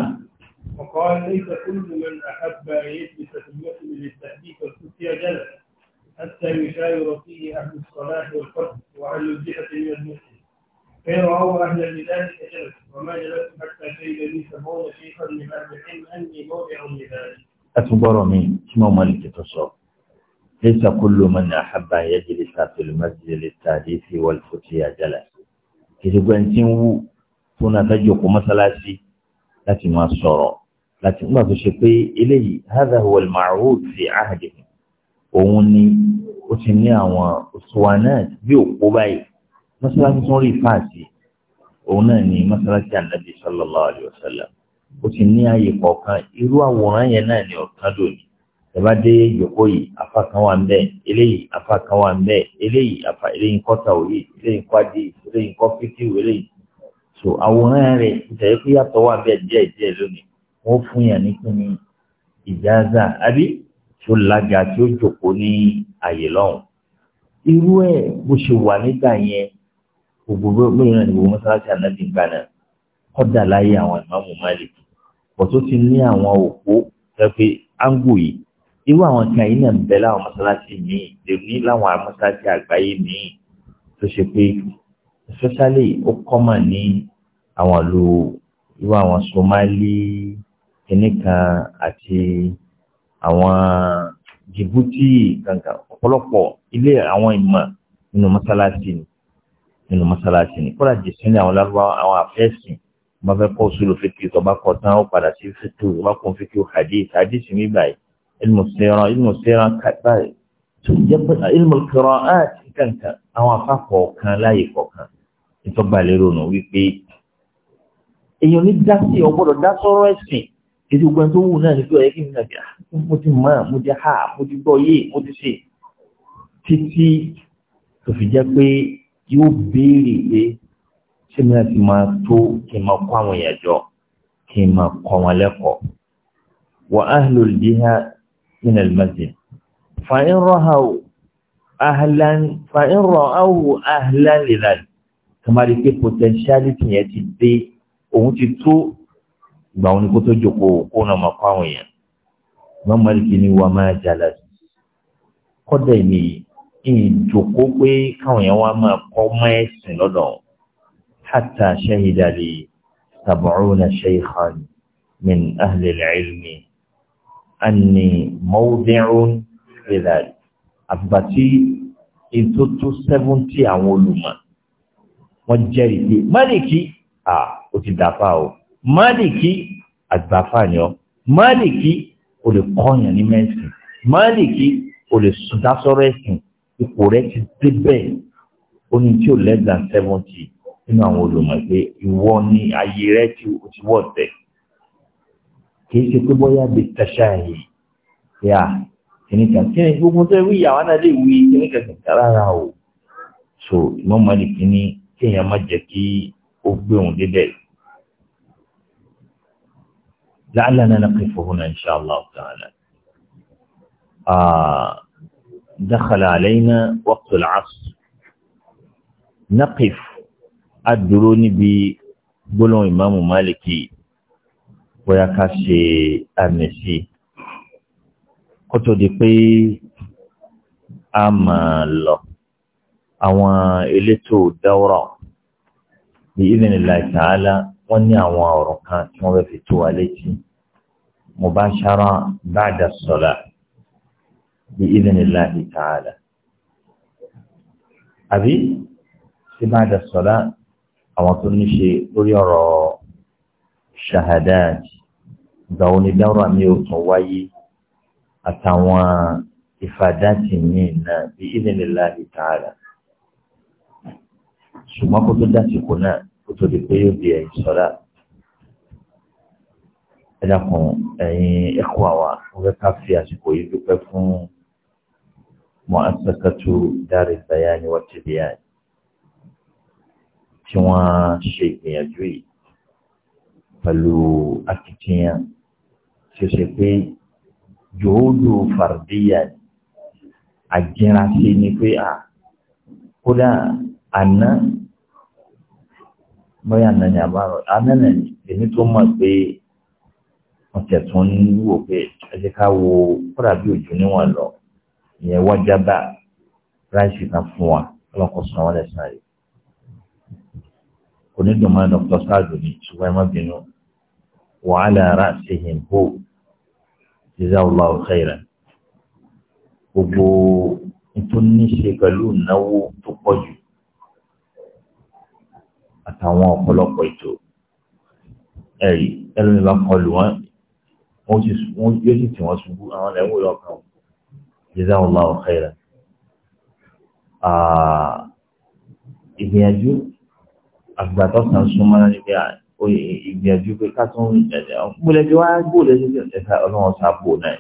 ọ̀kọ́ ní sẹ́kúndù mẹ́rin àhábà yìí ti sẹ́kúndù lè tàbí ìkọ̀tún sí ọjọ́ rẹ̀ حتى يشاور فيه أهل الصلاة والفرد وأهل الجهة من المسلم فيرعوا أهل لذلك جلس وما جلست حتى شهد لي سبعون شيخا من أهل العلم أني موضع لذلك. أتبرني اسمه ملك التصوف. ليس كل من أحب أن يجلس في المسجد للتحديث والفتيا جلس kìsìgbò ẹni tí ń wù tó náà fẹ́ jòkó mọ́sálásí láti máa sọ̀rọ̀ láti nígbà tó ṣe pé eléyìí hadha huwa al-ma'hud fi ahdi òun ni ó ti ní àwọn òṣùwà náà bí òpó báyìí mọ́sálásí tó ń rí fáàsì òun náà ni mọ́sálásí ànábì sallallahu alayhi wa sallam ó ti ní ààyè kọ̀ọ̀kan irú àwòrán yẹn náà ni ọ̀kan lónìí tẹ́bá dé yòókó yìí afa kan wà nbẹ eléyìí afa kan wà nbẹ eléyìí afa eléyìí kọ́ tàwí eléyìí kọ́ eléyìí kọ́ eléyìí so àwòrán rẹ̀ ìtẹ̀yẹ́ kó yàtọ̀ wà bẹ́ẹ̀ díẹ̀ díẹ̀ lónìí wọ́n fún yàn ní kí ni ìjáza àbí tí ó lága tí ó jòkó ní àyè lọ́hùn irú ẹ̀ bó ṣe wà nígbà yẹn gbogbo lóyún náà ni gbogbo mọ́sálásí ànábì ń gbà kọ́dà láyé àwọn ìmáàmù Málíkì irú àwọn kan yìí náà ń bẹ láwọn mọ́sálásí míì lèmi láwọn mọ́sálásí àgbáyé míì tó ṣe pé especially ó kọ́mọ̀ ní àwọn ìlú irú àwọn Somali kìnìkan àti àwọn Djibouti kankan ọ̀pọ̀lọpọ̀ ilé àwọn ìmọ̀ nínú mọ́sálásí ni nínú mọ́sálásí ni kọ́lá jẹ̀sìn ní àwọn lárúbáwá àwọn àfẹ́sìn wọ́n fẹ́ kọ́ sólò fíkì tó bá kọ́ tán ó padà sí fíkì tó bá kọ́ fíkì hadith hadith mi báyìí ilmu sira ilmu sira kàtà tó jẹ pé ilmu qira'at kankan àwọn afáfọ kan láàyè kọ̀ọ̀kan ìtọ́ba lérò nù wípé èèyàn ní dá sí ọgbọ́dọ̀ dá sọ́rọ̀ ẹ̀sìn ètò ìgbà tó wù náà ní pé ọ̀yẹ́kì nínú àgbà mo ti mọ̀ mo ti hà mo ti gbọ́ yé mo fi jẹ́ pé yóò béèrè pé ṣé mi láti máa tó kí n máa kó àwọn èèyàn jọ kí n máa wa ahlul jihad من المسجد فإن رأوا أهلا فإن رأوا أهلا لذلك كما رأيك potentiality yẹn ti dé òun ti tó ìgbà òun ni kó tó jókòó kó náà máa kó àwọn èèyàn wọ́n máa rìkì ní wọ́n máa jàlá kọ́dà èmi ìjòkó pé káwọn èèyàn wá máa kọ́ mọ́ ẹ̀sìn lọ́dọ̀ حتى شهد لي سبعون شيخا من أهل العلم ẹni mọ́wúdẹ́rún ìlà àgbà tí ètò tó sẹ́fúntì àwọn olùmọ̀ wọ́n jẹ́rìí pé Málìkì à ó ti dàfà o Málìkì àgbàfà ni ọ Málìkì ó lè kọ́yàn ní mẹ́sìn Málìkì ó lè sọdásọ́rọ́ ẹ̀sìn ipò rẹ̀ ti dé bẹ́ẹ̀ ó ní tí ò less than nínú àwọn olùmọ̀ pé ìwọ ni ayé rẹ̀ ti wọ̀ tẹ̀ kì í ṣe pé bóyá bí tẹ̀sà yìí yà kìnìkà kìnì gbogbo tó wí àwọn náà lè wí kìnìkà kìnìkà rárá o so Imam Malik ní kéèyàn má jẹ́ kí ó gbé òun débẹ̀. لعلنا نقف هنا إن شاء الله تعالى آه دخل علينا وقت العصر نقف الدرون بقولوا إمام مالكي bóyá ká ṣe àmì sí i kó tó di pé a máa lọ àwọn elétò dáwọ́rọ̀ bí ìdínlẹ̀ ta'ala wọ́n ní àwọn ọ̀rọ̀ kan tí wọ́n fẹ́ fi tó wa létí mubashara ba'da sọ̀la bí ìdínlẹ̀ ta'ala àbí sí ba'da sọ̀la àwọn tó ní ṣe lórí ọ̀rọ̀ shahadat ìgbà wo ni dáwọ́rà mi ò tún wáyé àtàwọn ìfàdáǹtì míì náà bí ìdílélá ìtààrà ṣùgbọ́n kó tó dásìkò náà kó tó di pé yóò di ẹ̀yìn sọ́ra ẹ dákun ẹ̀yin ẹ̀kọ́ àwa wọ́n fẹ́ ká fi àsìkò yìí dúpẹ́ fún mọ́àsákàtú dáre bayani wọ́n ti tí wọ́n ṣe ìgbìyànjú yìí pẹ̀lú akitiyan tí ó ṣe pé jòódù fàrdíyà àjẹrasí ni pé à kódà àná bóyá àná ni àbárò àná nà ní èmi tó mọ̀ pé wọ́n tẹ̀tún ń wò pé ẹ̀jẹ̀ ká wo kódà bí òjò níwọ̀n lọ ìyẹn wájábà ráìsì kan fún wa ọlọ́kọ̀ sàn wọ́n lẹ́sàn rẹ̀ kò ní dùn mọ́ dr sáàdù ní ṣùgbọ́n ẹ má bínú وعلى رأسهم هو جزاه الله خيرا gbogbo tó ní ṣe pẹ̀lú ìnáwó tó pọ̀ jù àtàwọn ọ̀pọ̀lọpọ̀ ètò ẹ̀rí ẹlòmíì bá kọlù wọn wọn yóò sì tì wọn ṣubú àwọn ẹ̀wọ̀n lọ́kàn jazakumullahu khairan ìgbìyànjú àgbàtọ́sán súnmọ́ níbi àná ìgbìyànjú pé ká tún múlẹ̀bí wá gbòòlè lórí ọ̀tẹ̀ ká ọlọ́run sábò náà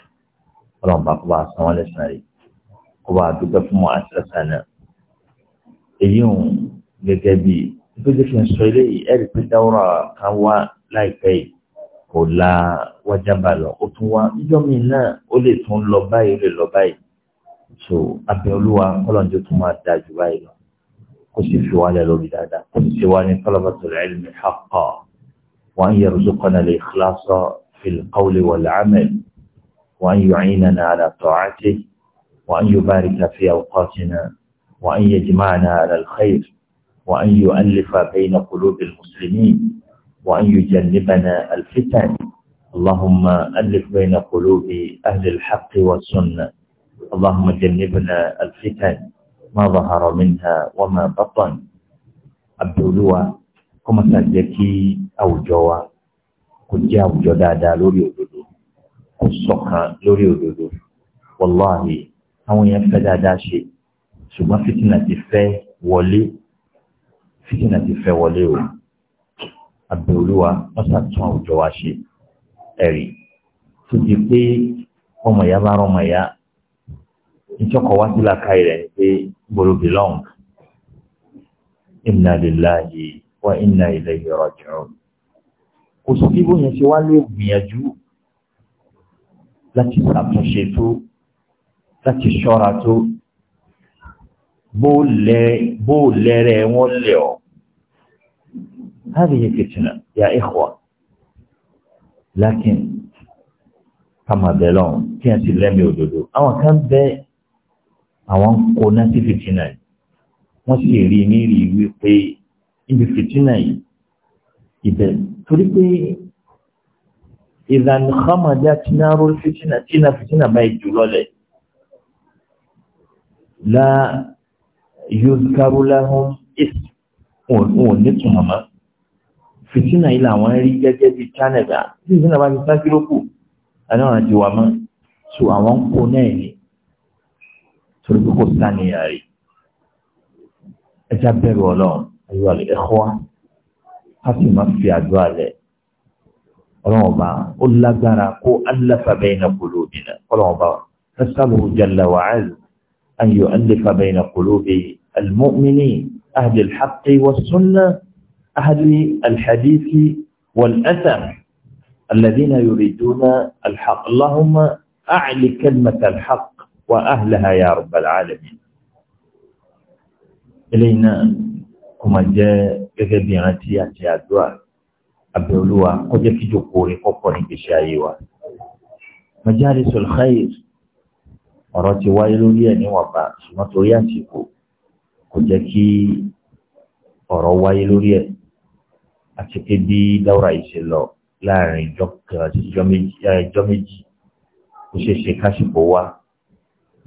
ọlọ́run bá kó bá san wọ́n lẹ́sàn-án rẹ̀ kó bá dúpẹ́ fún wọn àti ẹ̀sán náà. èyí ń gẹ́gẹ́ bí ìgbésẹ̀ fi ń sọ eléyìí ẹ̀rí pé dáwọ́rọ̀ ká wá láìpẹ́ yìí kò la wájàmbá lọ ó tún wá ìjọ mi náà ó lè tún lọ báyìí ó lè lọ báyìí so abẹ olúwa kọlọ́njọ́ tún máa dáa báyìí lọ kó sì fi wálẹ̀ lórí dáadáa kó sì ṣe wá ní talabatul ilmi haqqan. وأن يرزقنا الإخلاص في القول والعمل وأن يعيننا على طاعته وأن يبارك في أوقاتنا وأن يجمعنا على الخير وأن يؤلف بين قلوب المسلمين وأن يجنبنا الفتن اللهم ألف بين قلوب أهل الحق والسنة اللهم جنبنا الفتن ما ظهر منها وما بطن عبد kó mọ́ sàjẹ́ àwùjọ wa kò jẹ́ àwùjọ dáadáa lórí òdodo kò ṣọ̀kan lórí òdodo wàláhì àwọn èèyàn fẹ́ dáadáa ṣe ṣùgbọ́n fìtínà ti fẹ́ wọlé fìtínà ti fẹ́ wọlé o àbẹ̀ olúwa wọ́n ṣàtún àwùjọ wa ṣe ẹ̀rí tó di pé ọmọ ìyá bá rán ọmọ ìyá ìjọkọ̀ wá sí làkàì rẹ̀ pé gbọ́dọ̀ belong inna lillahi wa inna ilayhi kò sí bí bóyá ṣe wá lè gbìyànjú láti ṣàtúnṣe tó láti ṣọ́ra tó bó lẹ́rẹ̀ wọ́n lẹ̀ ọ́. هذه فتنة يا إخوة لكن كما بلون كان سلمي ودودو أو كان بي àwọn kò náà sí fìtínà yìí wọ́n sì rí ní rí wípé ibi fìtínà yìí ibẹ̀ torí pé ìlànà hamadá tiná ró fitina tiná fitina báyìí jù lọ́lẹ̀ la yuzkaru lahum ism wọn ò ní túmọ̀ mọ́ fitina yìí làwọn rí gẹ́gẹ́ bíi canada fitina bá ti sá kí ló kù àdáwọn àti wà mọ́ àwọn kò náà ní torí pé kò sáníyà rí ẹja bẹ̀rù ọlọ́run ayọ̀ ẹ̀kọ́ wa. ká sì má fi àdúrà lẹ̀ ọlọ́run ọba ó lágbára kó allafa bayna qulubina ọlọ́run ọba nasaluhu jalla wa az an yu'allifa bayna qulubi al-mu'minin ahli al-haqqi was-sunnah ahli al-hadithi wal-athar الذين يريدون الحق اللهم أعل كلمة الحق وأهلها يا رب العالمين إلينا kó máa jẹ́ gẹ́gẹ́ bí ìrántí àti àdúrà abẹ́ olúwa kó jẹ́ kí jòkó rẹ̀ kọ́kọ́ ní gbèsè ayé wa. majalisul khair ọ̀rọ̀ ti wáyé lórí ẹ̀ níwọ̀nba ṣùgbọ́n torí àsìkò kò jẹ́ kí ọ̀rọ̀ wáyé lórí ẹ̀ àti pé bí dáwọ́ra yìí ṣe lọ láàrin ìjọ méjì kò ṣeé ṣe kásìkò wá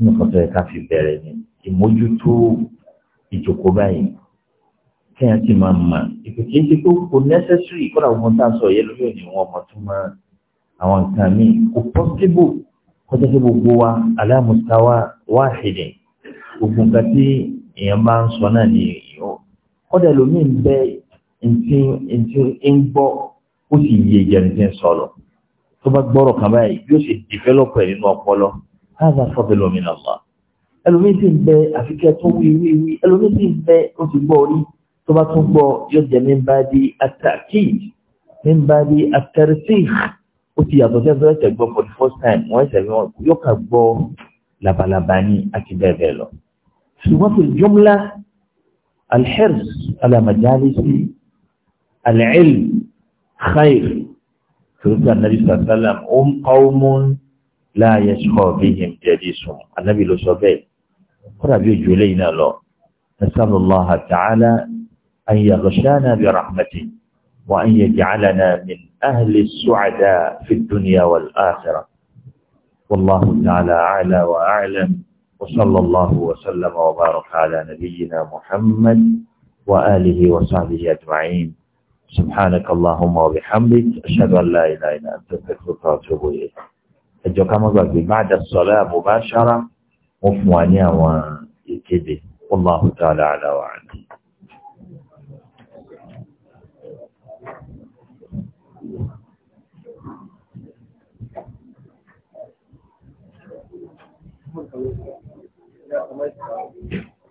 nínú kan yẹ ká fi bẹ̀rẹ̀ ni ìmójútó ìjòkó báyìí kí ẹ sì máa mọ̀ ìpè kí n ti tó kò necessary kódà wọn tá a sọ yẹ lórí òní wọn ọmọ tó máa àwọn nǹkan míì kò possible kọjá sí gbogbo wa aláàmúsáwá wáhìdì gbogbo nǹkan tí èèyàn bá ń sọ náà ni kódà lómi ń bẹ ntí ntí ń gbọ́ ó sì yé jẹnití ń sọ̀rọ̀ tó bá gbọ́rọ̀ kan báyìí yóò ṣe develop ẹ̀ nínú ọpọlọ káàdà fọ́bẹ̀ lómi náà lọ ẹlòmíì ti ń bẹ àfikẹ́ tó wíwíwí ẹlòmíì ti ń bẹ ó ti gbọ́ orí tó bá tún gbọ́ yóò jẹ́ mímbá di àtàkì mímbá di àtẹ̀rẹ̀sì ó ti yàtọ̀ sí ẹgbẹ́ ẹ̀sẹ̀ gbọ́ for the first time wọ́n ẹ̀sẹ̀ wọn yóò kà gbọ́ labalábá ní àti bẹ́ẹ̀ bẹ́ẹ̀ lọ. ṣùgbọ́n fi jumla alḥirs alamajalisi alẹ́ẹ̀lì khair tòlúkà nàbí sàlám ó ń láàyè sọ bí yẹn sùn ànábì ló sọ bẹ́ẹ̀ kó dàbí ojú eléyìí náà lọ nasallallahu ta'ala أن يغشانا برحمته وأن يجعلنا من أهل السعداء في الدنيا والآخرة والله تعالى أعلى وأعلم وصلى الله وسلم وبارك على نبينا محمد وآله وصحبه أجمعين سبحانك اللهم وبحمدك أشهد أن لا إله إلا أنت أستغفرك وأتوب إليك أجو كما قلت بعد الصلاة مباشرة salat mubashara والله تعالى أعلى وأعلم my God.